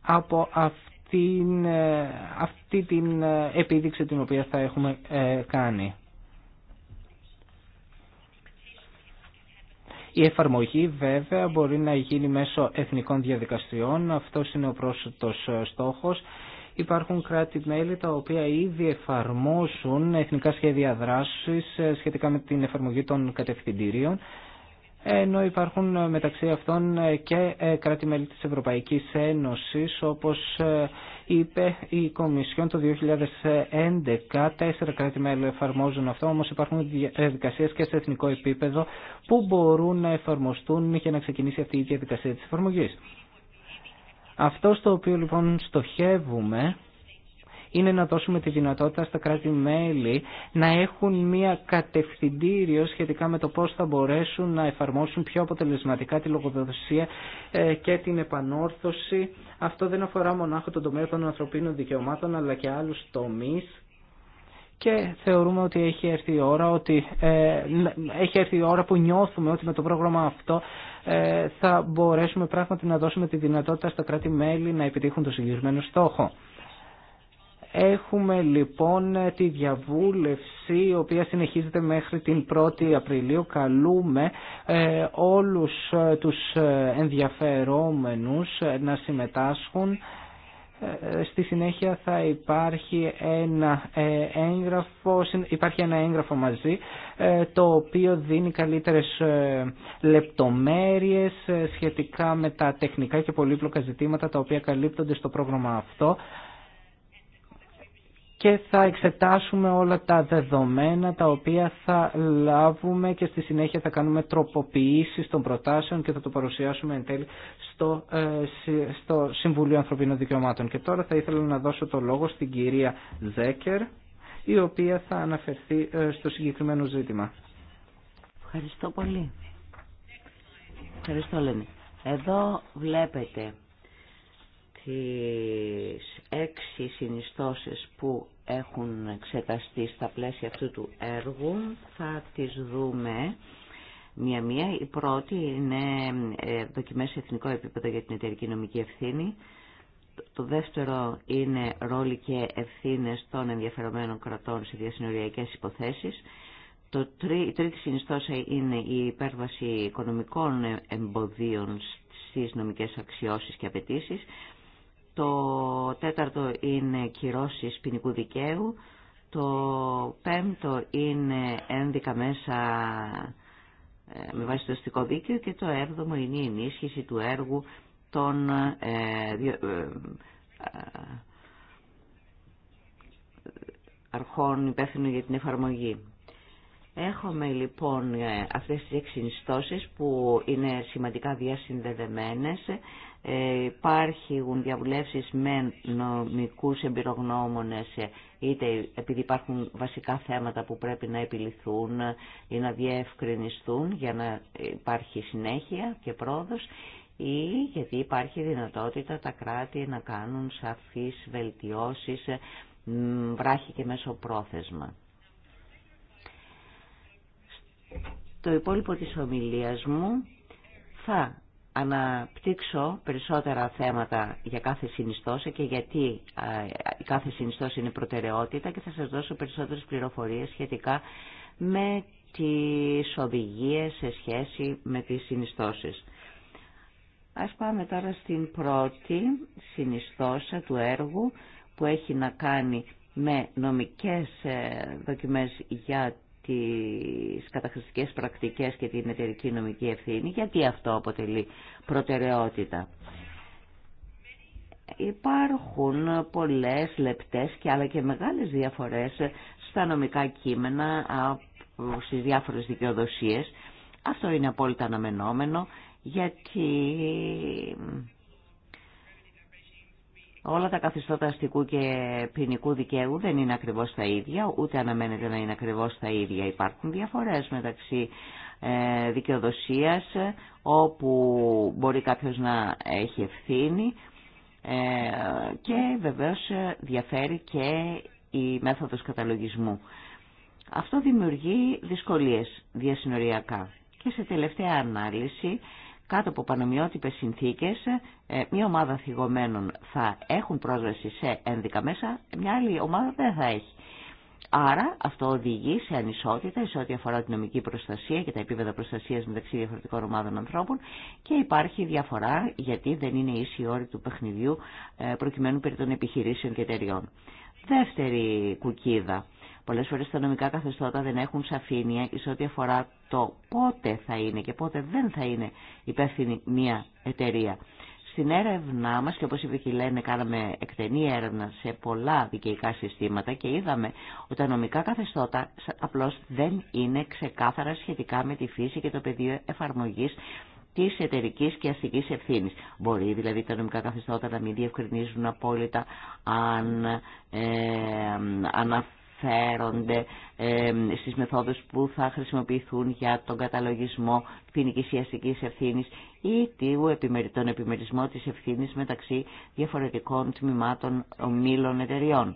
από αυτήν, ε, αυτή την ε, επίδειξη την οποία θα έχουμε κάνει. Η εφαρμογή βέβαια μπορεί να γίνει μέσω εθνικών διαδικασιών, αυτό είναι ο πρόσθετος στόχος Υπάρχουν κράτη-μέλη τα οποία ήδη εφαρμόσουν εθνικά σχέδια δράσης ε, σχετικά με την εφαρμογή των κατευθυντηρίων, ενώ υπάρχουν ε, μεταξύ αυτών ε, και κράτη-μέλη της Ευρωπαϊκής Ένωσης, όπως είπε η Κομισιόν το 2011, τέσσερα κράτη-μέλη εφαρμόζουν αυτό, όμως υπάρχουν διαδικασίες και σε εθνικό επίπεδο που μπορούν να εφαρμοστούν για να ξεκινήσει αυτή η διαδικασία της εφαρμογής. Αυτό στο οποίο λοιπόν στοχεύουμε είναι να δώσουμε τη δυνατότητα στα κράτη-μέλη να έχουν μια κατευθυντήριο σχετικά με το πώς θα μπορέσουν να εφαρμόσουν πιο αποτελεσματικά τη λογοδοσία ε, και την επανόρθωση. Αυτό δεν αφορά μονάχα τον τομέα των ανθρωπίνων δικαιωμάτων αλλά και άλλους τομείς και θεωρούμε ότι έχει έρθει η ώρα, ότι, ε, έχει έρθει ώρα που νιώθουμε ότι με το πρόγραμμα αυτό ε, θα μπορέσουμε πράγματι να δώσουμε τη δυνατότητα στα κράτη-μέλη να επιτύχουν το συγκεκριμένο στόχο. Έχουμε λοιπόν τη διαβούλευση η οποία συνεχίζεται μέχρι την 1η Απριλίου. Καλούμε ε, όλους ε, τους ενδιαφερόμενους να συμμετάσχουν ε, στη συνέχεια θα υπάρχει ένα ε, έγγραφο, υπάρχει ένα έγγραφο μαζί ε, το οποίο δίνει καλύτερες λεπτομέρειες σχετικά με τα τεχνικά και πολύπλοκα ζητήματα τα οποία καλύπτονται στο πρόγραμμα αυτό και θα εξετάσουμε όλα τα δεδομένα τα οποία θα λάβουμε και στη συνέχεια θα κάνουμε τροποποιήσεις των προτάσεων και θα το παρουσιάσουμε εν τέλει στο, ε, στο Συμβουλίο Ανθρωπίνων Δικαιωμάτων. Και τώρα θα ήθελα να δώσω το λόγο στην κυρία Ζέκερ η οποία θα αναφερθεί ε, στο συγκεκριμένο ζήτημα. Ευχαριστώ πολύ. Ευχαριστώ Λένη. Εδώ βλέπετε τις έξι συνιστώσεις που έχουν εξεταστεί στα πλαίσια αυτού του έργου θα τις δούμε μία-μία. Η πρώτη είναι ε, δοκιμές σε εθνικό επίπεδο για την εταιρική νομική ευθύνη. Το δεύτερο είναι ρόλοι και ευθύνες των ενδιαφερομένων κρατών σε διασυνοριακές υποθέσεις. Το τρί, η τρίτη συνιστόσα είναι η υπέρβαση οικονομικών εμποδίων στις νομικές αξιώσεις και απαιτήσει. Το τέταρτο είναι κυρώσεις ποινικού δικαίου. Το πέμπτο είναι ένδικα μέσα ε, με βάση το δίκαιο και το έβδομο είναι η ενίσχυση του έργου των ε, ε, αρχών υπεύθυνων για την εφαρμογή. Έχουμε λοιπόν αυτές τις έξι που είναι σημαντικά διασυνδεδεμένες ε, υπάρχουν διαβουλεύσει με νομικού εμπειρογνώμονε, είτε επειδή υπάρχουν βασικά θέματα που πρέπει να επιληθούν ή να διευκρινιστούν για να υπάρχει συνέχεια και πρόοδος ή γιατί υπάρχει δυνατότητα τα κράτη να κάνουν σαφείς βελτιώσει βράχη και μέσω πρόθεσμα. Το υπόλοιπο της ομιλίας μου θα αναπτύξω περισσότερα θέματα για κάθε συνιστόσα και γιατί κάθε συνιστόσα είναι προτεραιότητα και θα σας δώσω περισσότερες πληροφορίες σχετικά με τις οδηγίες σε σχέση με τις συνιστώσεις. Ας πάμε τώρα στην πρώτη συνιστόσα του έργου που έχει να κάνει με νομικές ε, δοκιμές για τις καταχρηστικές πρακτικές και την εταιρική νομική ευθύνη, γιατί αυτό αποτελεί προτεραιότητα. Υπάρχουν πολλές λεπτές και άλλα και μεγάλες διαφορές στα νομικά κείμενα στις διάφορες δικαιοδοσίες. Αυτό είναι απόλυτα αναμενόμενο γιατί Όλα τα καθιστώτα αστικού και ποινικού δικαίου δεν είναι ακριβώς τα ίδια, ούτε αναμένεται να είναι ακριβώς τα ίδια. Υπάρχουν διαφορές μεταξύ ε, δικαιοδοσίας, ε, όπου μπορεί κάποιος να έχει ευθύνη ε, και βεβαίως διαφέρει και η μέθοδος καταλογισμού. Αυτό δημιουργεί δυσκολίες διασυνοριακά. Και σε τελευταία ανάλυση κάτω από πανομοιότυπες συνθήκες ε, μια ομάδα θυγωμένων θα έχουν πρόσβαση σε ένδικα μέσα, μια άλλη ομάδα δεν θα έχει. Άρα αυτό οδηγεί σε ανισότητα σε ό,τι αφορά την νομική προστασία και τα επίπεδα προστασίας μεταξύ διαφορετικών ομάδων ανθρώπων και υπάρχει διαφορά γιατί δεν είναι ίση η όρη του παιχνιδιού ε, προκειμένου περί των επιχειρήσεων και εταιριών. Δεύτερη κουκίδα Πολλές φορές τα νομικά καθεστώτα δεν έχουν σαφήνεια σε ό,τι αφορά το πότε θα είναι και πότε δεν θα είναι υπεύθυνη μια εταιρεία. Στην έρευνά μας, και όπως είπε και η Λένε, κάναμε εκτενή έρευνα σε πολλά δικαιικά συστήματα και είδαμε ότι τα νομικά καθεστώτα απλώς δεν είναι ξεκάθαρα σχετικά με τη φύση και το πεδίο εφαρμογής τη εταιρική και αστική ευθύνη. Μπορεί δηλαδή τα νομικά καθεστώτα να μην διευκρινίζουν απόλυτα αν ε, αναφέρονται στις μεθόδους που θα χρησιμοποιηθούν για τον καταλογισμό ποινικής ιαστικής ευθύνης ή τον επιμερισμό της ευθύνης μεταξύ ευθύνης μεταξύ διαφορετικών τμήματων ομίλων εταιριών.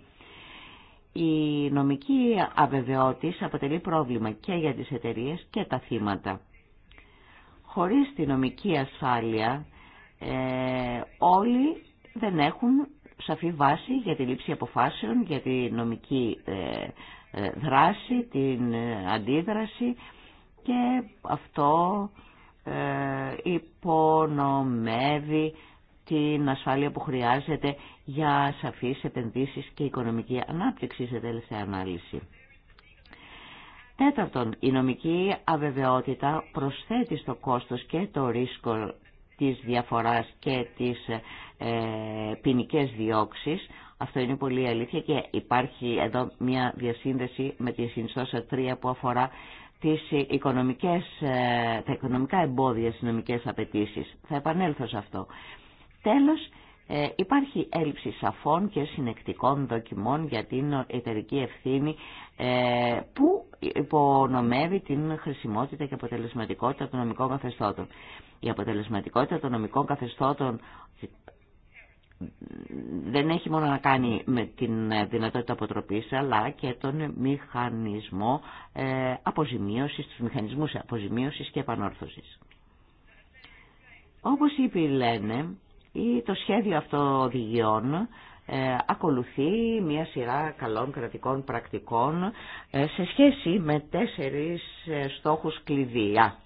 Η νομική αβεβαιότης αποτελεί αβεβαιοτηση αποτελει προβλημα και για τις εταιρείες και τα θύματα. Χωρίς τη νομική ασφάλεια ε, όλοι δεν έχουν σαφή βάση για τη λήψη αποφάσεων, για τη νομική ε, ε, δράση, την ε, αντίδραση και αυτό υπονομεύει την ασφάλεια που χρειάζεται για σαφείς επενδύσεις και οικονομική ανάπτυξη σε τελευταία ανάλυση. Τέταρτον, η νομική αβεβαιότητα προσθέτει στο κόστος και το ρίσκο της διαφοράς και της ε, ποινικέ διώξεις. Αυτό είναι πολύ αλήθεια και υπάρχει εδώ μια διασύνδεση με τη συνιστόσα 3 που αφορά τις οικονομικές, ε, τα οικονομικά εμπόδια στις νομικές απαιτήσεις. Θα επανέλθω σε αυτό. Τέλος, ε, υπάρχει έλλειψη σαφών και συνεκτικών δοκιμών για την εταιρική ευθύνη που υπονομεύει την χρησιμότητα και αποτελεσματικότητα των νομικών καθεστώτων. Η αποτελεσματικότητα των νομικών καθεστώτων δεν έχει μόνο να κάνει με την δυνατότητα αποτροπής αλλά και τον μηχανισμό ε, αποζημίωσης, τους μηχανισμούς αποζημίωσης και επανόρθωσης. Όπως είπε η Λένε, το σχέδιο αυτό οδηγιών ε, ακολουθεί μια σειρά καλών κρατικών πρακτικών ε, σε σχέση με τέσσερις στόχους κλειδιά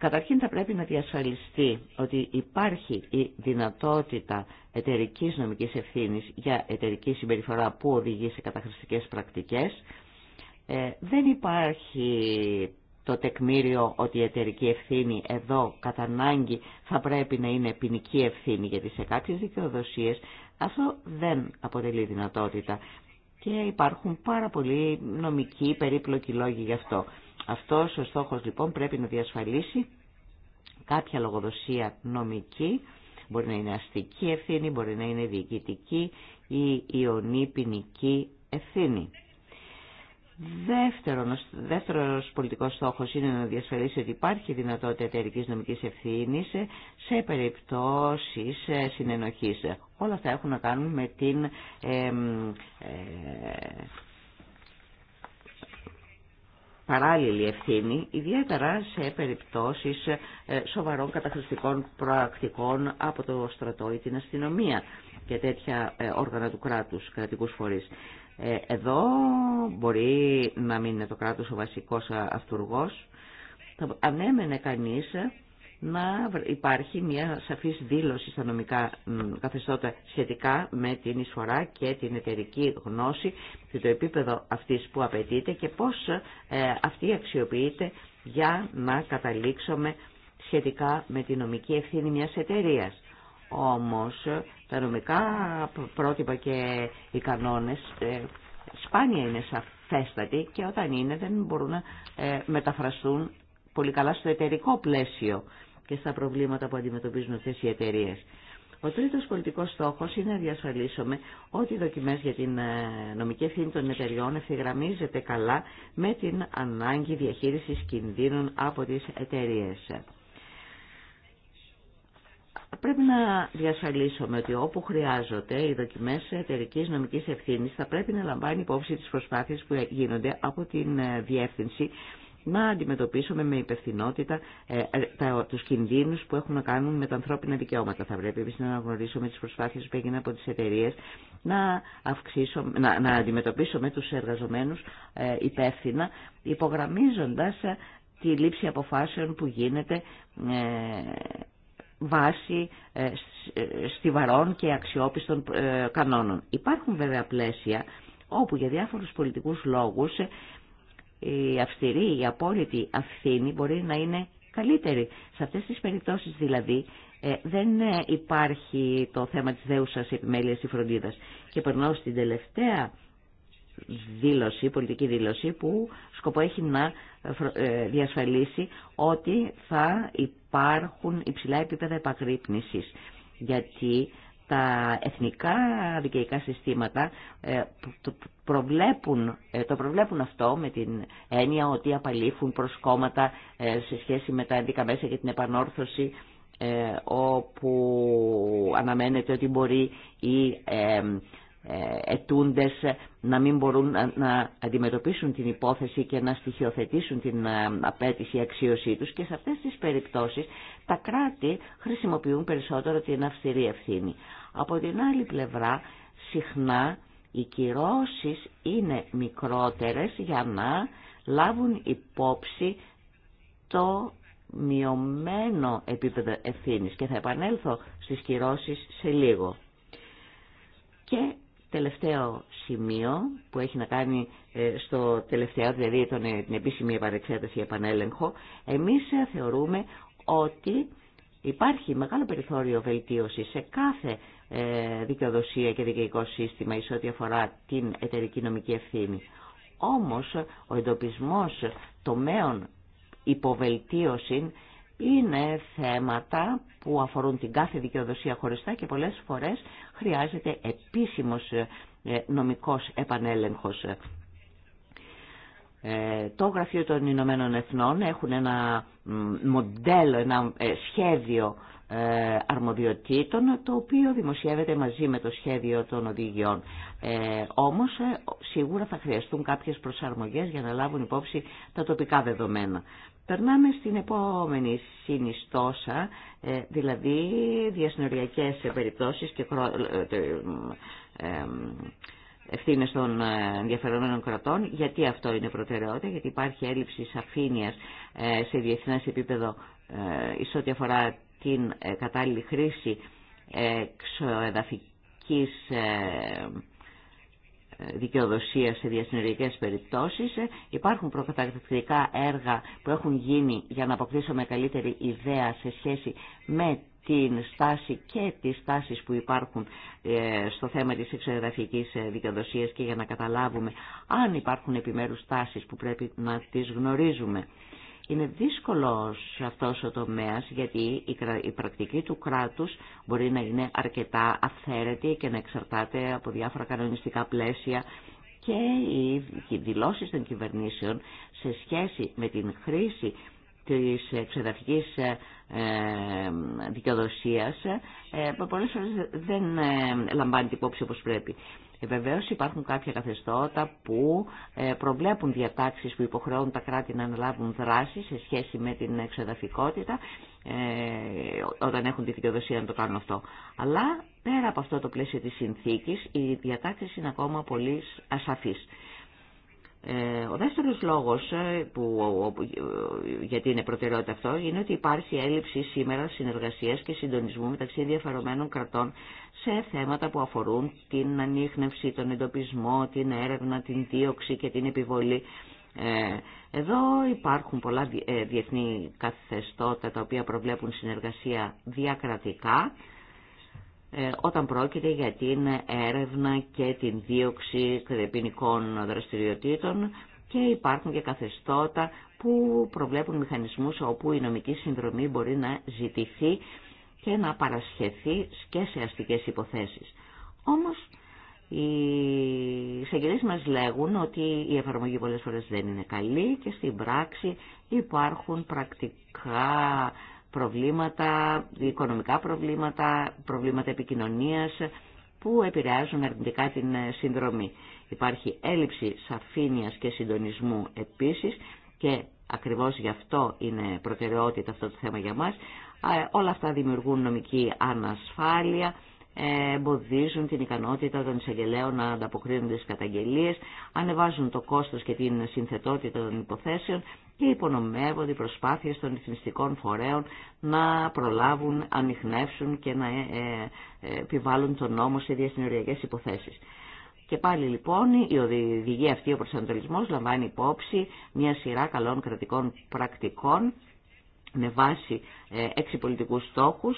Καταρχήν θα πρέπει να διασφαλιστεί ότι υπάρχει η δυνατότητα εταιρική νομικής ευθύνης για εταιρική συμπεριφορά που οδηγεί σε καταχρηστικές πρακτικές. Ε, δεν υπάρχει το τεκμήριο ότι η εταιρική ευθύνη εδώ κατά ανάγκη θα πρέπει να είναι ποινική ευθύνη γιατί σε κάποιες δικαιοδοσίες αυτό δεν αποτελεί δυνατότητα και υπάρχουν πάρα πολλοί νομικοί περίπλοκοι λόγοι γι' αυτό. Αυτός ο στόχος λοιπόν πρέπει να διασφαλίσει κάποια λογοδοσία νομική, μπορεί να είναι αστική ευθύνη, μπορεί να είναι διοικητική ή ιονή ποινική ευθύνη. δεύτερο δεύτερος πολιτικός στόχος είναι να διασφαλίσει ότι υπάρχει δυνατότητα εταιρικής νομικής ευθύνης σε περιπτώσεις ε, συνενοχής. Όλα αυτά έχουν να κάνουν με την ε, παράλληλη ευθύνη, ιδιαίτερα σε περιπτώσεις ε, σοβαρών καταχρηστικών προακτικών από το στρατό ή την αστυνομία και τέτοια ε, όργανα του κράτους, κρατικούς φορείς. Ε, εδώ μπορεί να μην είναι το κράτος ο βασικός αυτούργος. Θα ανέμενε κανείς να υπάρχει μια σαφής δήλωση στα νομικά καθεστώτα σχετικά με την εισφορά και την εταιρική γνώση και το επίπεδο αυτής που απαιτείται και πώς ε, αυτή αξιοποιείται για να καταλήξουμε σχετικά με την νομική ευθύνη μιας εταιρείας. Όμως τα νομικά πρότυπα και οι κανόνες ε, σπάνια είναι σαφέστατοι και όταν είναι δεν μπορούν να ε, μεταφραστούν πολύ καλά στο εταιρικό πλαίσιο και στα προβλήματα που αντιμετωπίζουν αυτές οι εταιρείε. Ο τρίτος πολιτικός στόχος είναι να διασφαλίσουμε ότι οι δοκιμές για την ε, νομική ευθύνη των εταιριών ευθυγραμμίζεται καλά με την ανάγκη διαχείρισης κινδύνων από τις εταιρείε. Πρέπει να διασφαλίσουμε ότι όπου χρειάζονται οι δοκιμές εταιρικής νομικής ευθύνης θα πρέπει να λαμβάνει υπόψη τις προσπάθειες που γίνονται από την ε, διεύθυνση να αντιμετωπίσουμε με υπευθυνότητα ε, ε, τα, τους κινδύνους που έχουν να κάνουν με τα ανθρώπινα δικαιώματα. Θα πρέπει επίσης να αναγνωρίσουμε τις προσπάθειες που έγιναν από τις εταιρείε να, να, να αντιμετωπίσουμε τους εργαζομένους ε, υπεύθυνα υπογραμμίζοντας ε, τη λήψη αποφάσεων που γίνεται βάση στιβαρών και αξιόπιστων κανόνων. Υπάρχουν βέβαια πλαίσια όπου για διάφορους πολιτικούς λόγους η αυστηρή, η απόλυτη αυθύνη μπορεί να είναι καλύτερη. Σε αυτές τις περιπτώσεις δηλαδή ε, δεν ε, υπάρχει το θέμα της δέουσας επιμέλειας ή φροντίδας. Και περνάω στην τελευταία δήλωση, πολιτική δήλωση που σκοπό έχει να ε, διασφαλίσει ότι θα υπάρχουν υψηλά επίπεδα επαγρύπνησης. Γιατί τα εθνικά δικαιικά συστήματα ε, το προβλέπουν, ε, το προβλέπουν αυτό με την έννοια ότι απαλήφουν προσκόμματα ε, σε σχέση με τα ένδικα μέσα και την επανόρθωση όπου αναμένεται ότι μπορεί οι ετούντες να μην μπορούν να αντιμετωπίσουν την υπόθεση και να στοιχειοθετήσουν την απέτηση αξίωσή τους και σε αυτές τις περιπτώσεις τα κράτη χρησιμοποιούν περισσότερο την αυστηρή ευθύνη. Από την άλλη πλευρά, συχνά οι κυρώσεις είναι μικρότερες για να λάβουν υπόψη το μειωμένο επίπεδο ευθύνης και θα επανέλθω στις κυρώσεις σε λίγο. Και τελευταίο σημείο που έχει να κάνει ε, στο τελευταίο, δηλαδή τον, ε, την επίσημη επανεξέταση επανέλεγχο, εμείς ε, θεωρούμε ότι Υπάρχει μεγάλο περιθώριο βελτίωση σε κάθε ε, δικαιοδοσία και δικαιικό σύστημα εις ό,τι αφορά την εταιρική νομική ευθύνη. Όμως ο εντοπισμός τομέων υποβελτίωση είναι θέματα που αφορούν την κάθε δικαιοδοσία χωριστά και πολλές φορές χρειάζεται επίσημος ε, νομικός επανέλεγχος ε, το Γραφείο των Ηνωμένων Εθνών έχουν ένα μοντέλο, ένα ε, σχέδιο ε, αρμοδιοτήτων το οποίο δημοσιεύεται μαζί με το σχέδιο των οδηγιών. Ε, όμως σίγουρα θα χρειαστούν κάποιες προσαρμογές για να λάβουν υπόψη τα τοπικά δεδομένα. Περνάμε στην επόμενη συνιστόσα, δηλαδή διασυνοριακές περιπτώσεις και ευθύνε των ε, ενδιαφερομένων κρατών. Γιατί αυτό είναι προτεραιότητα, γιατί υπάρχει έλλειψη σαφήνεια ε, σε διεθνέ επίπεδο σε ό,τι αφορά την ε, κατάλληλη χρήση εξοεδαφικής δικαιοδοσία σε διασυνοριακές περιπτώσει. Υπάρχουν προκαταρκτικά έργα που έχουν γίνει για να αποκτήσουμε καλύτερη ιδέα σε σχέση με την στάση και τις στάσεις που υπάρχουν ε, στο θέμα της εξωγραφικής ε, δικαιοδοσίας και για να καταλάβουμε αν υπάρχουν επιμέρους στάσεις που πρέπει να τις γνωρίζουμε. Είναι δύσκολος αυτός ο τομέας γιατί η πρακτική του κράτους μπορεί να είναι αρκετά αυθαίρετη και να εξαρτάται από διάφορα κανονιστικά πλαίσια και οι δηλώσεις των κυβερνήσεων σε σχέση με την χρήση της εξεδαφικής ε, ε, δικαιοδοσίας ε, που πολλές φορές δεν λαμβάνει την υπόψη όπως πρέπει. Βεβαίως υπάρχουν κάποια καθεστώτα που προβλέπουν διατάξεις που υποχρεώνουν τα κράτη να αναλάβουν δράση σε σχέση με την εξεδαφικότητα όταν έχουν τη δικαιοδοσία να το κάνουν αυτό. Αλλά πέρα από αυτό το πλαίσιο της συνθήκης οι διατάξεις είναι ακόμα πολύ ασαφείς. Ε, ο δεύτερος λόγος ε, που, ε, γιατί είναι προτεραιότητα αυτό είναι ότι υπάρχει έλλειψη σήμερα συνεργασίας και συντονισμού μεταξύ ενδιαφερομένων κρατών σε θέματα που αφορούν την ανείχνευση, τον εντοπισμό, την έρευνα, την δίωξη και την επιβολή. Εδώ υπάρχουν πολλά διεθνή καθεστώτα τα οποία προβλέπουν συνεργασία διακρατικά ε, όταν πρόκειται για την έρευνα και την δίωξη κρεπινικών δραστηριοτήτων και υπάρχουν και καθεστώτα που προβλέπουν μηχανισμούς όπου η νομική συνδρομή μπορεί να ζητηθεί και να παρασχεθεί και σε αστικές υποθέσεις. Όμως οι εισαγγελίες μας λέγουν ότι η εφαρμογή πολλές φορές δεν είναι καλή και στην πράξη υπάρχουν πρακτικά προβλήματα, οικονομικά προβλήματα, προβλήματα επικοινωνίας που επηρεάζουν αρνητικά την συνδρομή. Υπάρχει έλλειψη σαφήνειας και συντονισμού επίσης και ακριβώς γι' αυτό είναι προτεραιότητα αυτό το θέμα για μας. Όλα αυτά δημιουργούν νομική ανασφάλεια, ε, εμποδίζουν την ικανότητα των εισαγγελέων να ανταποκρίνονται στις καταγγελίες, ανεβάζουν το κόστος και την συνθετότητα των υποθέσεων και υπονομεύονται οι προσπάθειες των εθνιστικών φορέων να προλάβουν, ανοιχνεύσουν και να ε, ε, επιβάλλουν τον νόμο σε διασυνοριακές υποθέσεις. Και πάλι λοιπόν η οδηγία αυτή ο προσανατολισμός λαμβάνει υπόψη μια σειρά καλών κρατικών πρακτικών με βάση ε, έξι πολιτικούς στόχους.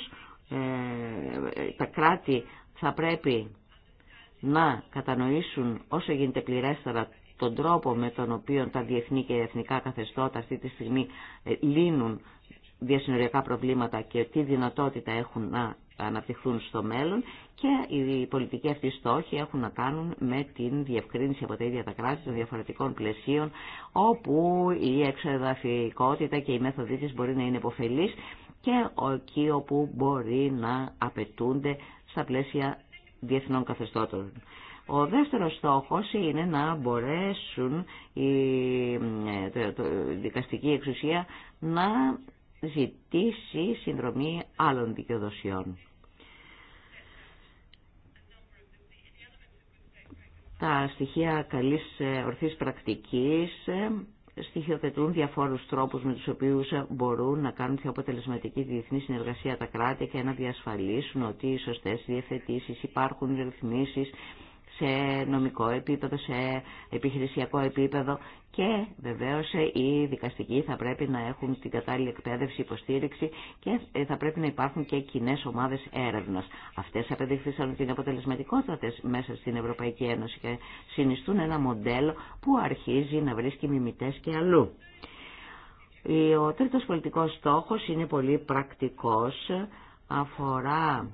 Τα κράτη θα πρέπει να κατανοήσουν όσο γίνεται πληρέστερα τον τρόπο με τον οποίο τα διεθνή και εθνικά καθεστώτα αυτή τη στιγμή ε, λύνουν διασυνοριακά προβλήματα και τι δυνατότητα έχουν να αναπτυχθούν στο μέλλον και οι πολιτικοί αυτοί στόχοι έχουν να κάνουν με την διευκρίνηση από τα ίδια τα κράτη των διαφορετικών πλαισίων όπου η εξεδαφικότητα και η μέθοδοι της μπορεί να είναι υποφελής και εκεί όπου μπορεί να απαιτούνται στα πλαίσια διεθνών καθεστώτων. Ο δεύτερος στόχος είναι να μπορέσουν η ε, δικαστική εξουσία να ζητήσει συνδρομή άλλων δικαιοδοσιών. Τα στοιχεία καλής ε, ορθής πρακτικής ε, στοιχειοθετούν διαφόρους τρόπους με τους οποίους μπορούν να κάνουν πιο αποτελεσματική διεθνή συνεργασία τα κράτη και να διασφαλίσουν ότι οι σωστές διευθετήσεις υπάρχουν ρυθμίσεις σε νομικό επίπεδο, σε επιχειρησιακό επίπεδο και βεβαίως οι δικαστικοί θα πρέπει να έχουν την κατάλληλη εκπαίδευση, υποστήριξη και ε, θα πρέπει να υπάρχουν και κοινέ ομάδες έρευνας. Αυτές απεδείχθησαν ότι είναι μέσα στην Ευρωπαϊκή Ένωση και συνιστούν ένα μοντέλο που αρχίζει να βρίσκει μιμητές και αλλού. Ο τρίτος πολιτικός στόχος είναι πολύ πρακτικός, αφορά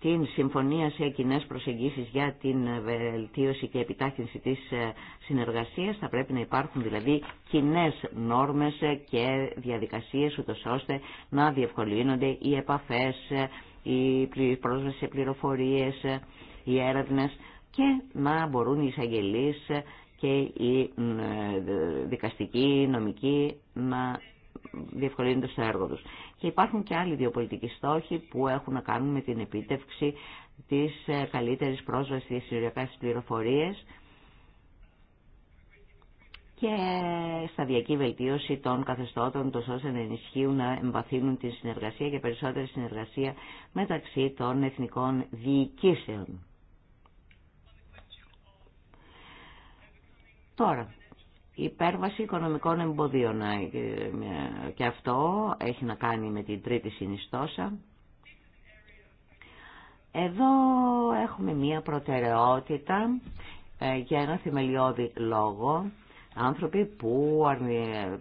την Συμφωνία σε κοινέ προσεγγίσεις για την βελτίωση και επιτάχυνση της ε, συνεργασίας. Θα πρέπει να υπάρχουν δηλαδή κοινέ νόρμες ε, και διαδικασίες ούτω ώστε να διευκολύνονται οι επαφές, ε, η πρόσβαση σε πληροφορίε, οι έρευνες και να μπορούν οι εισαγγελίε και οι δικαστικοί, οι νομικοί να διευκολύνεται στο έργο τους. Και υπάρχουν και άλλοι δύο πολιτικοί στόχοι που έχουν να κάνουν με την επίτευξη της ε, καλύτερης πρόσβασης στις συνοριακές πληροφορίες και σταδιακή βελτίωση των καθεστώτων, τόσο ώστε να ενισχύουν, να εμβαθύνουν τη συνεργασία και περισσότερη συνεργασία μεταξύ των εθνικών διοικήσεων. Τώρα, υπέρβαση οικονομικών εμποδίων. Ε, και αυτό έχει να κάνει με την τρίτη συνιστόσα. Εδώ έχουμε μία προτεραιότητα ε, για ένα θεμελιώδη λόγο. Άνθρωποι που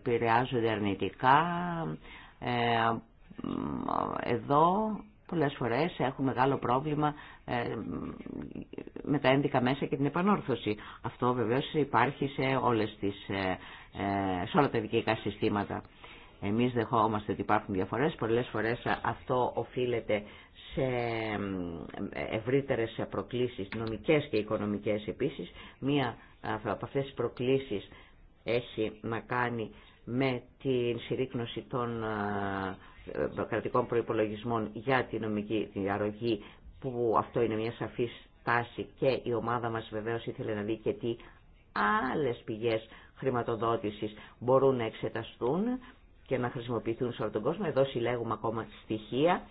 επηρεάζονται αρνητικά. Ε, εδώ Πολλές φορές έχουν μεγάλο πρόβλημα ε, με τα ένδικα μέσα και την επανόρθωση. Αυτό βεβαίως υπάρχει σε, όλες τις, ε, ε, όλα τα δικαιικά συστήματα. Εμείς δεχόμαστε ότι υπάρχουν διαφορές. Πολλές φορές αυτό οφείλεται σε ευρύτερες προκλήσεις, νομικές και οικονομικές επίσης. Μία από αυτές τις προκλήσεις έχει να κάνει με την συρρήκνωση των κρατικών προϋπολογισμών για την νομική διαρρογή που αυτό είναι μια σαφή τάση και η ομάδα μας βεβαίως ήθελε να δει και τι άλλες πηγές χρηματοδότησης μπορούν να εξεταστούν και να χρησιμοποιηθούν σε όλο τον κόσμο. Εδώ συλλέγουμε ακόμα στοιχεία.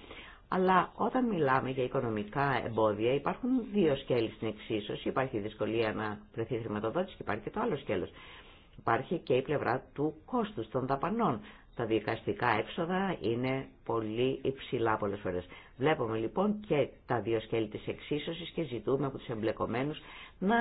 Αλλά όταν μιλάμε για οικονομικά εμπόδια υπάρχουν δύο σκέλη στην εξίσωση. Υπάρχει η δυσκολία να βρεθεί χρηματοδότηση και υπάρχει και το άλλο σκέλος. Υπάρχει και η πλευρά του κόστους των δαπανών τα δικαστικά έξοδα είναι πολύ υψηλά πολλές φορές. Βλέπουμε λοιπόν και τα δύο σκέλη της εξίσωσης και ζητούμε από τους εμπλεκομένους να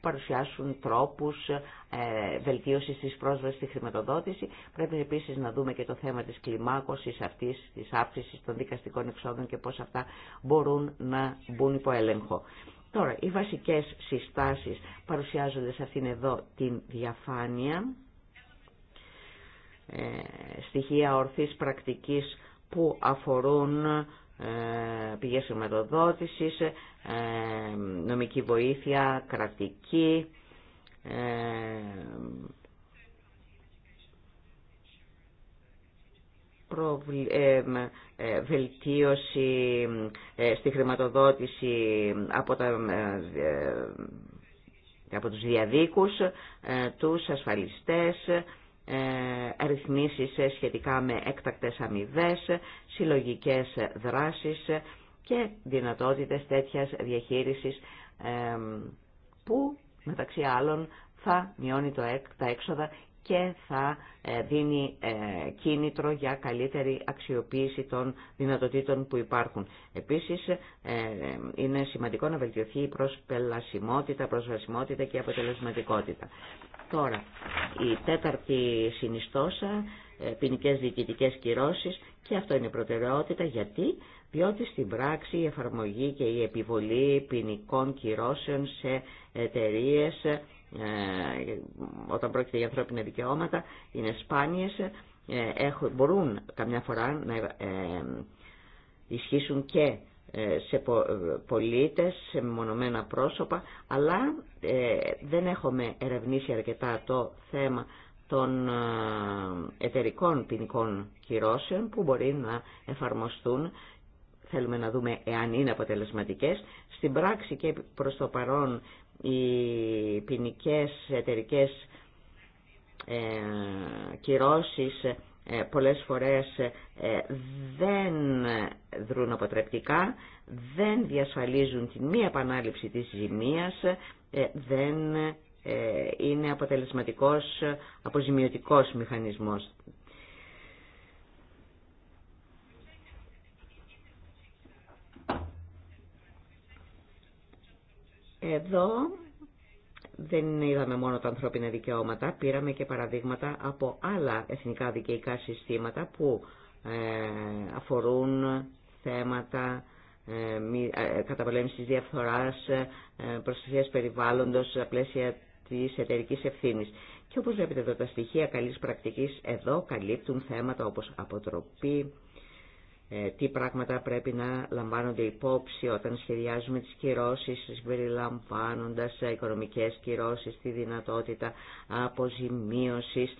παρουσιάσουν τρόπους ε, βελτίωσης της πρόσβασης στη χρηματοδότηση. Πρέπει επίσης να δούμε και το θέμα της κλιμάκωσης αυτής, της αύξησης των δικαστικών εξόδων και πώς αυτά μπορούν να μπουν υπό έλεγχο. Τώρα, οι βασικές συστάσεις παρουσιάζονται σε αυτήν εδώ την διαφάνεια. Ε, στοιχεία ορθής πρακτικής που αφορούν ε, πηγές χρηματοδότησης, ε, νομική βοήθεια, κρατική, βελτίωση στη χρηματοδότηση από, τα, από τους διαδίκους, τους ασφαλιστές, ε, ρυθμίσεις ε, σχετικά με έκτακτες αμοιβέ, συλλογικές δράσεις και δυνατότητες τέτοιας διαχείρισης ε, που μεταξύ άλλων θα μειώνει το, τα έξοδα και θα ε, δίνει ε, κίνητρο για καλύτερη αξιοποίηση των δυνατοτήτων που υπάρχουν. Επίσης, ε, είναι σημαντικό να βελτιωθεί η προσπελασιμότητα, προσβασιμότητα και αποτελεσματικότητα. Τώρα, η τέταρτη συνιστόσα, ποινικέ διοικητικέ κυρώσεις και αυτό είναι προτεραιότητα γιατί διότι στην πράξη η εφαρμογή και η επιβολή ποινικών κυρώσεων σε εταιρείε ε, όταν πρόκειται για ανθρώπινα δικαιώματα είναι σπάνιες, ε, μπορούν καμιά φορά να ε, ισχύσουν και σε πολίτες, σε μονομένα πρόσωπα, αλλά δεν έχουμε ερευνήσει αρκετά το θέμα των εταιρικών ποινικών κυρώσεων που μπορεί να εφαρμοστούν θέλουμε να δούμε εάν είναι αποτελεσματικές. Στην πράξη και προς το παρόν οι ποινικέ εταιρικέ ε, κυρώσεις ε, πολλές φορές ε, δεν δρούν αποτρεπτικά, δεν διασφαλίζουν την μία επανάληψη της ζημίας, δεν είναι αποτελεσματικός αποζημιωτικός μηχανισμός. Εδώ δεν είδαμε μόνο τα ανθρώπινα δικαιώματα, πήραμε και παραδείγματα από άλλα εθνικά δικαιικά συστήματα που ε, αφορούν θέματα ε, ε, καταπολέμησης διαφθοράς, προστασίας περιβάλλοντος, πλαίσια της εταιρικής ευθύνης. Και όπως βλέπετε εδώ τα στοιχεία καλής πρακτικής εδώ καλύπτουν θέματα όπως αποτροπή, ε, τι πράγματα πρέπει να λαμβάνονται υπόψη όταν σχεδιάζουμε τις κυρώσεις, συμπεριλαμβάνοντας οικονομικές κυρώσεις, τη δυνατότητα αποζημίωσης.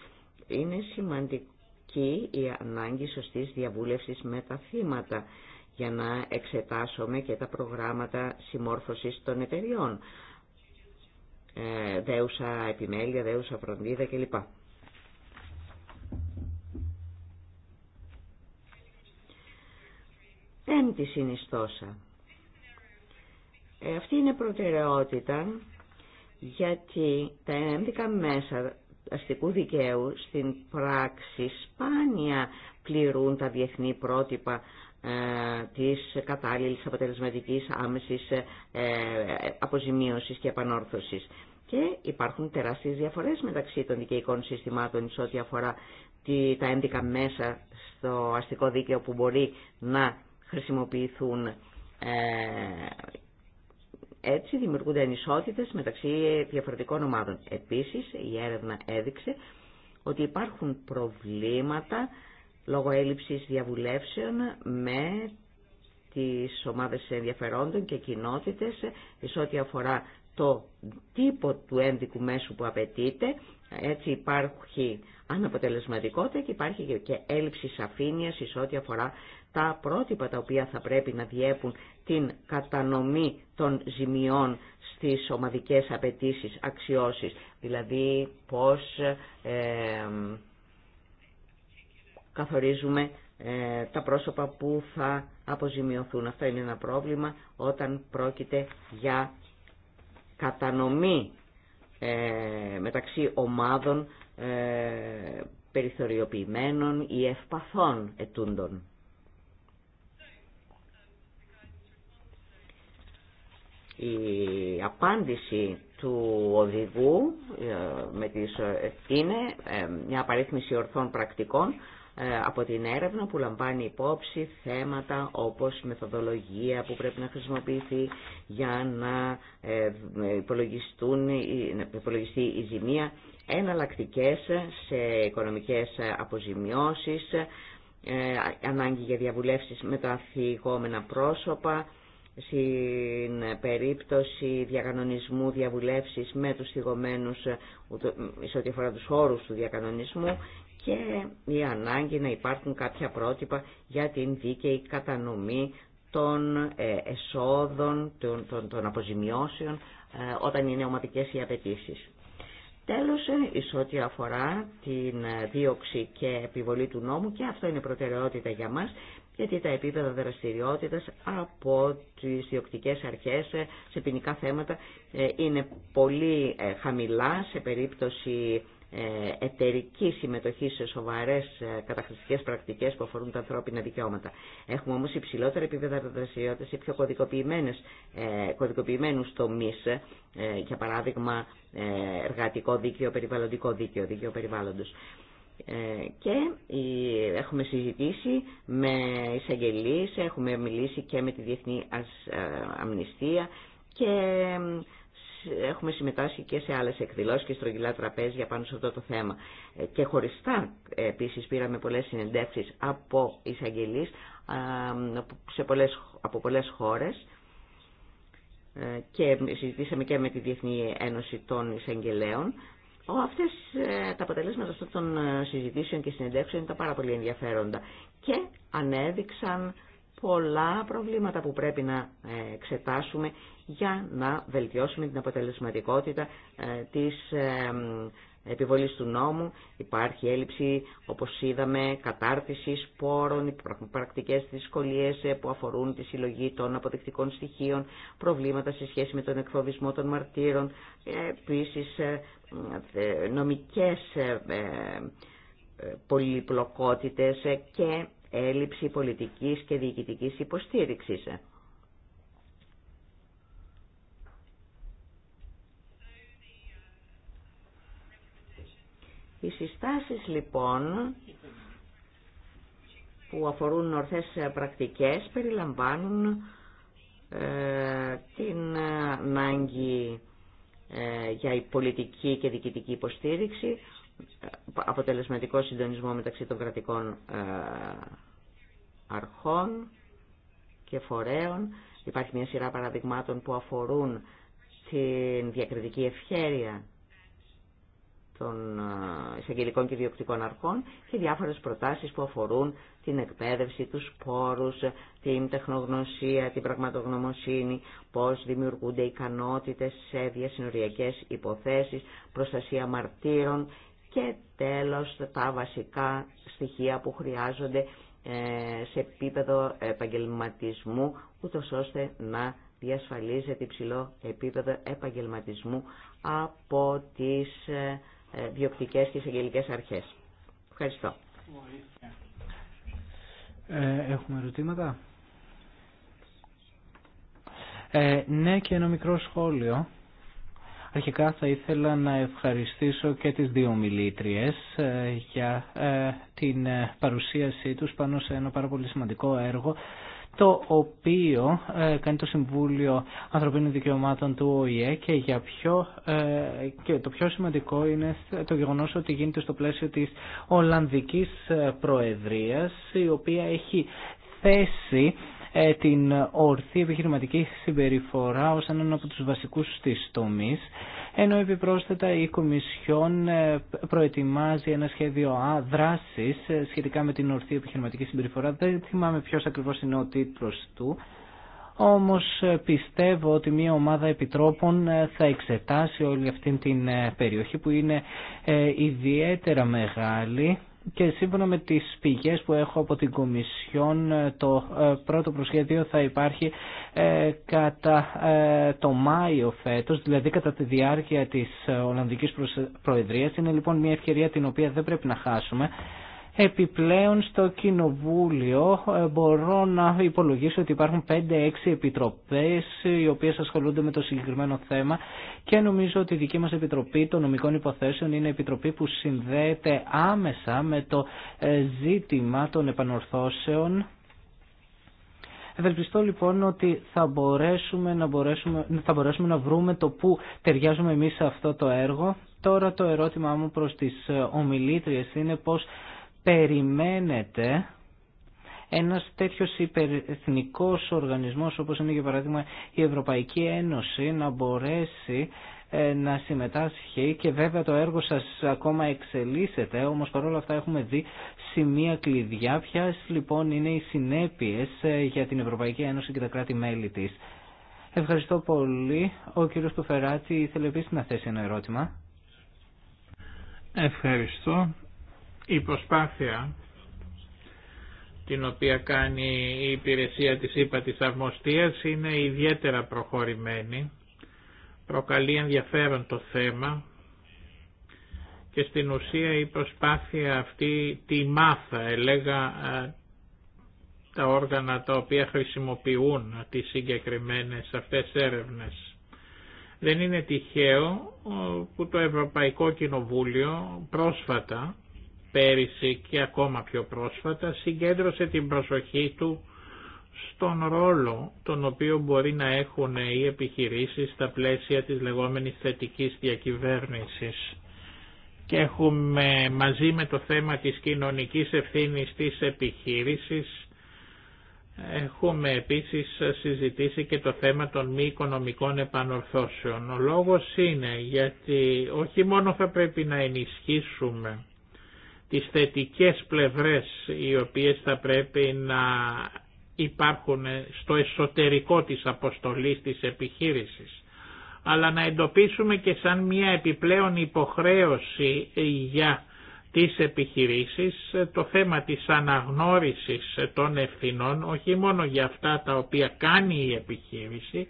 Είναι σημαντική η ανάγκη σωστής διαβούλευσης με τα θύματα για να εξετάσουμε και τα προγράμματα συμμόρφωσης των εταιριών, ε, δέουσα επιμέλεια, δέουσα φροντίδα κλπ. Πέμπτη συνιστόσα. Ε, αυτή είναι προτεραιότητα γιατί τα ένδικα μέσα αστικού δικαίου στην πράξη σπάνια πληρούν τα διεθνή πρότυπα ε, της κατάλληλης αποτελεσματικής άμεσης ε, ε, αποζημίωσης και επανόρθωσης. Και υπάρχουν τεράστιες διαφορές μεταξύ των δικαιικών συστημάτων σε ό,τι αφορά τα ένδικα μέσα στο αστικό δίκαιο που μπορεί να χρησιμοποιηθούν. Ε, έτσι δημιουργούνται ενισότητες μεταξύ διαφορετικών ομάδων. Επίσης, η έρευνα έδειξε ότι υπάρχουν προβλήματα λόγω έλλειψης διαβουλεύσεων με τις ομάδες ενδιαφερόντων και κοινότητες σε ό,τι αφορά το τύπο του ένδικου μέσου που απαιτείται. Έτσι υπάρχει αναποτελεσματικότητα και υπάρχει και έλλειψη σαφήνειας σε ό,τι αφορά τα πρότυπα τα οποία θα πρέπει να διέπουν την κατανομή των ζημιών στις ομαδικές απαιτήσει αξιώσεις, δηλαδή πώς καθορίζουμε ε, τα πρόσωπα που θα αποζημιωθούν. Αυτό είναι ένα πρόβλημα όταν πρόκειται για κατανομή ε, μεταξύ ομάδων ε, περιθωριοποιημένων ή ευπαθών ετούντων. η απάντηση του οδηγού ε, με τις, ε, είναι ε, μια απαρίθμηση ορθών πρακτικών από την έρευνα που λαμβάνει υπόψη θέματα όπως μεθοδολογία που πρέπει να χρησιμοποιηθεί για να υπολογιστεί η ζημία, εναλλακτικέ σε οικονομικές αποζημιώσεις, ανάγκη για διαβουλεύσεις με τα θυγόμενα πρόσωπα, στην περίπτωση διακανονισμού διαβουλεύσεις με τους θυγωμένους σε ό,τι αφορά τους όρους του διακανονισμού και η ανάγκη να υπάρχουν κάποια πρότυπα για την δίκαιη κατανομή των ε, εσόδων, των, αποζημιώσεων ε, όταν είναι ομαδικές οι απαιτήσει. Τέλος, ε, εις ό,τι αφορά την δίωξη και επιβολή του νόμου, και αυτό είναι προτεραιότητα για μας, γιατί τα επίπεδα δραστηριότητας από τις διοκτικές αρχές σε ποινικά θέματα ε, είναι πολύ ε, χαμηλά σε περίπτωση ε, εταιρική συμμετοχή σε σοβαρέ καταχρηστικέ πρακτικέ που αφορούν τα ανθρώπινα δικαιώματα. Έχουμε όμω υψηλότερα επίπεδα δραστηριότητα σε πιο κωδικοποιημένου τομεί, για παράδειγμα εργατικό δίκαιο, περιβαλλοντικό δίκαιο, δίκαιο περιβάλλοντο. Ε, και έχουμε συζητήσει με εισαγγελίες, έχουμε μιλήσει και με τη Διεθνή ε, Αμνηστία και έχουμε συμμετάσχει και σε άλλες εκδηλώσεις και στρογγυλά τραπέζια πάνω σε αυτό το θέμα. Ε, και χωριστά επίσης πήραμε πολλές συνεντεύξεις από εισαγγελίες σε πολλές, από πολλές χώρες και συζητήσαμε και με τη Διεθνή Ένωση των Εισαγγελέων Αυτέ ε, τα αποτελέσματα αυτών των ε, συζητήσεων και συνεντεύξεων ήταν πάρα πολύ ενδιαφέροντα και ανέδειξαν πολλά προβλήματα που πρέπει να ε, εξετάσουμε για να βελτιώσουμε την αποτελεσματικότητα της Επιβολή του νόμου, υπάρχει έλλειψη, όπως είδαμε, κατάρτισης πόρων, πρακτικές δυσκολίε που αφορούν τη συλλογή των αποδεικτικών στοιχείων, προβλήματα σε σχέση με τον εκφοβισμό των μαρτύρων, ε, επίση ε, ε, νομικές πολυπλοκότητες και έλλειψη πολιτικής και διοικητικής υποστήριξης. Οι συστάσεις λοιπόν που αφορούν ορθές πρακτικές περιλαμβάνουν ε, την ανάγκη ε, για για πολιτική και δικητική υποστήριξη, αποτελεσματικό συντονισμό μεταξύ των κρατικών ε, αρχών και φορέων. Υπάρχει μια σειρά παραδειγμάτων που αφορούν την διακριτική ευχέρεια των εισαγγελικών και διοκτικών αρχών και διάφορες προτάσεις που αφορούν την εκπαίδευση, τους πόρους, την τεχνογνωσία, την πραγματογνωμοσύνη, πώς δημιουργούνται ικανότητες σε διασυνοριακές υποθέσεις, προστασία μαρτύρων και τέλος τα βασικά στοιχεία που χρειάζονται ε, σε επίπεδο επαγγελματισμού, ούτως ώστε να διασφαλίζεται υψηλό επίπεδο επαγγελματισμού από τις ε, βιοπτικές ε, και εισαγγελικές αρχές. Ευχαριστώ. Ε, έχουμε ερωτήματα. Ε, ναι και ένα μικρό σχόλιο. Αρχικά θα ήθελα να ευχαριστήσω και τις δύο μιλήτριες ε, για ε, την παρουσίασή τους πάνω σε ένα πάρα πολύ σημαντικό έργο το οποίο ε, κάνει το Συμβούλιο Ανθρωπίνων Δικαιωμάτων του ΟΗΕ και, για πιο, ε, και το πιο σημαντικό είναι το γεγονός ότι γίνεται στο πλαίσιο της Ολλανδικής ε, Προεδρίας η οποία έχει θέση ε, την ορθή επιχειρηματική συμπεριφορά ως έναν από τους βασικούς της τομείς, ενώ επιπρόσθετα η Κομισιόν ε, προετοιμάζει ένα σχέδιο Α δράσης ε, σχετικά με την ορθή επιχειρηματική συμπεριφορά. Δεν θυμάμαι ποιος ακριβώς είναι ο τίτλος του, όμως πιστεύω ότι μια ομάδα επιτρόπων θα εξετάσει όλη αυτή την περιοχή που είναι ιδιαίτερα μεγάλη και σύμφωνα με τις πηγές που έχω από την Κομισιόν ε, το ε, πρώτο προσχέδιο θα υπάρχει ε, κατά το Μάιο φέτος, δηλαδή κατά τη διάρκεια της Ολλανδικής Προεδρίας. Είναι λοιπόν μια ευκαιρία την οποία δεν πρέπει να χάσουμε. Επιπλέον στο Κοινοβούλιο ε, μπορώ να υπολογίσω ότι υπάρχουν 5-6 επιτροπές οι οποίες ασχολούνται με το συγκεκριμένο θέμα και νομίζω ότι η δική μας Επιτροπή των Νομικών Υποθέσεων είναι επιτροπή που συνδέεται άμεσα με το ε, ζήτημα των επανορθώσεων Ευελπιστώ λοιπόν ότι θα μπορέσουμε να, μπορέσουμε, θα μπορέσουμε να βρούμε το πού ταιριάζουμε εμείς σε αυτό το έργο. Τώρα το ερώτημά μου προς τις ε, ομιλήτριες είναι πώς περιμένετε ένας τέτοιος υπερεθνικός οργανισμός όπως είναι για παράδειγμα η Ευρωπαϊκή Ένωση να μπορέσει ε, να συμμετάσχει και βέβαια το έργο σας ακόμα εξελίσσεται, όμως παρόλα αυτά έχουμε δει σημεία κλειδιά. Ποιε λοιπόν είναι οι συνέπειες ε, για την Ευρωπαϊκή Ένωση και τα κράτη-μέλη της. Ευχαριστώ πολύ. Ο κύριος του ήθελε επίσης να θέσει ένα ερώτημα. Ευχαριστώ. Η προσπάθεια την οποία κάνει η υπηρεσία της ΥΠΑ της Αρμοστίας είναι ιδιαίτερα προχωρημένη. Προκαλεί ενδιαφέρον το θέμα και στην ουσία η προσπάθεια αυτή τη μάθα, ε, έλεγα ε, τα όργανα τα οποία χρησιμοποιούν τις συγκεκριμένες αυτές έρευνες. Δεν είναι τυχαίο που το Ευρωπαϊκό Κοινοβούλιο πρόσφατα πέρυσι και ακόμα πιο πρόσφατα συγκέντρωσε την προσοχή του στον ρόλο τον οποίο μπορεί να έχουν οι επιχειρήσεις στα πλαίσια της λεγόμενης θετικής διακυβέρνησης. Και έχουμε μαζί με το θέμα της κοινωνικής ευθύνης της επιχείρησης Έχουμε επίσης συζητήσει και το θέμα των μη οικονομικών επανορθώσεων. Ο λόγος είναι γιατί όχι μόνο θα πρέπει να ενισχύσουμε τις θετικές πλευρές οι οποίες θα πρέπει να υπάρχουν στο εσωτερικό της αποστολής της επιχείρησης αλλά να εντοπίσουμε και σαν μια επιπλέον υποχρέωση για τις επιχειρήσεις το θέμα της αναγνώρισης των ευθυνών όχι μόνο για αυτά τα οποία κάνει η επιχείρηση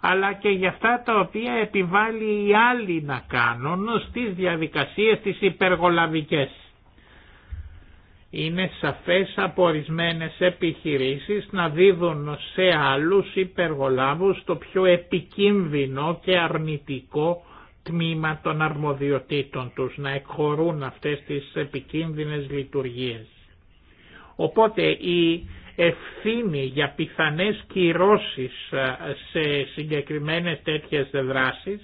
αλλά και για αυτά τα οποία επιβάλλει οι άλλοι να κάνουν στις διαδικασίες τις υπεργολαβικές είναι σαφές από ορισμένε επιχειρήσεις να δίδουν σε άλλους υπεργολάβους το πιο επικίνδυνο και αρνητικό τμήμα των αρμοδιοτήτων τους, να εκχωρούν αυτές τις επικίνδυνες λειτουργίες. Οπότε η ευθύνη για πιθανές κυρώσεις ε, σε συγκεκριμένες τέτοιες δράσεις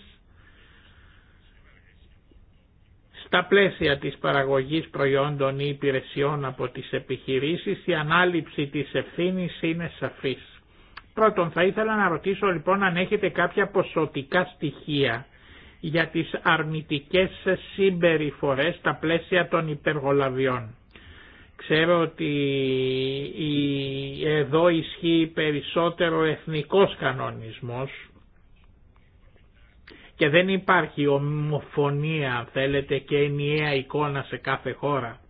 Στα πλαίσια της παραγωγής προϊόντων ή υπηρεσιών από τις επιχειρήσεις η ανάληψη της ευθύνης είναι σαφής. Πρώτον θα ήθελα να ρωτήσω λοιπόν αν έχετε κάποια ποσοτικά στοιχεία για τις αρνητικές συμπεριφορές στα πλαίσια των υπεργολαβιών. Ξέρω ότι εδώ ισχύει περισσότερο εθνικός κανονισμός και δεν υπάρχει ομοφωνία θέλετε και ενιαία εικόνα σε κάθε χώρα.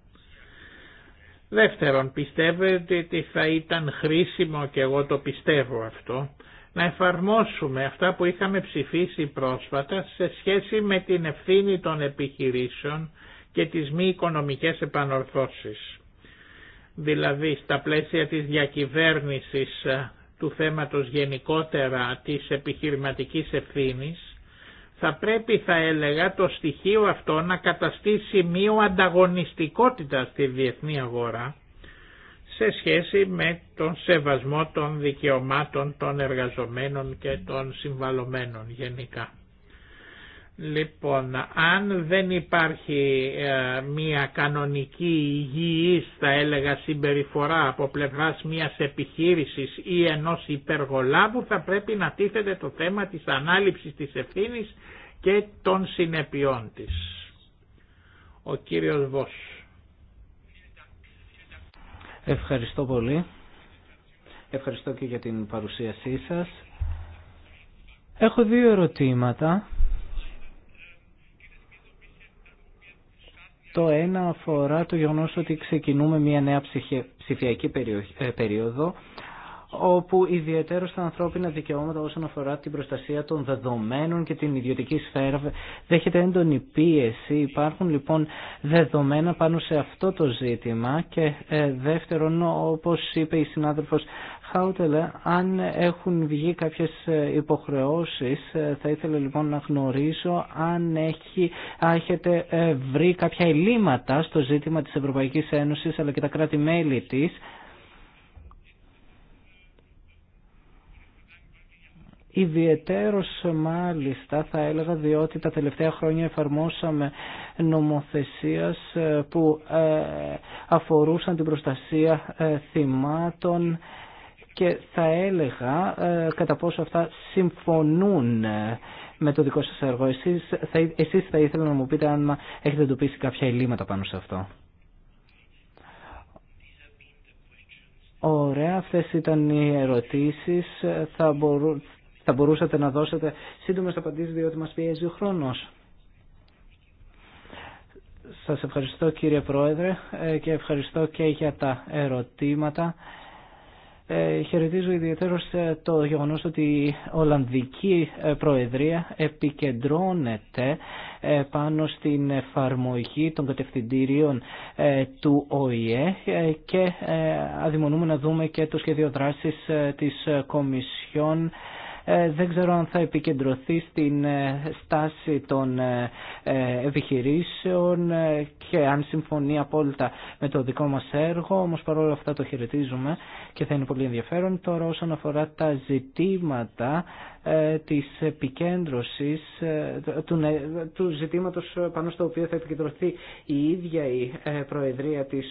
Δεύτερον, πιστεύετε ότι θα ήταν χρήσιμο και εγώ το πιστεύω αυτό να εφαρμόσουμε αυτά που είχαμε ψηφίσει πρόσφατα σε σχέση με την ευθύνη των επιχειρήσεων και τις μη οικονομικές επανορθώσεις. Δηλαδή στα πλαίσια της διακυβέρνησης ε, του θέματος γενικότερα της επιχειρηματικής ευθύνης θα πρέπει θα έλεγα το στοιχείο αυτό να καταστήσει σημείο ανταγωνιστικότητα στη διεθνή αγορά σε σχέση με τον σεβασμό των δικαιωμάτων των εργαζομένων και των συμβαλωμένων γενικά. Λοιπόν, αν δεν υπάρχει ε, μια κανονική υγιής, θα έλεγα, συμπεριφορά από πλευράς μιας επιχείρησης ή ενός υπεργολάβου, θα πρέπει να τίθεται το θέμα της ανάληψης της ευθύνης και των συνεπειών της. Ο κύριος Βος. Ευχαριστώ πολύ. Ευχαριστώ και για την παρουσίασή σας. Έχω δύο ερωτήματα. Το ένα αφορά το γεγονός ότι ξεκινούμε μια νέα ψηφιακή ε, περίοδο όπου ιδιαίτερο στα ανθρώπινα δικαιώματα όσον αφορά την προστασία των δεδομένων και την ιδιωτική σφαίρα δέχεται έντονη πίεση. Υπάρχουν λοιπόν δεδομένα πάνω σε αυτό το ζήτημα και ε, δεύτερον όπως είπε η συνάδελφος Χάουτελε, αν έχουν βγει κάποιες ε, υποχρεώσεις, ε, θα ήθελα λοιπόν να γνωρίζω αν έχει, έχετε ε, βρει κάποια ελλείμματα στο ζήτημα της Ευρωπαϊκής Ένωσης αλλά και τα κράτη-μέλη της, Ιδιαιτέρως μάλιστα θα έλεγα διότι τα τελευταία χρόνια εφαρμόσαμε νομοθεσίας που αφορούσαν την προστασία θυμάτων και θα έλεγα ε, κατά πόσο αυτά συμφωνούν ε, με το δικό σας έργο. Εσείς θα, εσείς θα ήθελα να μου πείτε αν έχετε εντοπίσει κάποια ελλείμματα πάνω σε αυτό. Ωραία, αυτές ήταν οι ερωτήσεις. Ε, θα, θα μπορούσατε να δώσετε σύντομες απαντήσεις διότι μας πιέζει ο χρόνος. Σας ευχαριστώ κύριε Πρόεδρε και ευχαριστώ και για τα ερωτήματα. Ε, χαιρετίζω ιδιαίτερως ε, το γεγονός ότι η Ολλανδική ε, Προεδρία επικεντρώνεται πάνω στην εφαρμογή των κατευθυντήριων του ΟΗΕ και αδειμονούμε να δούμε και το σχέδιο δράσης της Κομισιόν ε, δεν ξέρω αν θα επικεντρωθεί στην ε, στάση των ε, επιχειρήσεων και αν συμφωνεί απόλυτα με το δικό μας έργο, όμως παρόλα αυτά το χαιρετίζουμε και θα είναι πολύ ενδιαφέρον. Τώρα όσον αφορά τα ζητήματα ε, της επικέντρωσης ε, του, του ζητήματος πάνω στο οποίο θα επικεντρωθεί η ίδια η ε, Προεδρία της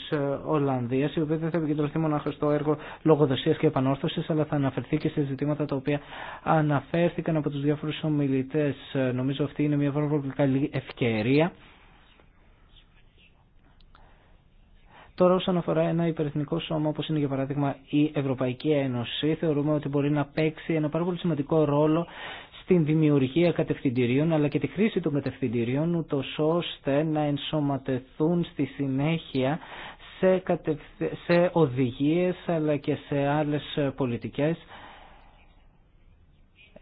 Ολλανδίας η οποία δεν θα επικεντρωθεί μονάχα στο έργο λογοδοσίας και επανόρθωσης αλλά θα αναφερθεί και σε ζητήματα τα οποία αναφέρθηκαν από τους διάφορους ομιλητές. Νομίζω αυτή είναι μια πολύ καλή ευκαιρία Τώρα όσον αφορά ένα υπερεθνικό σώμα όπως είναι για παράδειγμα η Ευρωπαϊκή Ένωση θεωρούμε ότι μπορεί να παίξει ένα πάρα πολύ σημαντικό ρόλο στην δημιουργία κατευθυντηρίων αλλά και τη χρήση των κατευθυντηρίων ούτως ώστε να ενσωματεθούν στη συνέχεια σε, οδηγίε οδηγίες αλλά και σε άλλες πολιτικές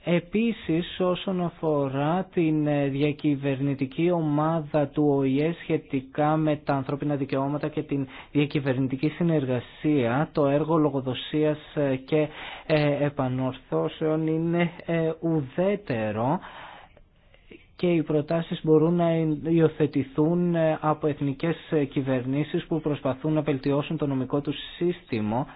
Επίσης όσον αφορά την ε, διακυβερνητική ομάδα του ΟΗΕ σχετικά με τα ανθρώπινα δικαιώματα και την διακυβερνητική συνεργασία, το έργο λογοδοσίας ε, και ε, επανορθώσεων είναι ουδέτερο και οι προτάσεις μπορούν να υιοθετηθούν από εθνικές κυβερνήσεις που προσπαθούν να βελτιώσουν το νομικό του σύστημα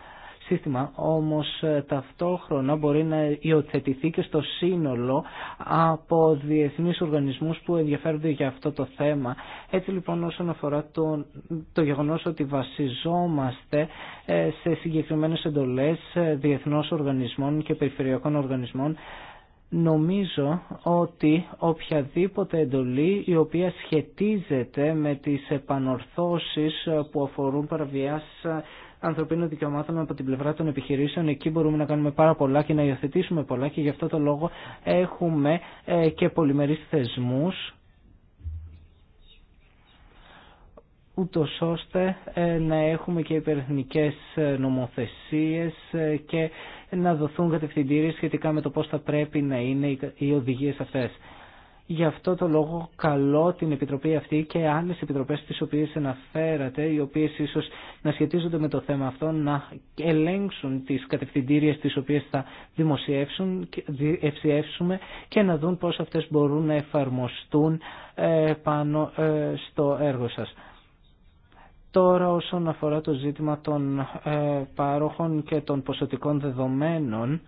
σύστημα, όμως ε, ταυτόχρονα μπορεί να υιοθετηθεί και στο σύνολο από διεθνείς οργανισμούς που ενδιαφέρονται για αυτό το θέμα. Έτσι λοιπόν όσον αφορά το, το γεγονός ότι βασιζόμαστε ε, σε συγκεκριμένες εντολές ε, διεθνώς οργανισμών και περιφερειακών οργανισμών, Νομίζω ότι οποιαδήποτε εντολή η οποία σχετίζεται με τις επανορθώσεις που αφορούν παραβιάσεις ανθρωπίνων δικαιωμάτων από την πλευρά των επιχειρήσεων. Εκεί μπορούμε να κάνουμε πάρα πολλά και να υιοθετήσουμε πολλά και γι' αυτό το λόγο έχουμε ε, και πολυμερείς θεσμούς ούτω ώστε ε, να έχουμε και υπερεθνικές ε, νομοθεσίες και να δοθούν κατευθυντήριες σχετικά με το πώς θα πρέπει να είναι οι οδηγίες αυτές. Γι' αυτό το λόγο καλώ την Επιτροπή αυτή και άλλες επιτροπές τις οποίες αναφέρατε, οι οποίες ίσως να σχετίζονται με το θέμα αυτό, να ελέγξουν τις κατευθυντήριες τις οποίες θα δημοσιεύσουν, ευσιεύσουμε και να δουν πώς αυτές μπορούν να εφαρμοστούν ε, πάνω ε, στο έργο σας. Τώρα όσον αφορά το ζήτημα των ε, παρόχων και των ποσοτικών δεδομένων,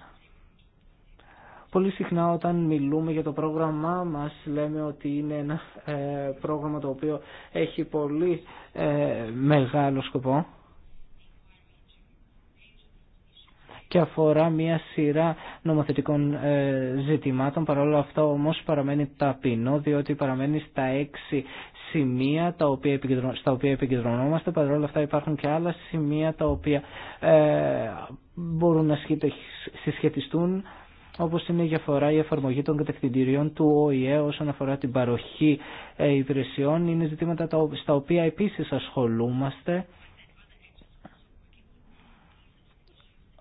Πολύ συχνά όταν μιλούμε για το πρόγραμμά μας λέμε ότι είναι ένα ε, πρόγραμμα το οποίο έχει πολύ ε, μεγάλο σκοπό και αφορά μια σειρά νομοθετικών ε, ζητημάτων. Παρ' όλα αυτά όμως παραμένει ταπεινό διότι παραμένει στα έξι σημεία τα οποία στα οποία επικεντρωνόμαστε. Παρ' όλα αυτά υπάρχουν και άλλα σημεία τα οποία μπορούν να συσχετιστούν όπως είναι η διαφορά η εφαρμογή των κατευθυντηριών του ΟΗΕ όσον αφορά την παροχή ε, υπηρεσιών. Είναι ζητήματα στα οποία επίση ασχολούμαστε.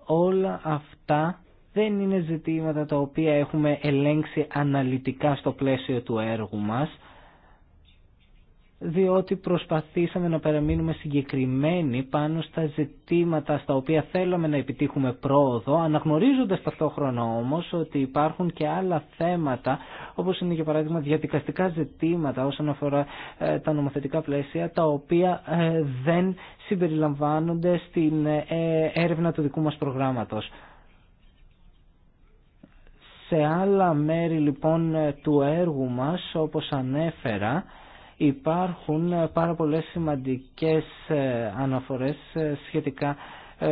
Όλα αυτά δεν είναι ζητήματα τα οποία έχουμε ελέγξει αναλυτικά στο πλαίσιο του έργου μας διότι προσπαθήσαμε να παραμείνουμε συγκεκριμένοι πάνω στα ζητήματα στα οποία θέλαμε να επιτύχουμε πρόοδο, αναγνωρίζοντας ταυτόχρονα όμως ότι υπάρχουν και άλλα θέματα, όπως είναι για παράδειγμα διαδικαστικά ζητήματα όσον αφορά ε, τα νομοθετικά πλαίσια, τα οποία ε, δεν συμπεριλαμβάνονται στην ε, έρευνα του δικού μας προγράμματος. Σε άλλα μέρη λοιπόν του έργου μας, όπως ανέφερα, Υπάρχουν ε, πάρα πολλές σημαντικές ε, αναφορές ε, σχετικά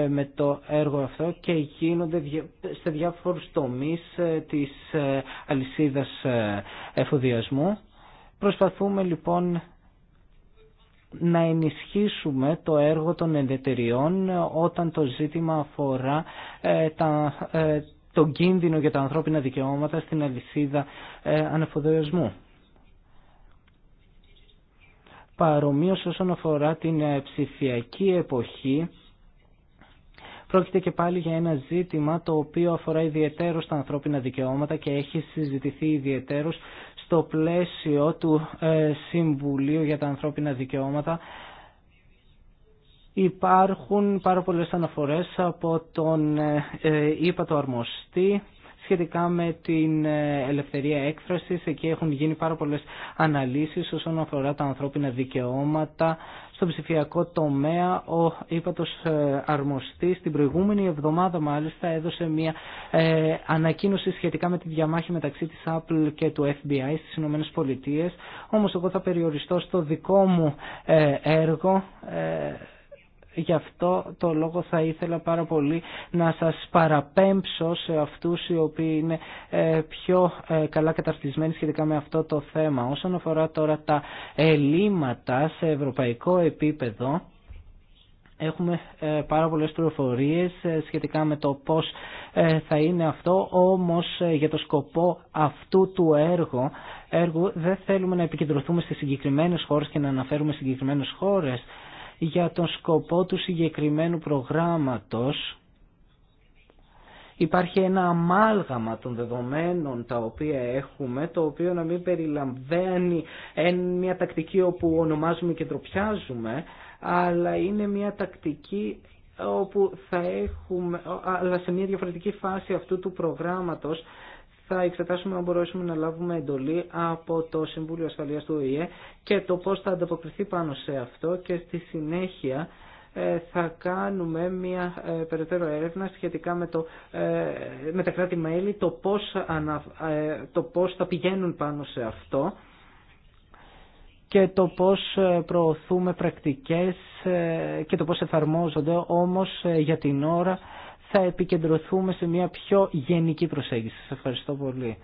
με το έργο αυτό και γίνονται σε διάφορους τομείς της αλυσίδας εφοδιασμού. Προσπαθούμε λοιπόν να ενισχύσουμε το έργο των εταιριών όταν το ζήτημα αφορά τα, τον κίνδυνο για τα ανθρώπινα δικαιώματα στην αλυσίδα ανεφοδιασμού. Παρομοίως όσον αφορά την ε, ψηφιακή εποχή, Πρόκειται και πάλι για ένα ζήτημα το οποίο αφορά ιδιαίτερο τα ανθρώπινα δικαιώματα και έχει συζητηθεί ιδιαίτερο στο πλαίσιο του ε, Συμβουλίου για τα ανθρώπινα δικαιώματα. Υπάρχουν πάρα πολλές αναφορές από τον ε, το αρμοστή σχετικά με την ε, ελευθερία έκφρασης. Εκεί έχουν γίνει πάρα πολλές αναλύσεις όσον αφορά τα ανθρώπινα δικαιώματα. Στον ψηφιακό τομέα ο Ήπατος ε, αρμοστής την προηγούμενη εβδομάδα μάλιστα έδωσε μια ε, ανακοίνωση σχετικά με τη διαμάχη μεταξύ της Apple και του FBI στις Ηνωμένες Πολιτείες. Όμως εγώ θα περιοριστώ στο δικό μου έργο Γι' αυτό το λόγο θα ήθελα πάρα πολύ να σας παραπέμψω σε αυτούς οι οποίοι είναι ε, πιο ε, καλά καταρτισμένοι σχετικά με αυτό το θέμα. Όσον αφορά τώρα τα ελλείμματα σε ευρωπαϊκό επίπεδο, Έχουμε ε, πάρα πολλές πληροφορίες σχετικά με το πώς θα είναι αυτό, όμως για το σκοπό αυτού του έργου, έργου δεν θέλουμε να επικεντρωθούμε στις συγκεκριμένες χώρες και να αναφέρουμε συγκεκριμένες χώρες, για τον σκοπό του συγκεκριμένου προγράμματος. Υπάρχει ένα αμάλγαμα των δεδομένων τα οποία έχουμε, το οποίο να μην περιλαμβάνει μια τακτική όπου ονομάζουμε και ντροπιάζουμε, αλλά είναι μια τακτική όπου θα έχουμε, αλλά σε μια διαφορετική φάση αυτού του προγράμματος θα εξετάσουμε αν μπορέσουμε να λάβουμε εντολή από το Συμβούλιο Ασφαλείας του ΟΗΕ και το πώς θα ανταποκριθεί πάνω σε αυτό και στη συνέχεια ε, θα κάνουμε μια ε, περαιτέρω έρευνα σχετικά με, το, ε, με τα κράτη-μέλη, το, πώς το πώς θα πηγαίνουν πάνω σε αυτό και το πώς προωθούμε πρακτικές και το πώς εφαρμόζονται όμως για την ώρα θα επικεντρωθούμε σε μια πιο γενική προσέγγιση. Σας ευχαριστώ πολύ.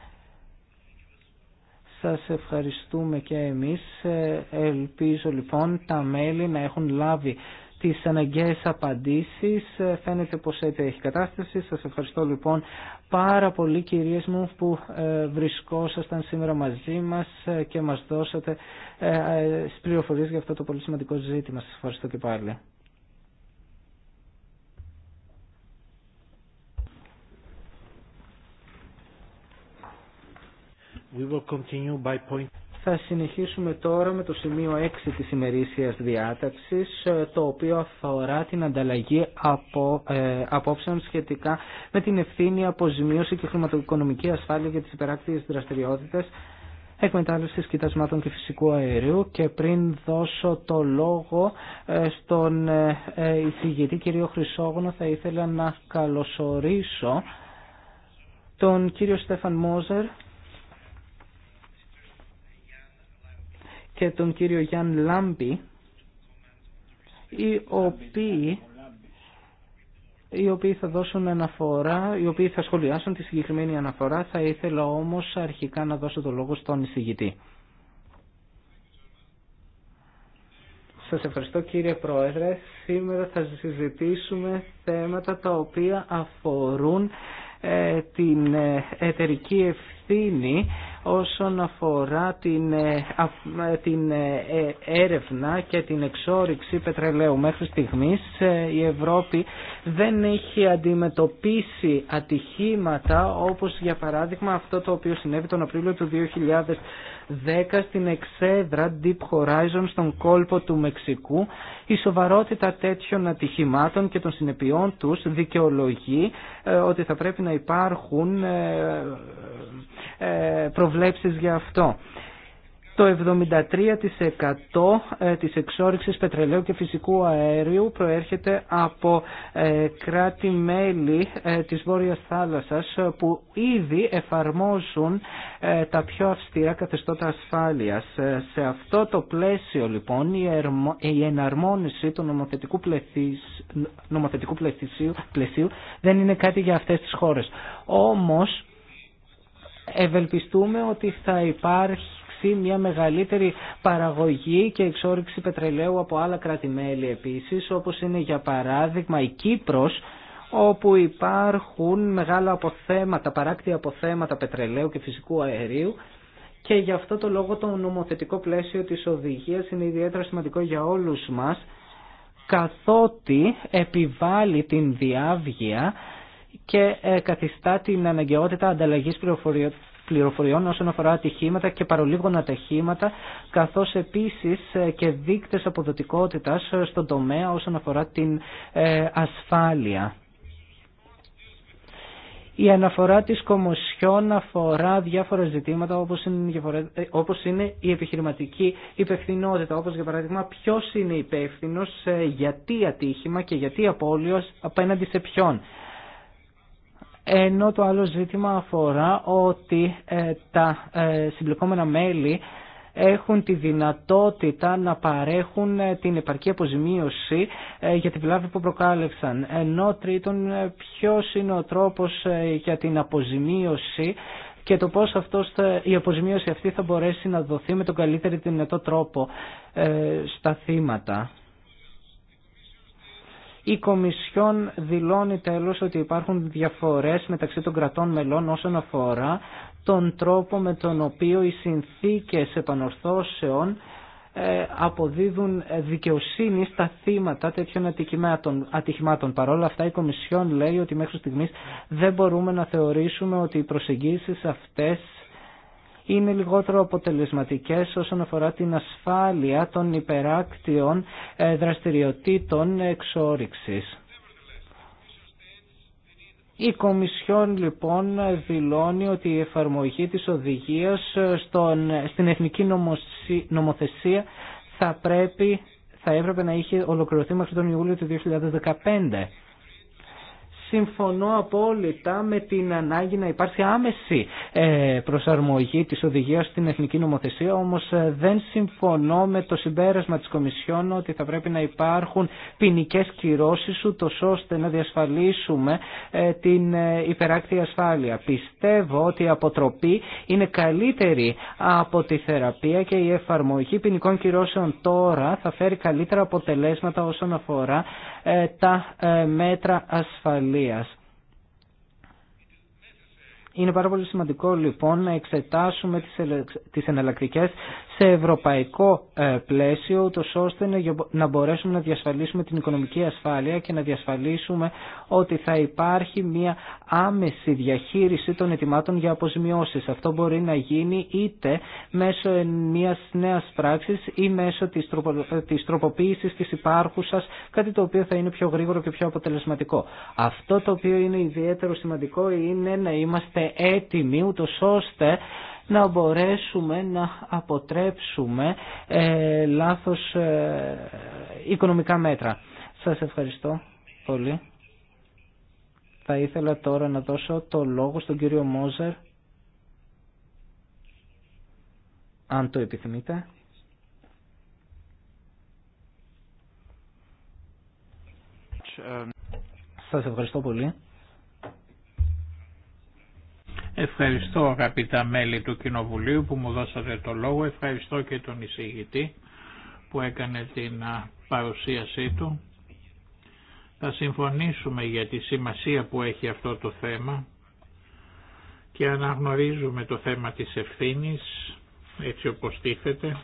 Σας ευχαριστούμε και εμείς. Ε, ελπίζω λοιπόν τα μέλη να έχουν λάβει τις αναγκαίες απαντήσεις. Ε, φαίνεται πως έτσι έχει κατάσταση. Σας ευχαριστώ λοιπόν πάρα πολύ κυρίες μου που ε, βρισκόσασταν σήμερα μαζί μας και μας δώσατε ε, πληροφορίες για αυτό το πολύ σημαντικό ζήτημα. Σας ευχαριστώ και πάλι. Θα συνεχίσουμε τώρα με το σημείο 6 της ημερήσιας διάταξης, ε, το οποίο αφορά την ανταλλαγή από, ε, απόψεων σχετικά με την ευθύνη αποζημίωση και χρηματοοικονομική ασφάλεια για τις υπεράκτιες δραστηριότητες εκμετάλλευσης κοιτασμάτων και φυσικού αερίου και πριν δώσω το λόγο ε, στον εισηγητή κύριο Χρυσόγωνο θα ήθελα να καλωσορίσω τον κύριο Στέφαν Μόζερ και τον κύριο Γιάνν Λάμπη, οι οποίοι οι οποίοι θα δώσουν αναφορά, οι οποίοι θα σχολιάσουν τη συγκεκριμένη αναφορά. Θα ήθελα όμως αρχικά να δώσω το λόγο στον εισηγητή. Σας ευχαριστώ κύριε Πρόεδρε. Σήμερα θα συζητήσουμε θέματα τα οποία αφορούν ε, την ε, εταιρική ευθύνη όσον αφορά την, ε, ε, την ε, έρευνα και την εξόριξη πετρελαίου. Μέχρι στιγμής η Ευρώπη δεν έχει αντιμετωπίσει ατυχήματα όπως για παράδειγμα αυτό το οποίο συνέβη τον Απρίλιο του 2010 στην εξέδρα Deep Horizon στον κόλπο του Μεξικού. Η σοβαρότητα τέτοιων ατυχημάτων και των συνεπειών τους δικαιολογεί ότι θα πρέπει να υπάρχουν ε, προβλέψεις για αυτό. Το 73% ε, της εξόρυξης πετρελαίου και φυσικού αέριου προέρχεται από ε, κράτη-μέλη της Βόρειας Θάλασσας που ήδη εφαρμόζουν τα πιο αυστηρά καθεστώτα ασφάλειας. Σε αυτό το πλαίσιο λοιπόν η εναρμόνιση του νομοθετικού, πλαισίου, νομοθετικού δεν είναι κάτι για αυτές τις χώρες. Όμως ευελπιστούμε ότι θα υπάρξει μια μεγαλύτερη παραγωγή και εξόρυξη πετρελαίου από άλλα κράτη-μέλη επίσης, όπως είναι για παράδειγμα η Κύπρος, όπου υπάρχουν μεγάλα αποθέματα, παράκτια αποθέματα πετρελαίου και φυσικού αερίου και γι' αυτό το λόγο το νομοθετικό πλαίσιο της οδηγίας είναι ιδιαίτερα σημαντικό για όλους μας καθότι επιβάλλει την διάβγεια και ε, καθιστά την αναγκαιότητα ανταλλαγή πληροφοριών όσον αφορά ατυχήματα και παρολίγων ατυχήματα, καθώς επίσης ε, και δείκτες αποδοτικότητας ε, στον τομέα όσον αφορά την ασφάλεια. Η αναφορά της Κομοσιόν αφορά διάφορα ζητήματα όπως είναι, όπως είναι η επιχειρηματική υπευθυνότητα, όπως για παράδειγμα ποιος είναι υπεύθυνος, γιατί ατύχημα και γιατί απώλειος απέναντι σε ποιον ενώ το άλλο ζήτημα αφορά ότι ε, τα ε, συμπληκόμενα μέλη έχουν τη δυνατότητα να παρέχουν ε, την επαρκή αποζημίωση για την βλάβη που προκάλεψαν. Ενώ τρίτον, ποιος είναι ο τρόπος για την αποζημίωση και το πώς αυτός η αποζημίωση αυτή θα μπορέσει να δοθεί με τον καλύτερο δυνατό τρόπο στα θύματα. Η Κομισιόν δηλώνει τέλος ότι υπάρχουν διαφορές μεταξύ των κρατών μελών όσον αφορά τον τρόπο με τον οποίο οι συνθήκες επανορθώσεων ε, αποδίδουν δικαιοσύνη στα θύματα τέτοιων ατυχημάτων. ατυχημάτων. Παρ' όλα αυτά η Κομισιόν λέει ότι μέχρι στιγμής δεν μπορούμε να θεωρήσουμε ότι οι προσεγγίσεις αυτές είναι λιγότερο αποτελεσματικές όσον αφορά την ασφάλεια των υπεράκτιων ε, δραστηριοτήτων εξόριξης. Η Κομισιόν λοιπόν δηλώνει ότι η εφαρμογή της οδηγίας στον, στην εθνική νομοθεσία θα πρέπει θα έπρεπε να είχε ολοκληρωθεί μέχρι τον Ιούλιο του 2015 συμφωνώ απόλυτα με την ανάγκη να υπάρχει άμεση ε, προσαρμογή της οδηγίας στην εθνική νομοθεσία, όμως ε, δεν συμφωνώ με το συμπέρασμα της Κομισιόν ότι θα πρέπει να υπάρχουν ποινικέ κυρώσεις ούτως ώστε να διασφαλίσουμε ε, την υπεράκτη ασφάλεια. Πιστεύω ότι η αποτροπή είναι καλύτερη από τη θεραπεία και η εφαρμογή ποινικών κυρώσεων τώρα θα φέρει καλύτερα αποτελέσματα όσον αφορά τα μέτρα ασφαλείας είναι πάρα πολύ σημαντικό λοιπόν να εξετάσουμε τις εναλλακτικέ σε ευρωπαϊκό ε, πλαίσιο, ούτω ώστε να μπορέσουμε να διασφαλίσουμε την οικονομική ασφάλεια και να διασφαλίσουμε ότι θα υπάρχει μια άμεση διαχείριση των ετοιμάτων για αποζημιώσει. Αυτό μπορεί να γίνει είτε μέσω μιας νέας πράξης ή μέσω τη τροπο, ε, της τροποποίησης της υπάρχουσας, κάτι το οποίο θα είναι πιο γρήγορο και πιο αποτελεσματικό. Αυτό το οποίο είναι ιδιαίτερο σημαντικό είναι να είμαστε έτοιμοι, ούτω ώστε να μπορέσουμε να αποτρέψουμε ε, λάθος ε, οικονομικά μέτρα. Σας ευχαριστώ πολύ. Θα ήθελα τώρα να δώσω το λόγο στον κύριο Μόζερ, αν το επιθυμείτε. Ε, Σας ευχαριστώ πολύ. Ευχαριστώ αγαπητά μέλη του Κοινοβουλίου που μου δώσατε το λόγο. Ευχαριστώ και τον εισηγητή που έκανε την παρουσίασή του. Θα συμφωνήσουμε για τη σημασία που έχει αυτό το θέμα και αναγνωρίζουμε το θέμα της ευθύνης έτσι όπως τίθεται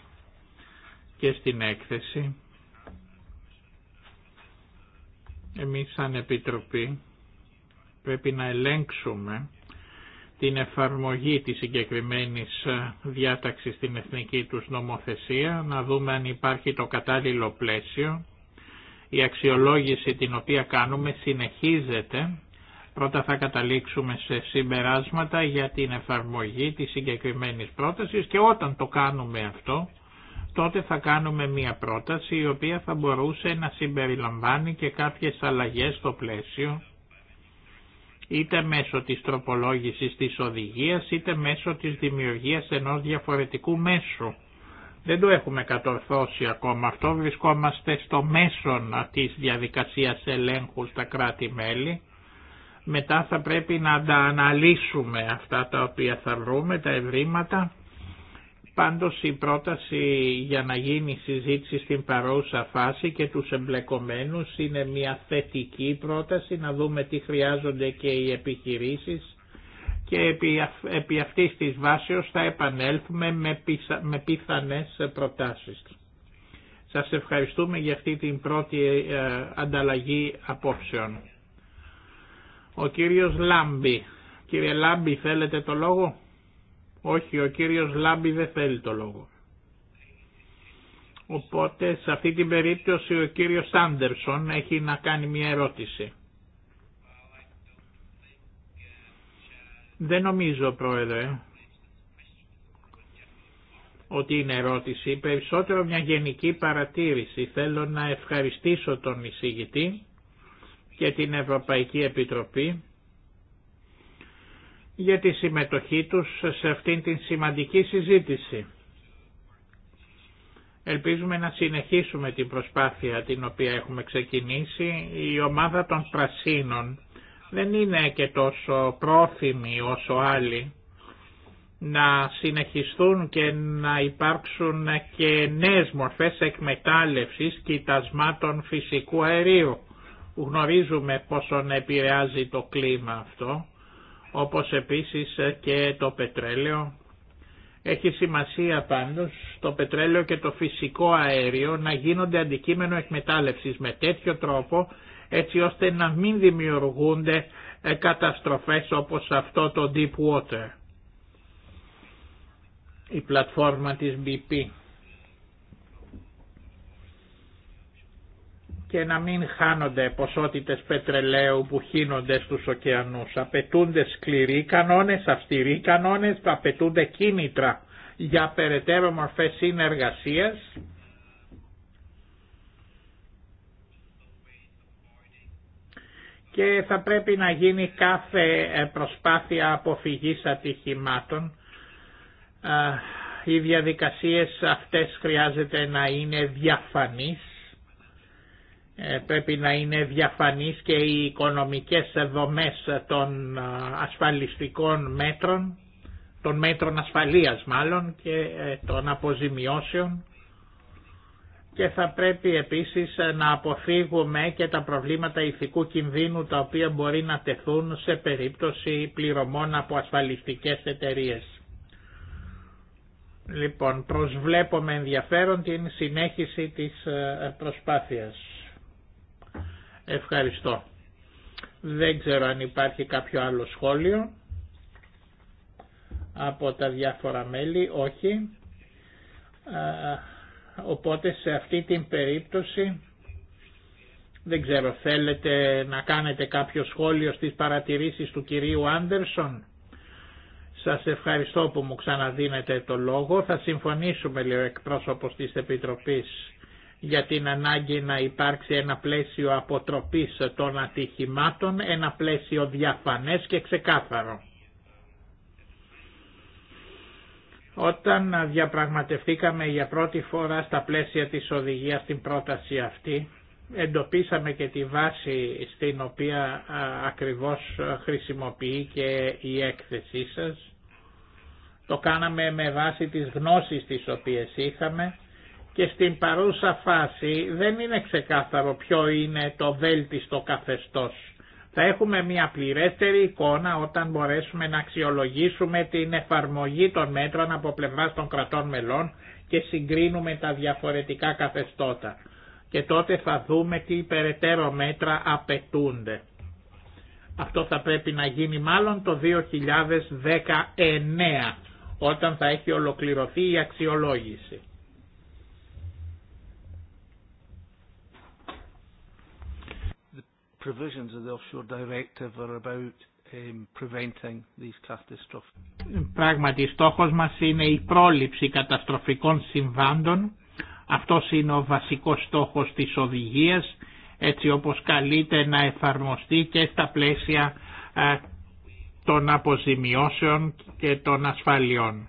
και στην έκθεση. Εμείς σαν Επιτροπή πρέπει να ελέγξουμε την εφαρμογή της συγκεκριμένης ε, διάταξης στην εθνική τους νομοθεσία, να δούμε αν υπάρχει το κατάλληλο πλαίσιο. Η αξιολόγηση την οποία κάνουμε συνεχίζεται. Πρώτα θα καταλήξουμε σε συμπεράσματα για την εφαρμογή της συγκεκριμένης πρότασης και όταν το κάνουμε αυτό, τότε θα κάνουμε μία πρόταση η οποία θα μπορούσε να συμπεριλαμβάνει και κάποιες αλλαγές στο πλαίσιο είτε μέσω της τροπολόγησης της οδηγίας είτε μέσω της δημιουργίας ενός διαφορετικού μέσου. Δεν το έχουμε κατορθώσει ακόμα αυτό, βρισκόμαστε στο μέσον της διαδικασίας ελέγχου στα κράτη-μέλη. Μετά θα πρέπει να τα αναλύσουμε αυτά τα οποία θα βρούμε, τα ευρήματα Πάντως η πρόταση για να γίνει συζήτηση στην παρόουσα φάση και τους εμπλεκομένους είναι μια θετική πρόταση να δούμε τι χρειάζονται και οι επιχειρήσεις και επί αυτής της βάσεως θα επανέλθουμε με πιθανές προτάσεις. Σας ευχαριστούμε για αυτή την πρώτη ε, ανταλλαγή απόψεων. Ο κύριος Λάμπη. Κύριε Λάμπη θέλετε το λόγο. Όχι, ο κύριος Λάμπη δεν θέλει το λόγο. Οπότε σε αυτή την περίπτωση ο κύριος Άντερσον έχει να κάνει μια ερώτηση. Δεν νομίζω, Πρόεδρε, ότι είναι ερώτηση. Περισσότερο μια γενική παρατήρηση. Θέλω να ευχαριστήσω τον εισηγητή και την Ευρωπαϊκή Επιτροπή για τη συμμετοχή τους σε αυτήν την σημαντική συζήτηση. Ελπίζουμε να συνεχίσουμε την προσπάθεια την οποία έχουμε ξεκινήσει. Η ομάδα των πρασίνων δεν είναι και τόσο πρόθυμη όσο άλλοι να συνεχιστούν και να υπάρξουν και νέες μορφές εκμετάλλευσης κοιτασμάτων φυσικού αερίου. Γνωρίζουμε πόσο επηρεάζει το κλίμα αυτό όπως επίσης και το πετρέλαιο. Έχει σημασία πάντως το πετρέλαιο και το φυσικό αέριο να γίνονται αντικείμενο εκμετάλλευσης με τέτοιο τρόπο έτσι ώστε να μην δημιουργούνται ε, καταστροφές όπως αυτό το Deep Water, η πλατφόρμα της BP. και να μην χάνονται ποσότητες πετρελαίου που χύνονται στους ωκεανούς. Απαιτούνται σκληροί κανόνες, αυστηροί κανόνες, απαιτούνται κίνητρα για περαιτέρω μορφές συνεργασίας. Και θα πρέπει να γίνει κάθε ε, προσπάθεια αποφυγής ατυχημάτων. Οι διαδικασίες αυτές χρειάζεται να είναι διαφανείς ε, πρέπει να είναι διαφανείς και οι οικονομικές δομές των ε, ασφαλιστικών μέτρων, των μέτρων ασφαλείας μάλλον και ε, των αποζημιώσεων και θα πρέπει επίσης να αποφύγουμε και τα προβλήματα ηθικού κινδύνου τα οποία μπορεί να τεθούν σε περίπτωση πληρωμών από ασφαλιστικές εταιρείες. Λοιπόν, προσβλέπω με ενδιαφέρον την συνέχιση της προσπάθειας. Ευχαριστώ. Δεν ξέρω αν υπάρχει κάποιο άλλο σχόλιο από τα διάφορα μέλη. Όχι. Οπότε σε αυτή την περίπτωση δεν ξέρω θέλετε να κάνετε κάποιο σχόλιο στις παρατηρήσεις του κυρίου Άντερσον. Σας ευχαριστώ που μου ξαναδίνετε το λόγο. Θα συμφωνήσουμε λέει ο εκπρόσωπος της Επιτροπής για την ανάγκη να υπάρξει ένα πλαίσιο αποτροπής των ατυχημάτων, ένα πλαίσιο διαφανές και ξεκάθαρο. Όταν διαπραγματευτήκαμε για πρώτη φορά στα πλαίσια της οδηγίας την πρόταση αυτή, εντοπίσαμε και τη βάση στην οποία ακριβώς χρησιμοποιεί και η έκθεσή σας. Το κάναμε με βάση τις γνώσεις τις οποίες είχαμε και στην παρούσα φάση δεν είναι ξεκάθαρο ποιο είναι το βέλτιστο καθεστώς. Θα έχουμε μια πληρέστερη εικόνα όταν μπορέσουμε να αξιολογήσουμε την εφαρμογή των μέτρων από πλευρά των κρατών μελών και συγκρίνουμε τα διαφορετικά καθεστώτα. Και τότε θα δούμε τι περαιτέρω μέτρα απαιτούνται. Αυτό θα πρέπει να γίνει μάλλον το 2019 όταν θα έχει ολοκληρωθεί η αξιολόγηση. provisions of the Directive are about um, preventing these Πράγματι, στόχος μας είναι η πρόληψη καταστροφικών συμβάντων. Αυτός είναι ο βασικός στόχος της οδηγίας, έτσι όπως καλείται να εφαρμοστεί και στα πλαίσια ε, των αποζημιώσεων και των ασφαλιών.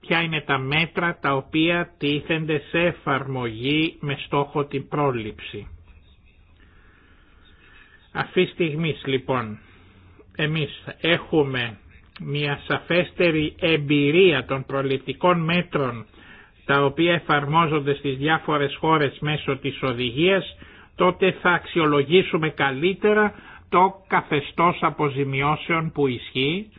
Ποια είναι τα μέτρα τα οποία τίθενται σε εφαρμογή με στόχο την πρόληψη. Αυτή στιγμή λοιπόν εμείς έχουμε μια σαφέστερη εμπειρία των προληπτικών μέτρων τα οποία εφαρμόζονται στις διάφορες χώρες μέσω της οδηγίας, τότε θα αξιολογήσουμε καλύτερα το καθεστώς αποζημιώσεων που ισχύει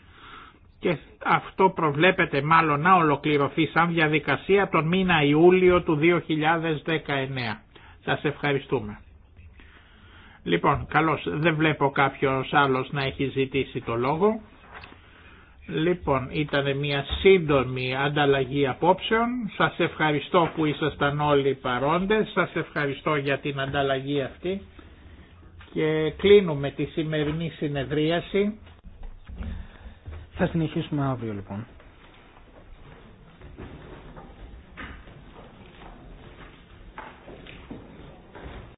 και αυτό προβλέπεται μάλλον να ολοκληρωθεί σαν διαδικασία τον μήνα Ιούλιο του 2019. Σας ευχαριστούμε. Λοιπόν, καλώς. Δεν βλέπω κάποιος άλλος να έχει ζητήσει το λόγο. Λοιπόν, ήταν μια σύντομη ανταλλαγή απόψεων. Σας ευχαριστώ που ήσασταν όλοι παρόντες. Σας ευχαριστώ για την ανταλλαγή αυτή. Και κλείνουμε τη σημερινή συνεδρίαση. Θα συνεχίσουμε αύριο λοιπόν.